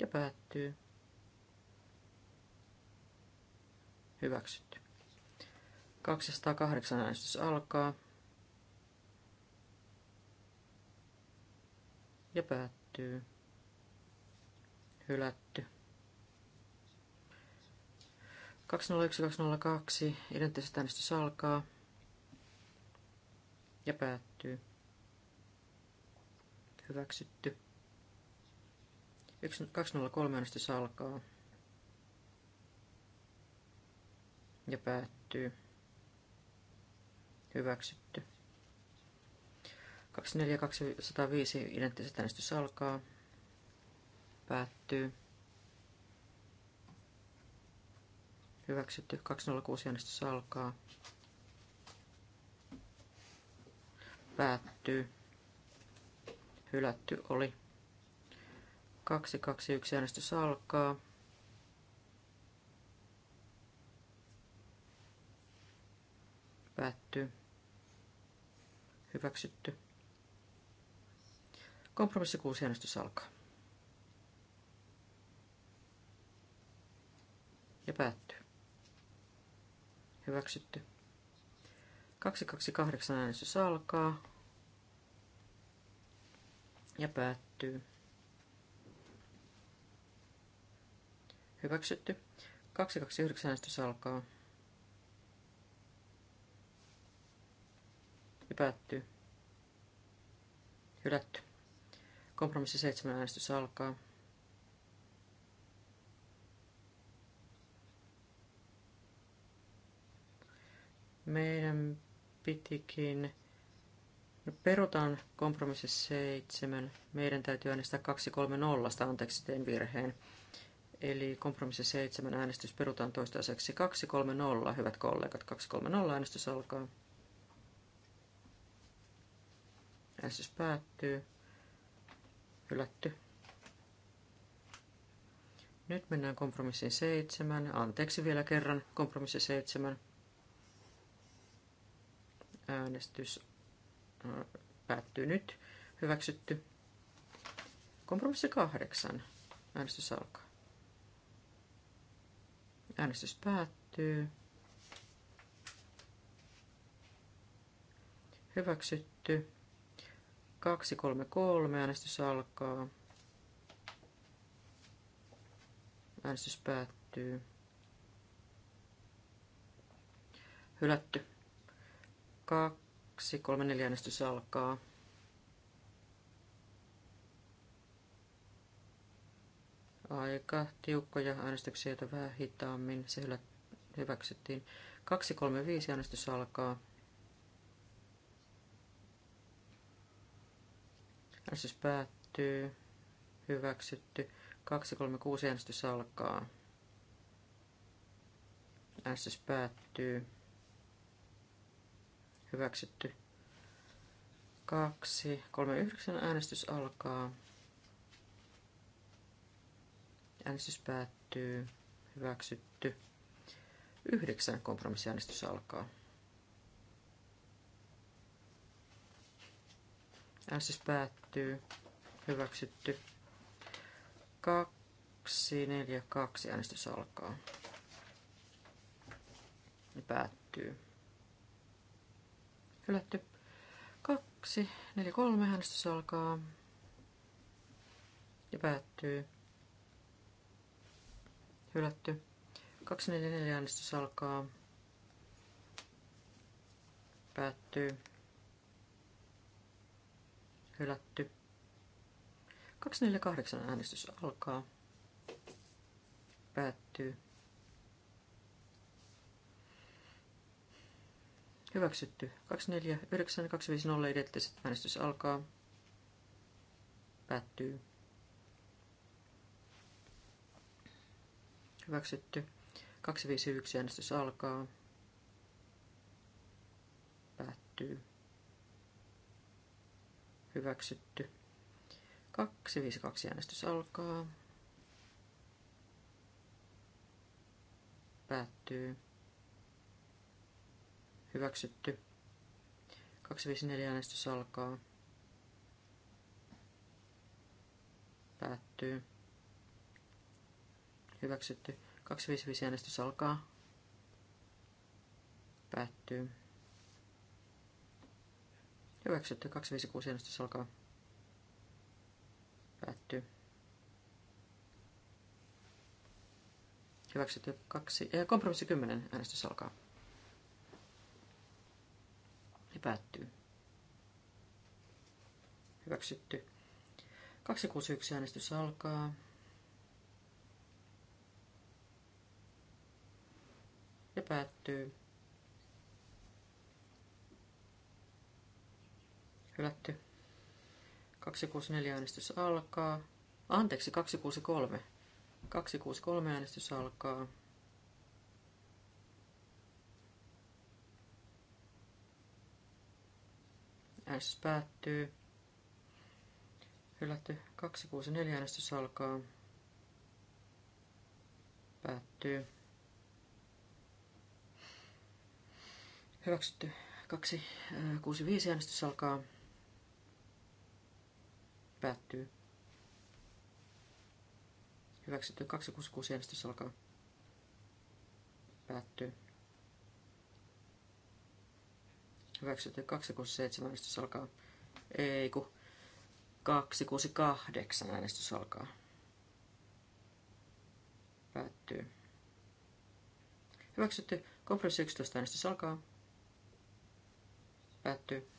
Ja päättyy. Hyväksytty. 208 äänestys alkaa. ja päättyy. Hylätty. 201202 identtisestä äänestys alkaa ja päättyy. Hyväksytty. 203 äänestys alkaa ja päättyy. Hyväksytty. 24205 205 identtiset äänestys alkaa. Päättyy. Hyväksytty. 206 äänestys alkaa. Päättyy. Hylätty oli. 221 äänestys alkaa. Päättyy. Hyväksytty. Kompromissi 6 äänestys alkaa. Ja päättyy. Hyväksytty. 228 äänestys alkaa. Ja päättyy. Hyväksytty. 229 äänestys alkaa. Ja päättyy. Hylätty. Kompromissi 7 äänestys alkaa. Meidän pitikin No, perutaan kompromissi 7. Meidän täytyy äänestää 230. Anteeksi, teen virheen. Eli kompromissi 7 äänestys perutaan toistaiseksi 230. Hyvät kollegat, 230 äänestys alkaa. Äänestys päättyy. Hylätty. Nyt mennään kompromissiin seitsemän. Anteeksi vielä kerran. Kompromissi seitsemän. Äänestys päättyy nyt. Hyväksytty. Kompromissi kahdeksan. Äänestys alkaa. Äänestys päättyy. Hyväksytty. 233 äänestys alkaa. Äänestys päättyy. Hylätty. 234 äänestys alkaa. Aika tiukkoja äänestyksiä, vähän hitaammin se hyväksyttiin. 235 äänestys alkaa. Äänestys päättyy. Hyväksytty. 236 äänestys alkaa. Äänestys päättyy. Hyväksytty. 239 äänestys alkaa. Äänestys päättyy. Hyväksytty. Yhdeksän kompromissiäänestys alkaa. Äänestys päättyy. Hyväksytty. 2. äänestys alkaa. Ja päättyy. Hylätty. 3. äänestys alkaa. Ja päättyy. Hylätty. 4. äänestys alkaa. Päättyy. Hylätty. 248 äänestys alkaa. Päättyy. Hyväksytty. 249 250 identtiset äänestys alkaa. Päättyy. Hyväksytty. 251 äänestys alkaa. Päättyy hyväksytty. 252 äänestys alkaa. Päättyy. Hyväksytty. 254 äänestys alkaa. Päättyy. Hyväksytty. 255 äänestys alkaa. Päättyy. Hyväksytty. 256 äänestys alkaa. Päättyy. Hyväksytty. Kaksi, eh, kompromissi 10 äänestys alkaa. Ja päättyy. Hyväksytty. 261 äänestys alkaa. Ja päättyy. Hylätty. 264 äänestys alkaa. Anteeksi, 263. 263 äänestys alkaa. S päättyy. Hylätty 264 äänestys alkaa. Päättyy. Hyväksytty 265 äänestys alkaa. Päättyy. Hyväksytty 266 järjestys alkaa. Päättyy. Hyväksytty 267 äänestys alkaa. Ei ku. 268 äänestys alkaa. Päättyy. Hyväksytty. kompressi 11 äänestys alkaa. Päättyy.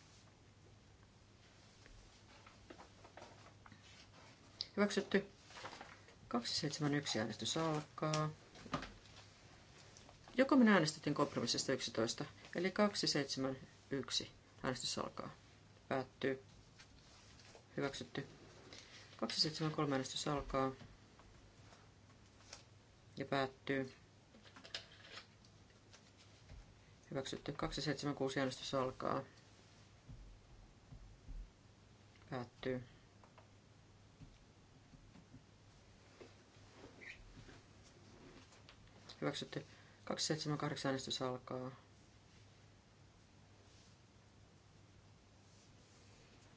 Hyväksytty. 271 äänestys alkaa. Joko minä äänestettiin kompromissista 11, eli 271 äänestys alkaa. Päättyy. Hyväksytty. 273 äänestys alkaa ja päättyy. Hyväksytty. 276 äänestys alkaa. Päättyy. Hyväksytty. 278 äänestys alkaa.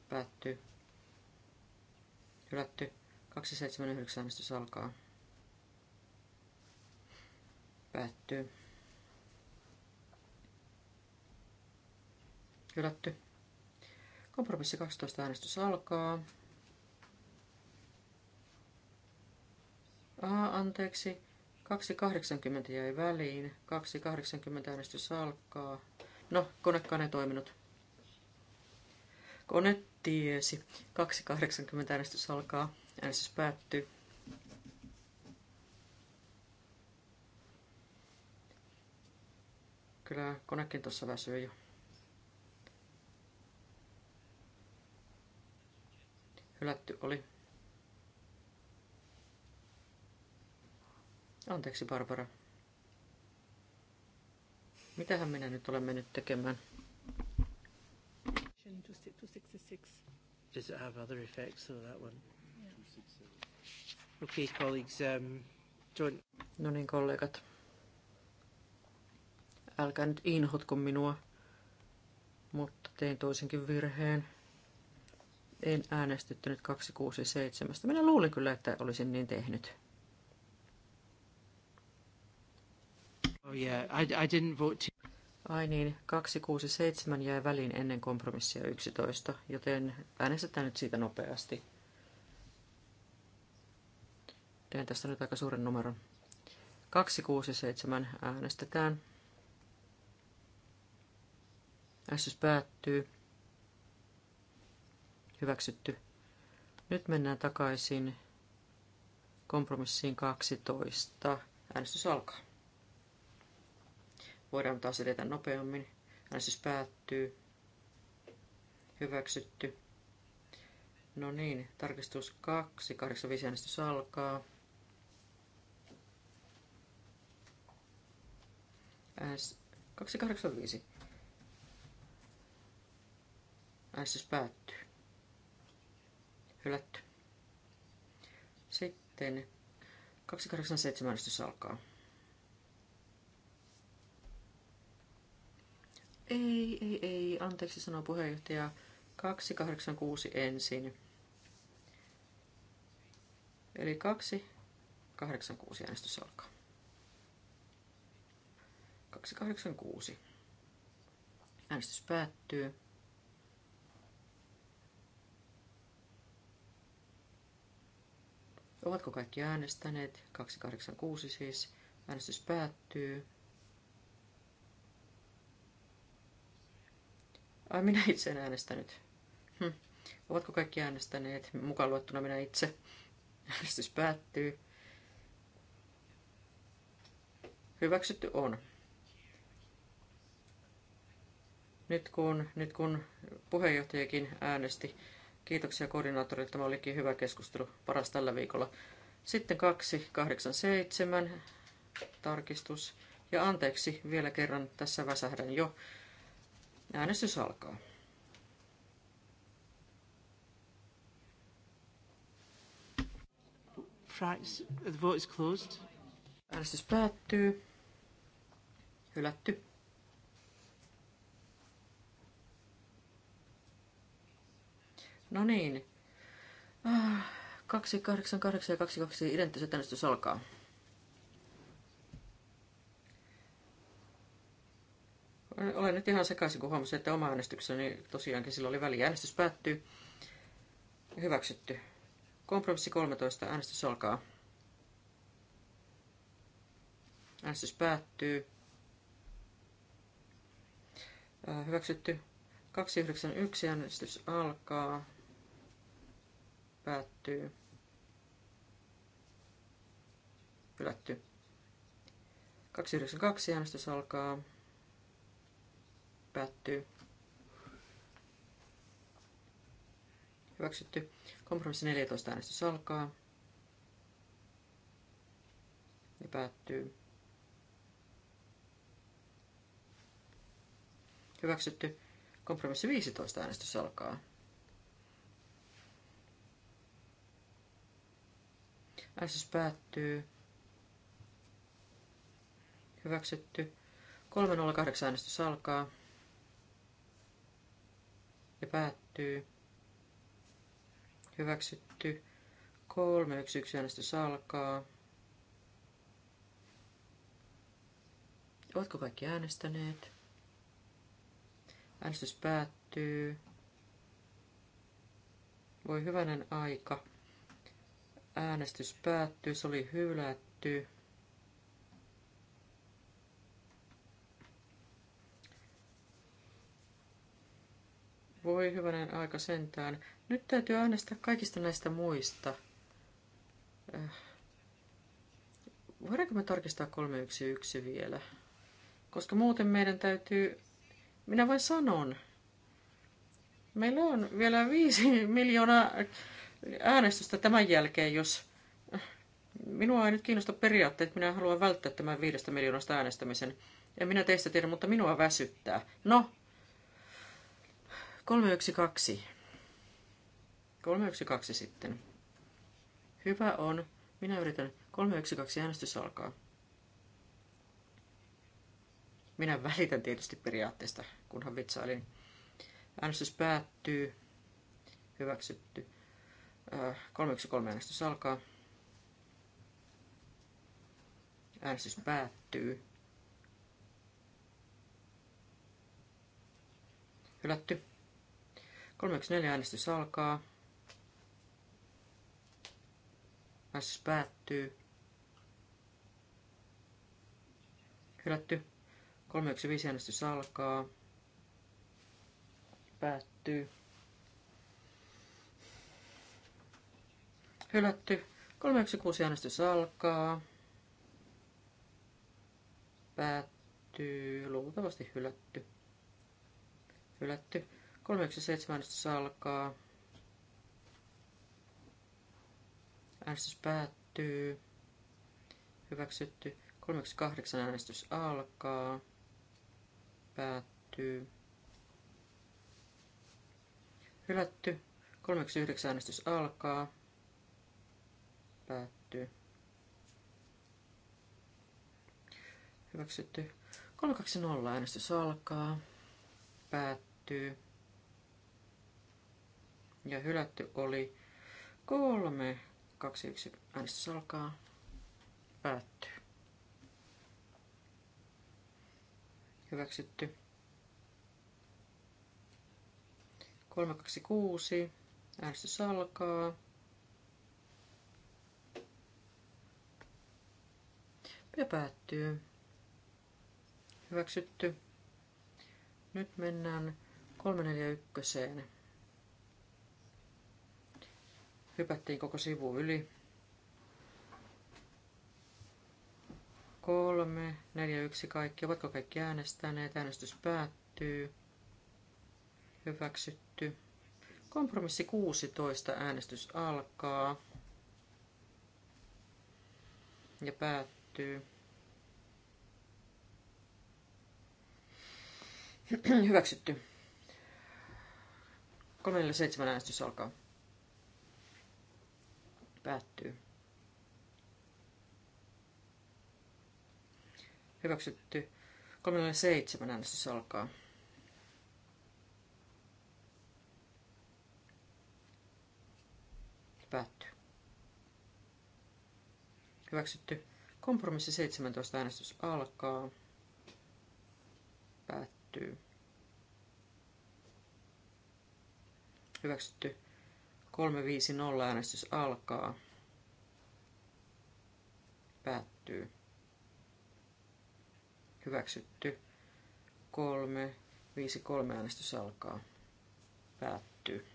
Päättyy. Hylätty. 279 äänestys alkaa. Päättyy. Hylätty. Kompromissi 12 äänestys alkaa. Aha, anteeksi. 2.80 jäi väliin. 2.80 äänestys alkaa. No, konekaan ei toiminut. Kone tiesi. 2.80 äänestys alkaa. Äänestys päättyy. Kyllä konekin tuossa väsyy jo. Hylätty oli. Anteeksi, Barbara. Mitähän minä nyt olen mennyt tekemään? Does it have other effects on that one? Yeah. Okay, colleagues, um, don't... No niin, kollegat. Älkää nyt inhotko minua, mutta tein toisenkin virheen. En äänestyttänyt 267. Minä luulin kyllä, että olisin niin tehnyt. Oh yeah, I, I didn't vote to... Ai niin, 267 jäi väliin ennen kompromissia 11, joten äänestetään nyt siitä nopeasti. Teen tästä nyt aika suuren numeron. 267 äänestetään. Äänestys päättyy. Hyväksytty. Nyt mennään takaisin kompromissiin 12. Äänestys alkaa. Voidaan taas edetä nopeammin. Äänestys päättyy. Hyväksytty. No niin, tarkistus 2, 85 äänestys alkaa. S 285. Äänestys päättyy. Hylätty. Sitten 287 äänestys alkaa. Ei, ei, ei, anteeksi sanoo puheenjohtaja. 286 ensin. Eli 286 äänestys alkaa. 286. Äänestys päättyy. Ovatko kaikki äänestäneet? 286 siis. Äänestys päättyy. Ai minä itse en äänestänyt. Hm. Ovatko kaikki äänestäneet? Mukaan luettuna minä itse. Äänestys päättyy. Hyväksytty on. Nyt kun, nyt kun puheenjohtajakin äänesti, kiitoksia koordinaattorille, tämä olikin hyvä keskustelu, paras tällä viikolla. Sitten 287 tarkistus. Ja anteeksi, vielä kerran tässä väsähdän jo. Äänestys alkaa. The vote is closed. Äänestys päättyy. Hylätty. No niin. 288 ah, ja 22 identtiset äänestys alkaa. olen nyt ihan sekaisin, kun huomasin, että oma äänestykseni tosiaankin silloin oli väli. Äänestys päättyy. Hyväksytty. Kompromissi 13. Äänestys alkaa. Äänestys päättyy. Hyväksytty. 291 äänestys alkaa. Päättyy. Hylätty. 292 äänestys alkaa. Päättyy. Hyväksytty. Kompromissi 14 äänestys alkaa. Ja päättyy. Hyväksytty. Kompromissi 15 äänestys alkaa. Äänestys päättyy. Hyväksytty. 308 äänestys alkaa ja päättyy. Hyväksytty. 311 äänestys alkaa. Oletko kaikki äänestäneet? Äänestys päättyy. Voi hyvänen aika. Äänestys päättyy, se oli hylätty. Voi hyvänen aika sentään. Nyt täytyy äänestää kaikista näistä muista. Äh. Voidaanko me tarkistaa 311 vielä? Koska muuten meidän täytyy... Minä vain sanon. Meillä on vielä viisi (laughs) miljoonaa äänestystä tämän jälkeen, jos... Minua ei nyt kiinnosta periaatteet. Minä haluan välttää tämän viidestä miljoonasta äänestämisen. En minä teistä tiedä, mutta minua väsyttää. No, 312. 312 sitten. Hyvä on. Minä yritän. 312 äänestys alkaa. Minä välitän tietysti periaatteesta, kunhan vitsailin. Äänestys päättyy. Hyväksytty. 313 äh, äänestys alkaa. Äänestys päättyy. Hylätty. 34 äänestys alkaa. Äänestys päättyy. Hylätty. 35 äänestys alkaa. Päättyy. Hylätty. 36 äänestys alkaa. Päättyy. Luultavasti hylätty. Hylätty. 397 alkaa. Äänestys päättyy. Hyväksytty. 3.8. äänestys alkaa. Päättyy. Hylätty. 39 äänestys alkaa. Päättyy. Hyväksytty. 320 äänestys alkaa. Päättyy ja hylätty oli kolme, kaksi, yksi, äänestys alkaa, päättyy. Hyväksytty. 326, äänestys alkaa. Ja päättyy. Hyväksytty. Nyt mennään 341. Hypättiin koko sivu yli. Kolme, neljä, yksi kaikki. Ovatko kaikki äänestäneet? Äänestys päättyy. Hyväksytty. Kompromissi 16. Äänestys alkaa. Ja päättyy. (clears throat) Hyväksytty. 37 äänestys alkaa. Päättyy. Hyväksytty. 37 äänestys alkaa. Päättyy. Hyväksytty. Kompromissi 17 äänestys alkaa. Päättyy. Hyväksytty. 350 äänestys alkaa. Päättyy. Hyväksytty. 353 äänestys alkaa. Päättyy.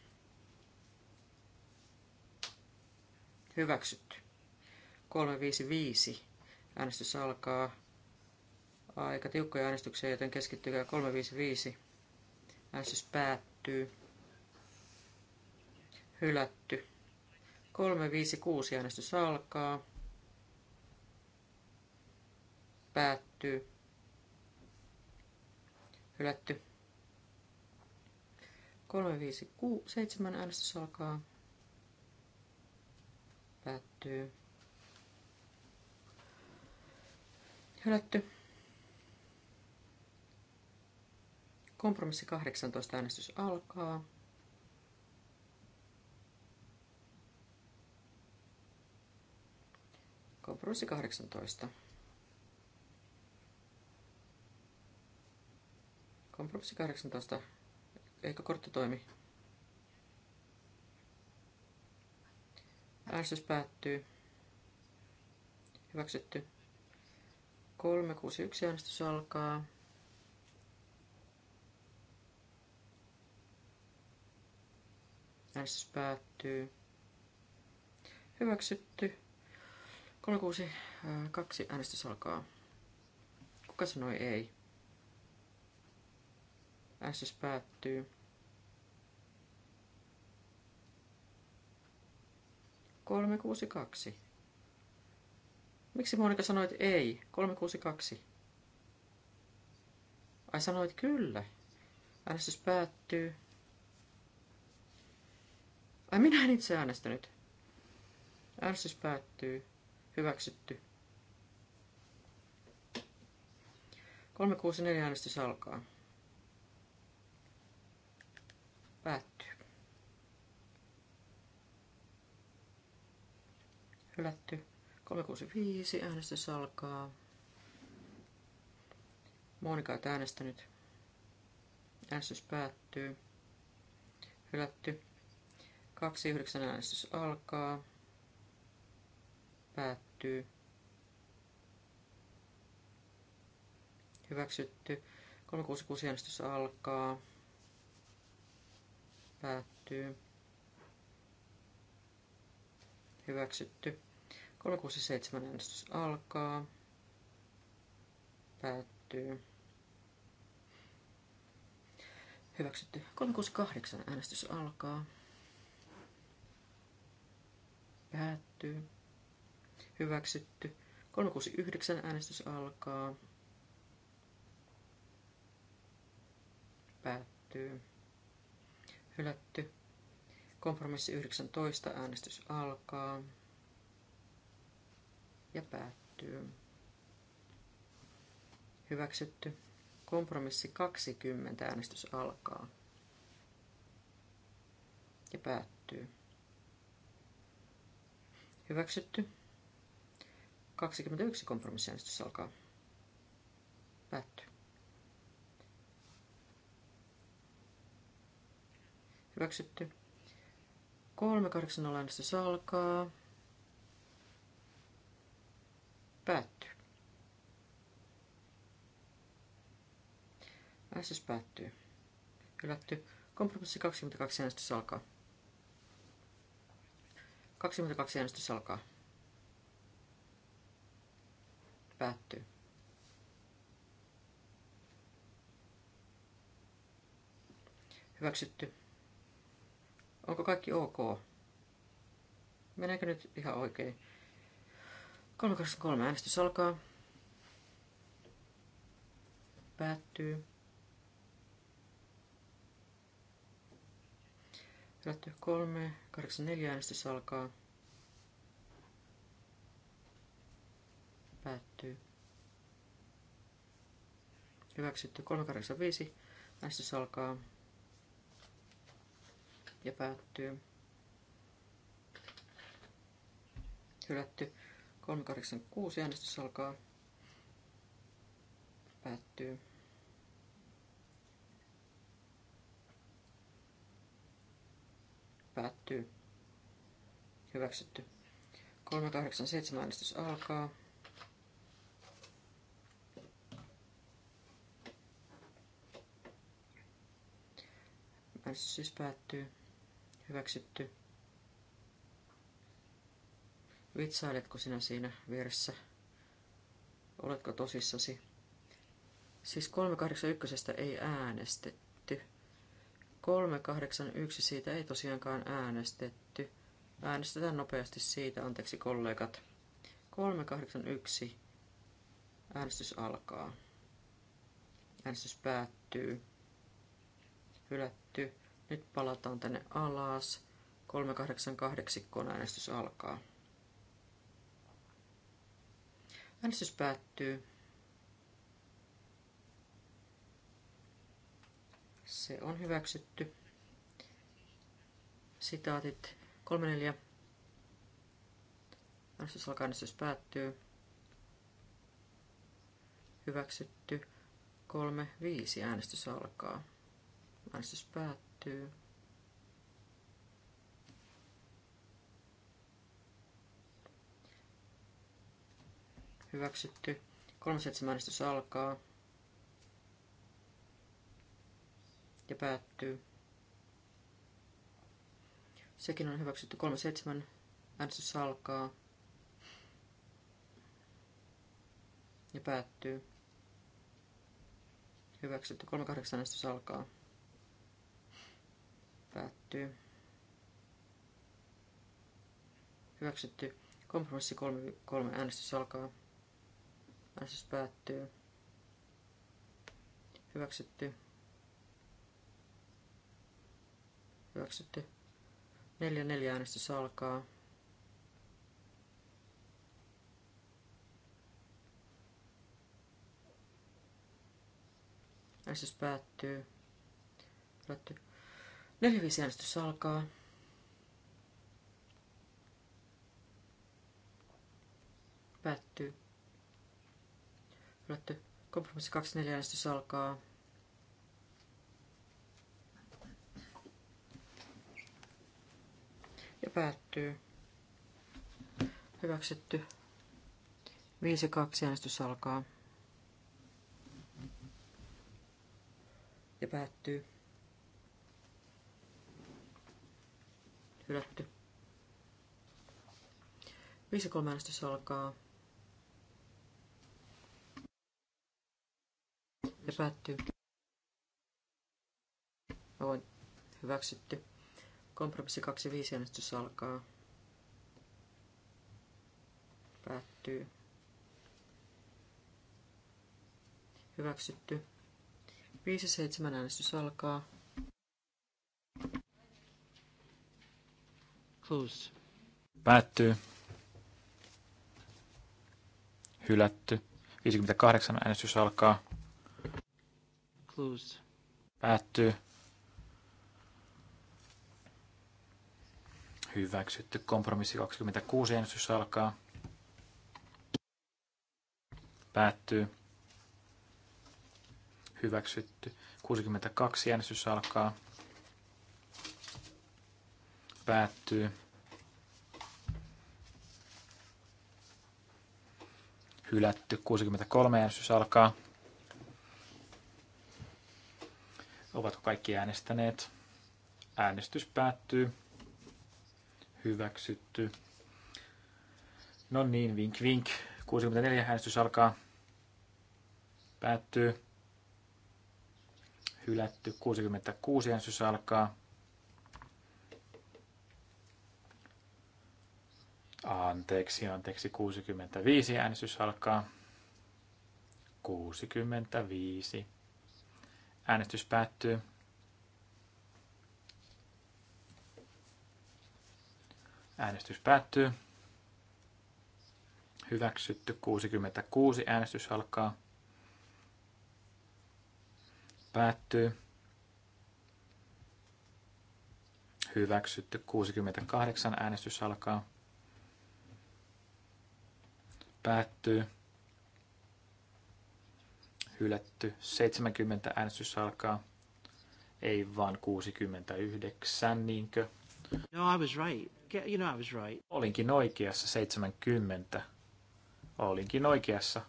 Hyväksytty. 355 äänestys alkaa. Aika tiukkoja äänestyksiä, joten keskittykää 355. Äänestys päättyy. Hylätty. 356 äänestys alkaa. Päättyy. Hylätty. 357 äänestys alkaa. Päättyy. Hylätty. Kompromissi 18 äänestys alkaa. Kompromissi 18. Kompromissi 18. Eikö kortti toimi? Äänestys päättyy. Hyväksytty. 361 äänestys alkaa. Äänestys päättyy. Hyväksytty. Kaksi äänestys alkaa. Kuka sanoi ei? Äänestys päättyy. Kolme kuusi kaksi. Miksi Monika sanoit ei? Kolme kuusi kaksi. Ai sanoit kyllä. Äänestys päättyy. Ai minä en itse äänestänyt. Äänestys päättyy. Hyväksytty. 364 äänestys alkaa. Päättyy. Hylätty. 365 äänestys alkaa. Monika on äänestänyt. Äänestys päättyy. Hylätty. 29 äänestys alkaa päättyy. Hyväksytty. 366 äänestys alkaa. Päättyy. Hyväksytty. 367 äänestys alkaa. Päättyy. Hyväksytty. 368 äänestys alkaa. Päättyy hyväksytty. 369 äänestys alkaa. Päättyy. Hylätty. Kompromissi 19 äänestys alkaa. Ja päättyy. Hyväksytty. Kompromissi 20 äänestys alkaa. Ja päättyy. Hyväksytty. 21 kompromissiäänestys alkaa. Päättyy. Hyväksytty. 380 äänestys alkaa. Päättyy. Äänestys päättyy. Hylätty. Kompromissi 22 äänestys alkaa. 22 äänestys alkaa. Päättyy. Hyväksytty. Onko kaikki ok? Meneekö nyt ihan oikein? 323 äänestys alkaa. Päättyy. Päättyy 3.84 äänestys alkaa. Päättyy. Hyväksytty 385. Äänestys alkaa. Ja päättyy. Hylätty 386. Äänestys alkaa. Päättyy. Päättyy. Hyväksytty. 387 äänestys alkaa. Äänestys siis päättyy. Hyväksytty. Vitsailetko sinä siinä vieressä? Oletko tosissasi? Siis 381 ei äänestetty. 381 siitä ei tosiaankaan äänestetty. Äänestetään nopeasti siitä, anteeksi kollegat. 381 äänestys alkaa. Äänestys päättyy. Hylätty tehty. Nyt palataan tänne alas. 388 äänestys alkaa. Äänestys päättyy. Se on hyväksytty. Sitaatit 34. Äänestys alkaa, äänestys päättyy. Hyväksytty. 3.5. Äänestys alkaa. Äänestys päättyy. Hyväksytty. Kolmas äänestys alkaa. Ja päättyy. Sekin on hyväksytty. 37 äänestys alkaa. Ja päättyy. Hyväksytty. 38 äänestys alkaa. Päättyy. Hyväksytty. Kompromissi 3, 3 äänestys alkaa. Äänestys päättyy. Hyväksytty. Hyväksytty. 4, 4 äänestys alkaa. Äänestys päättyy. Päättyy. 45 alkaa. Päättyy. Hylätty. Kompromissi 24 äänestys alkaa. Ja päättyy. Hyväksytty. 5-2 äänestys alkaa. Ja päättyy. Hylätty. 5-3 äänestys alkaa. Ja päättyy. Avoin. No, hyväksytty. Kompromissi 25 äänestys alkaa. Päättyy. Hyväksytty. 5-7 äänestys alkaa. Päättyy. Hylätty. 58 äänestys alkaa. Close. Päättyy. Hyväksytty. Kompromissi 26 äänestys alkaa. Päättyy. Hyväksytty. 62 äänestys alkaa. Päättyy. Hylätty. 63 äänestys alkaa. Ovatko kaikki äänestäneet? Äänestys päättyy. Hyväksytty. No niin, vink vink. 64 äänestys alkaa. Päättyy. Hylätty. 66 äänestys alkaa. Anteeksi, anteeksi, 65 äänestys alkaa. 65. Äänestys päättyy. Äänestys päättyy. Hyväksytty 66. Äänestys alkaa. Päättyy. Hyväksytty 68. Äänestys alkaa. Päättyy. Hylätty. 70 äänestys alkaa. Ei vaan 69, niinkö? No, I was right. You know I was right. Olinkin oikeassa 70. Olinkin oikeassa.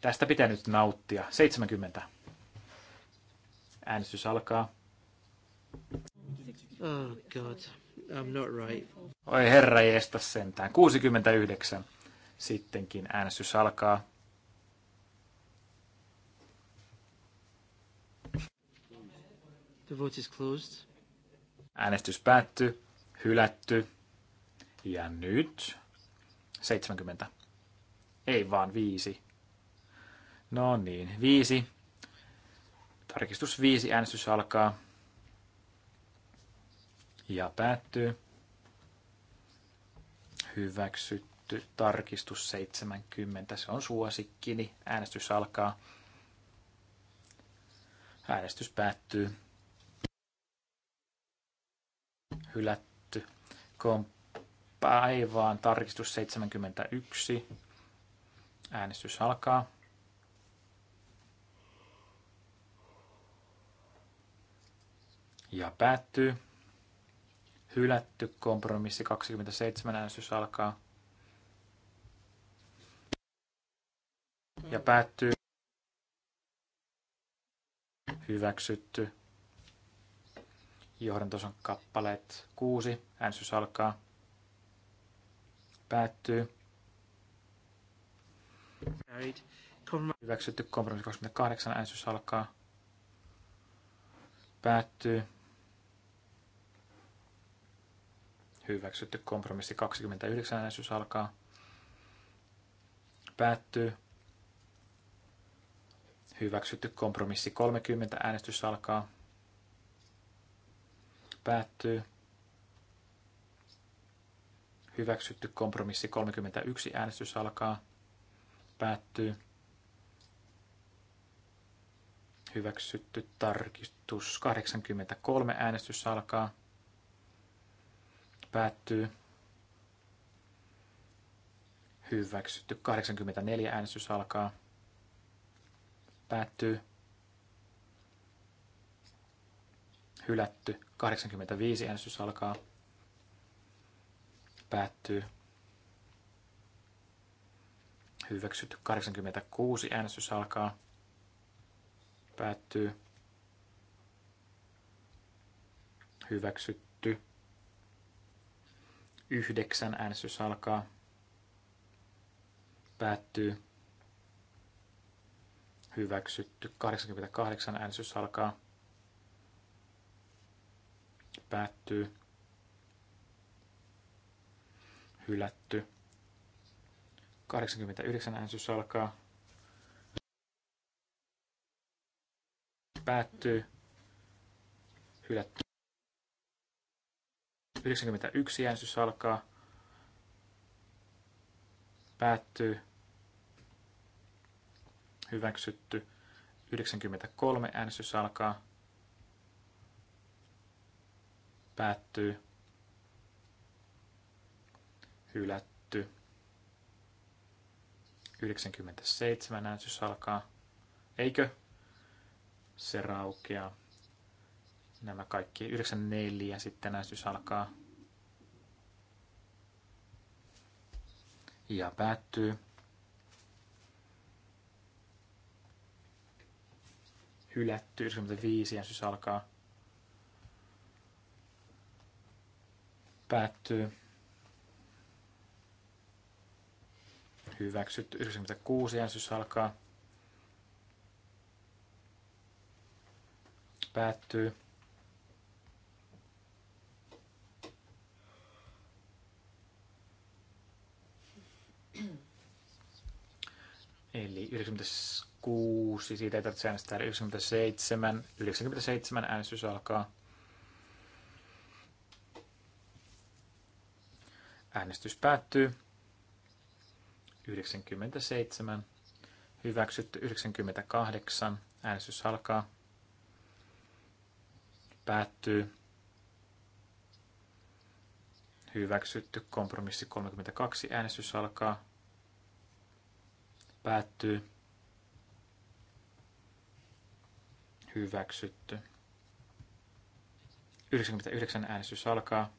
Tästä pitää nyt nauttia. 70. Äänestys alkaa. Oh god, I'm not right. Oi herra jestä sentään. 69. Sittenkin äänestys alkaa. The vote is closed. Äänestys päättyy, hylätty. Ja nyt 70. Ei vaan viisi. No niin, viisi. Tarkistus viisi, äänestys alkaa. Ja päättyy. Hyväksyt hylätty tarkistus 70. Se on suosikkini. Äänestys alkaa. Äänestys päättyy. Hylätty. Päivään tarkistus 71. Äänestys alkaa. Ja päättyy. Hylätty kompromissi 27 äänestys alkaa. ja päättyy. Hyväksytty. on kappaleet kuusi äänsys alkaa. Päättyy. Hyväksytty kompromissi 28. äänsys alkaa. Päättyy. Hyväksytty kompromissi 29. äänsys alkaa. Päättyy. Hyväksytty kompromissi 30. Äänestys alkaa. Päättyy. Hyväksytty kompromissi 31. Äänestys alkaa. Päättyy. Hyväksytty tarkistus 83. Äänestys alkaa. Päättyy. Hyväksytty 84. Äänestys alkaa Päättyy. Hylätty. 85 äänestys alkaa. Päättyy. Hyväksytty. 86 äänestys alkaa. Päättyy. Hyväksytty. 9 äänestys alkaa. Päättyy hyväksytty. 88 äänestys alkaa. Päättyy. Hylätty. 89 äänestys alkaa. Päättyy. Hylätty. 91 äänestys alkaa. Päättyy hyväksytty. 93 äänestys alkaa. Päättyy. Hylätty. 97 äänestys alkaa. Eikö? Se raukeaa. Nämä kaikki. 94 sitten äänestys alkaa. Ja päättyy. hylätty, 95 siis alkaa. Päättyy. Hyväksytty, 96 äänestys alkaa. Päättyy. Eli 90 96, siitä ei tarvitse äänestää eli 97, 97 äänestys alkaa. Äänestys päättyy. 97, hyväksytty 98, äänestys alkaa. Päättyy. Hyväksytty kompromissi 32, äänestys alkaa. Päättyy hyväksytty. 99 äänestys alkaa.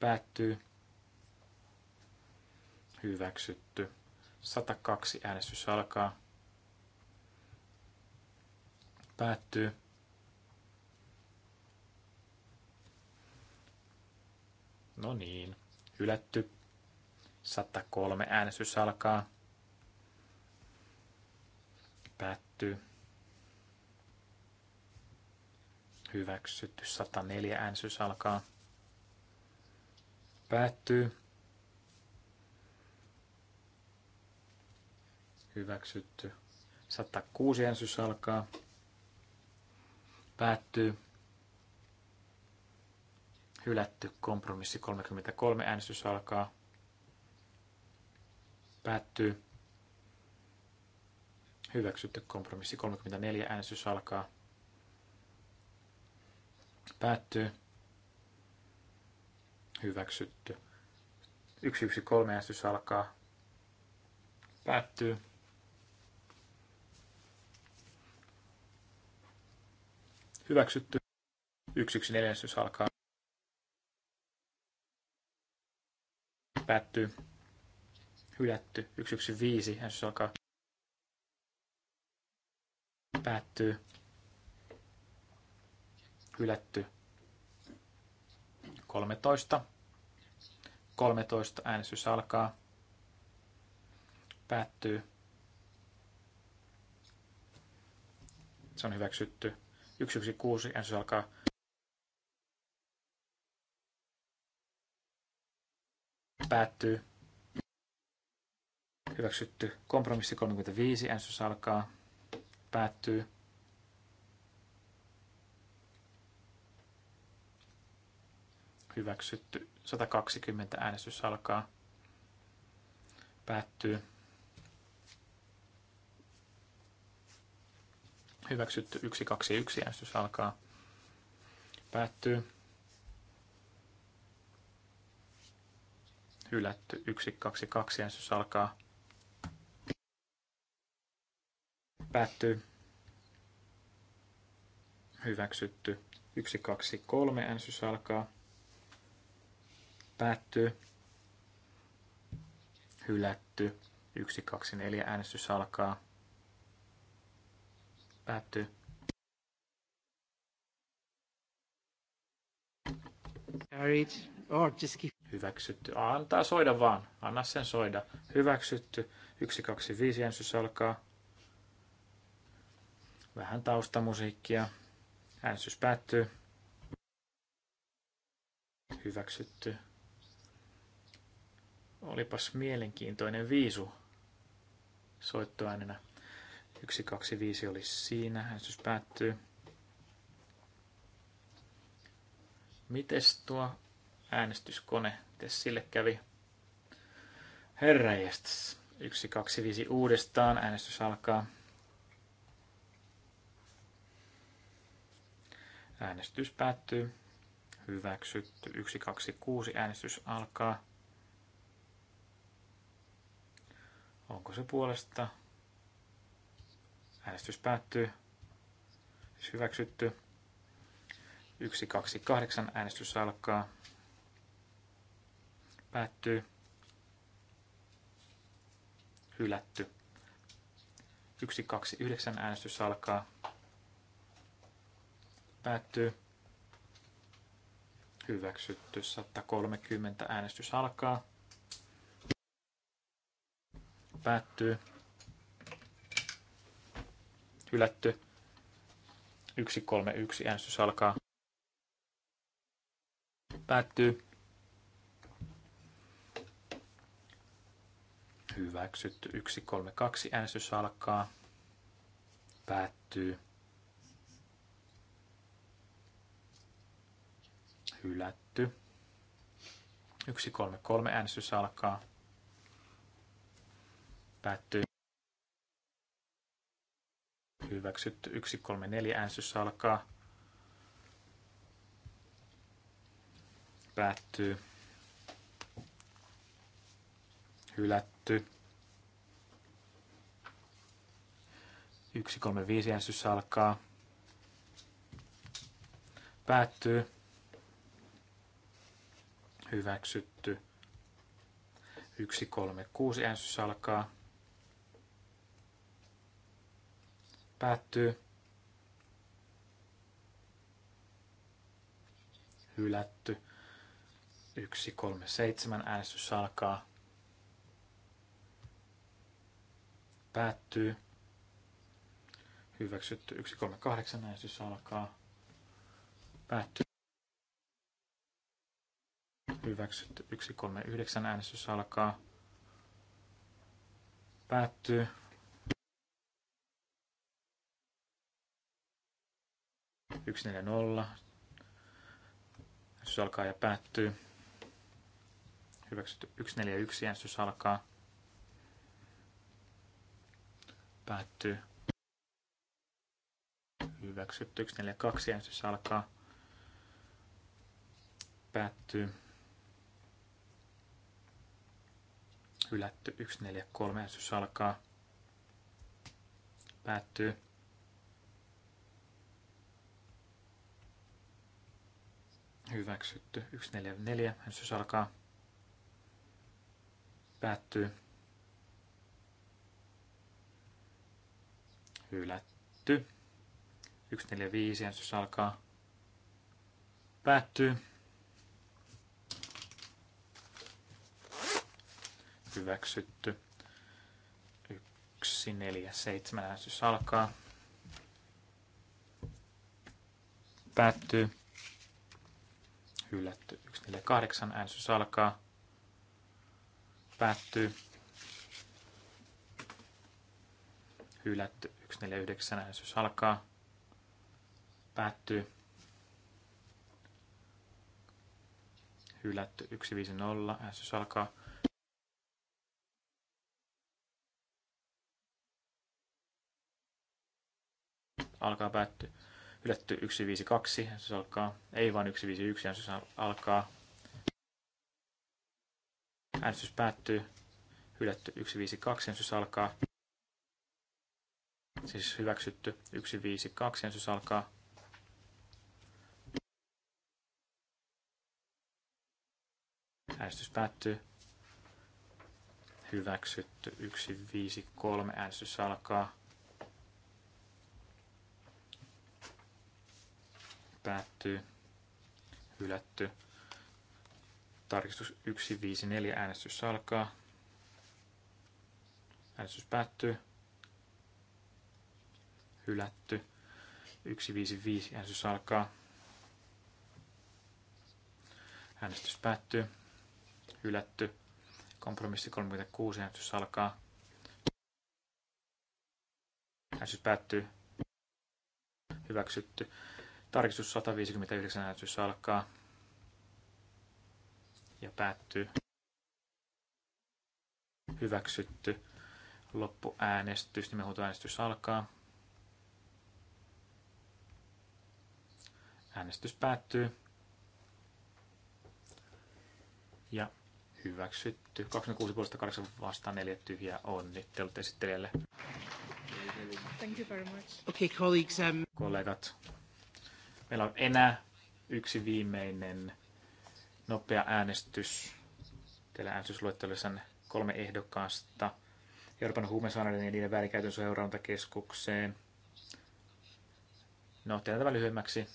Päättyy. Hyväksytty. 102 äänestys alkaa. Päättyy. No niin, hylätty. 103 äänestys alkaa. hyväksytty. Hyväksytty. 104 äänsys alkaa. Päättyy. Hyväksytty. 106 äänsys alkaa. Päättyy. Hylätty. Kompromissi 33 äänsys alkaa. Päättyy Hyväksytty kompromissi 34. Äänestys alkaa. Päättyy. Hyväksytty. 113 äänestys alkaa. Päättyy. Hyväksytty. 114 äänestys alkaa. Päättyy. Hylätty. 115 äänestys alkaa päättyy, hylätty. 13. 13 äänestys alkaa, päättyy. Se on hyväksytty. 116 äänestys alkaa, päättyy. Hyväksytty. Kompromissi 35 äänestys alkaa päättyy. Hyväksytty. 120 äänestys alkaa. Päättyy. Hyväksytty 121 äänestys alkaa. Päättyy. Hylätty 122 äänestys alkaa. Päättyy. Hyväksytty. 1, 2, 3 äänsys alkaa. Päättyy. Hylätty. 1, 2, 4 äänestys alkaa. Päättyy. Oh, Hyväksytty. Antaa soida vaan. Anna sen soida. Hyväksytty. 1, 2, 5 äänestys alkaa vähän taustamusiikkia. Äänestys päättyy. Hyväksytty. Olipas mielenkiintoinen viisu soittoäänenä. 125 oli siinä. Äänestys päättyy. Mites tuo äänestyskone, mites sille kävi? Herra 125 uudestaan. Äänestys alkaa. Äänestys päättyy. Hyväksytty. 6. äänestys alkaa. Onko se puolesta? Äänestys päättyy. 1, siis hyväksytty. 8. äänestys alkaa. Päättyy. Hylätty. 9. äänestys alkaa. Päättyy. Hyväksytty. 130 äänestys alkaa. Päättyy. Hylätty. 131 äänestys alkaa. Päättyy. Hyväksytty. 132 äänestys alkaa. Päättyy. hylätty. 133 äänestys alkaa. Päättyy. Hyväksytty. 134 äänestys alkaa. Päättyy. Hylätty. 135 äänestys alkaa. Päättyy hyväksytty. 6 äänsys alkaa. Päättyy. Hylätty. 7 äänsys alkaa. Päättyy. Hyväksytty 8 äänsys alkaa. Päättyy. Hyväksytty 139 äänestys alkaa. Päättyy. Yksi neljä nolla. Äänestys alkaa ja päättyy. Hyväksytty 141 äänestys alkaa. Päättyy. Hyväksytty 142 äänestys alkaa. Päättyy. Hylätty 3, jos alkaa. Päättyy. Hyväksytty 4, jos alkaa. Päättyy. Hylätty. 5, jos alkaa. Päättyy. hyväksytty. 1, 4, 7 äänestys alkaa. Päättyy. Hylätty. 1, 4, 8 äänestys alkaa. Päättyy. Hylätty. 1, 4, 9 äänestys alkaa. Päättyy. Hylätty. 1, 5, 0 äänestys alkaa. alkaa päättyä. Ylätty 152, se alkaa. Ei vaan 151, se alkaa. Äänestys päättyy. Hylätty 152, se alkaa. Siis hyväksytty 152, se alkaa. Äänestys päättyy. Hyväksytty 153, äänestys alkaa. päättyy, hylätty. Tarkistus 154, äänestys alkaa. Äänestys päättyy, hylätty. 155, äänestys alkaa. Äänestys päättyy, hylätty. Kompromissi 36, äänestys alkaa. Äänestys päättyy, hyväksytty. Tarkistus 159 äänestys alkaa ja päättyy. Hyväksytty. Loppuäänestys, nimenhuutoäänestys alkaa. Äänestys päättyy. Ja hyväksytty. 26 puolesta 8 vastaan 4 tyhjää onnittelut esittelijälle. Thank you very much. Okay, colleagues, um... Kollegat, Meillä on enää yksi viimeinen nopea äänestys. Teillä äänestysluettelossa on kolme ehdokasta. Euroopan huumesairaiden ja niiden väärinkäytön seurantakeskukseen. No, tehdään tämä lyhyemmäksi.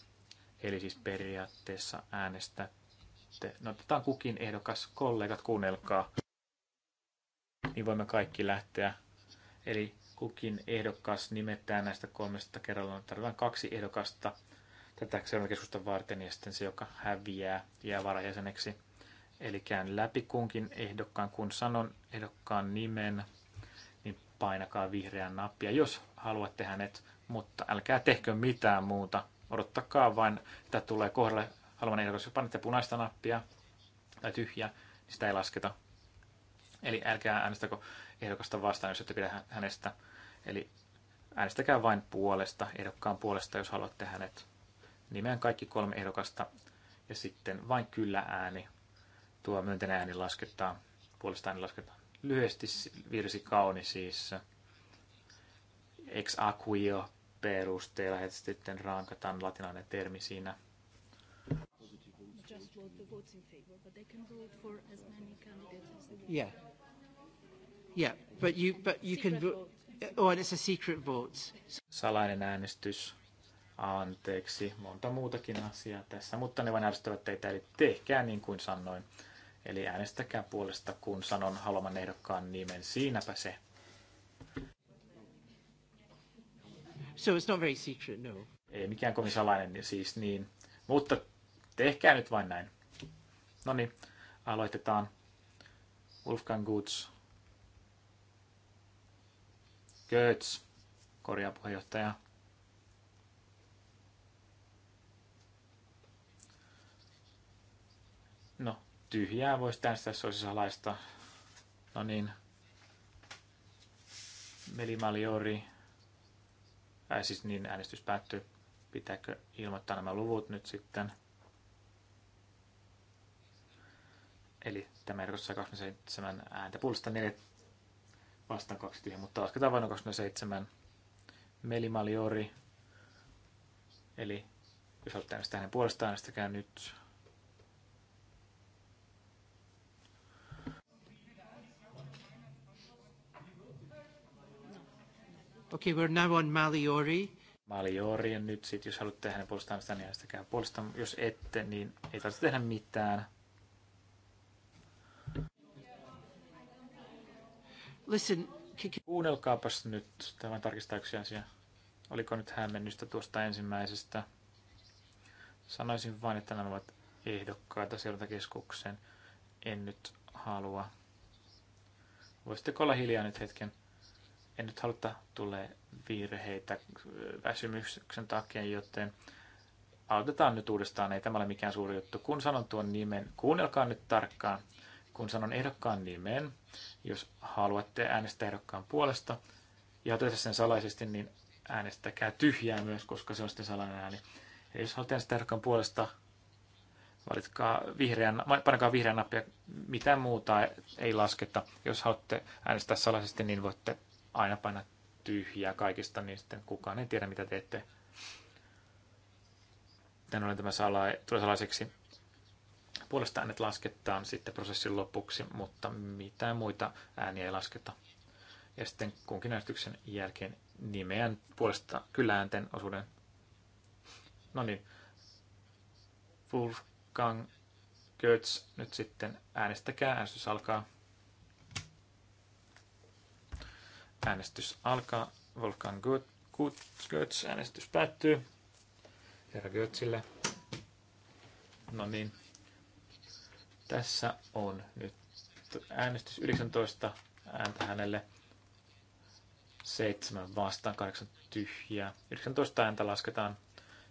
Eli siis periaatteessa äänestätte. No, otetaan kukin ehdokas. Kollegat, kuunnelkaa. Niin voimme kaikki lähteä. Eli kukin ehdokas nimetään näistä kolmesta kerralla. Tarvitaan kaksi ehdokasta tätä seurantakeskusta varten ja sitten se, joka häviää, jää varajäseneksi. Eli käyn läpi kunkin ehdokkaan, kun sanon ehdokkaan nimen, niin painakaa vihreää nappia, jos haluatte hänet, mutta älkää tehkö mitään muuta. Odottakaa vain, että tulee kohdalle haluan ehdokas, jos panette punaista nappia tai tyhjää, niin sitä ei lasketa. Eli älkää äänestäkö ehdokasta vastaan, jos ette pidä hänestä. Eli äänestäkää vain puolesta, ehdokkaan puolesta, jos haluatte hänet nimeän kaikki kolme ehdokasta ja sitten vain kyllä ääni. Tuo myönteinen ääni lasketaan, puolestaan ääni lasketaan. Lyhyesti virsi kauni siis. Ex aquio perusteella, että sitten rankataan latinalainen termi siinä just roll Yeah. Yeah, but you, but you can Oh, and it's a secret vote. Salainen äänestys anteeksi, monta muutakin asiaa tässä, mutta ne vain ärsyttävät teitä, eli tehkää niin kuin sanoin. Eli äänestäkää puolesta, kun sanon haluaman ehdokkaan nimen. Siinäpä se. So it's not very secret, no. Ei mikään kovin salainen siis niin. Mutta tehkää nyt vain näin. No niin, aloitetaan. Wolfgang Goods. Goetz, korjaa puheenjohtaja. tyhjää voisi tässä, se olisi salaista. No niin. Melimaliori. Äh, siis niin äänestys päättyy. Pitääkö ilmoittaa nämä luvut nyt sitten? Eli tämä edustaa 27 ääntä puolesta 4 vastaan 2 tyhjää, mutta lasketaan vain 27 melimaliori. Eli jos olette äänestäneet hänen puolestaan, äänestäkää nyt. Okay, we're now on Maliori. Maliori, ja nyt sitten, jos haluat tehdä puolestaan mistään, niin äänestäkää puolestaan. Jos ette, niin ei tarvitse tehdä mitään. Listen, Kuunnelkaapas nyt tämän tarkistauksen asia. Oliko nyt hämmennystä tuosta ensimmäisestä? Sanoisin vain, että nämä ovat ehdokkaita seurantakeskukseen. En nyt halua. Voisitteko olla hiljaa nyt hetken? en nyt haluta tulee virheitä väsymyksen takia, joten aloitetaan nyt uudestaan, ei tämä ole mikään suuri juttu. Kun sanon tuon nimen, kuunnelkaa nyt tarkkaan, kun sanon ehdokkaan nimen, jos haluatte äänestää ehdokkaan puolesta ja otetaan sen salaisesti, niin äänestäkää tyhjää myös, koska se on sitten salainen ääni. Eli jos haluatte äänestää ehdokkaan puolesta, valitkaa vihreän, painakaa vihreän nappia, mitään muuta ei lasketa. Jos haluatte äänestää salaisesti, niin voitte aina paina tyhjää kaikista, niin sitten kukaan ei tiedä, mitä teette. Tän on tämä sala- tulee salaiseksi. Puolesta äänet lasketaan sitten prosessin lopuksi, mutta mitään muita ääniä ei lasketa. Ja sitten kunkin äänestyksen jälkeen nimeän puolesta kyläänten osuuden. No niin. Wolfgang Götz nyt sitten äänestäkää, äänestys alkaa. Äänestys alkaa. Wolfgang Götz. Äänestys päättyy. Herra Götzille. No niin. Tässä on nyt äänestys 19 ääntä hänelle. 7 vastaan, 8 tyhjää. 19 ääntä lasketaan.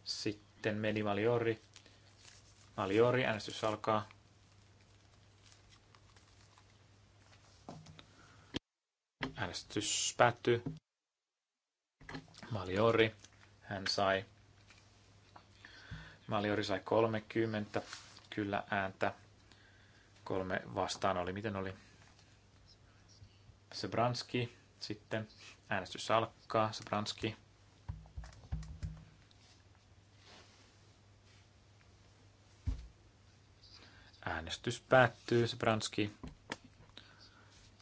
Sitten meni Maliori. Maliori, äänestys alkaa. Äänestys päättyy. Maliori, hän sai. Maliori sai 30 kyllä ääntä. Kolme vastaan oli. Miten oli? Sebranski sitten. Äänestys alkaa. Sebranski. Äänestys päättyy. Sebranski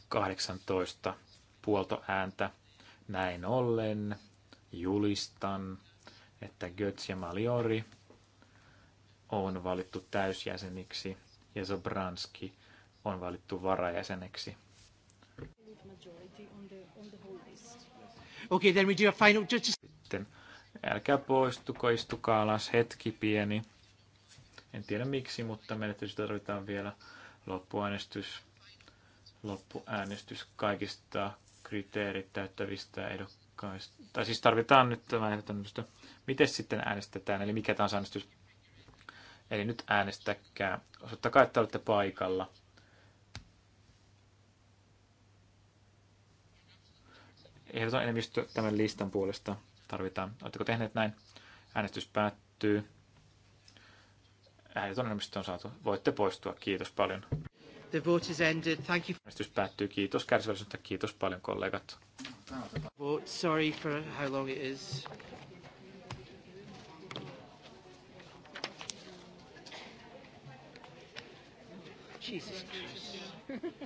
18 ääntä. Näin ollen julistan, että Götz ja Maliori on valittu täysjäseniksi ja Zobranski on valittu varajäseneksi. Okay, then we do a final judges. Sitten älkää poistuko, istukaa alas hetki pieni. En tiedä miksi, mutta menetys tarvitaan vielä loppuäänestys. Loppuäänestys kaikista kriteerit täyttävistä ehdokkaista. Tai siis tarvitaan nyt vähän tämmöistä, miten sitten äänestetään, eli mikä tahansa äänestys. Eli nyt äänestäkää. Osoittakaa, että olette paikalla. Ehdoton enemmistö tämän listan puolesta tarvitaan. Oletteko tehneet näin? Äänestys päättyy. Ehdoton enemmistö on saatu. Voitte poistua. Kiitos paljon. The vote is ended. Thank you. Äänestys päättyy. Kiitos kärsivällisyyttä. Kiitos paljon kollegat. Vote. Sorry for how long it is. Jesus Christ. (laughs)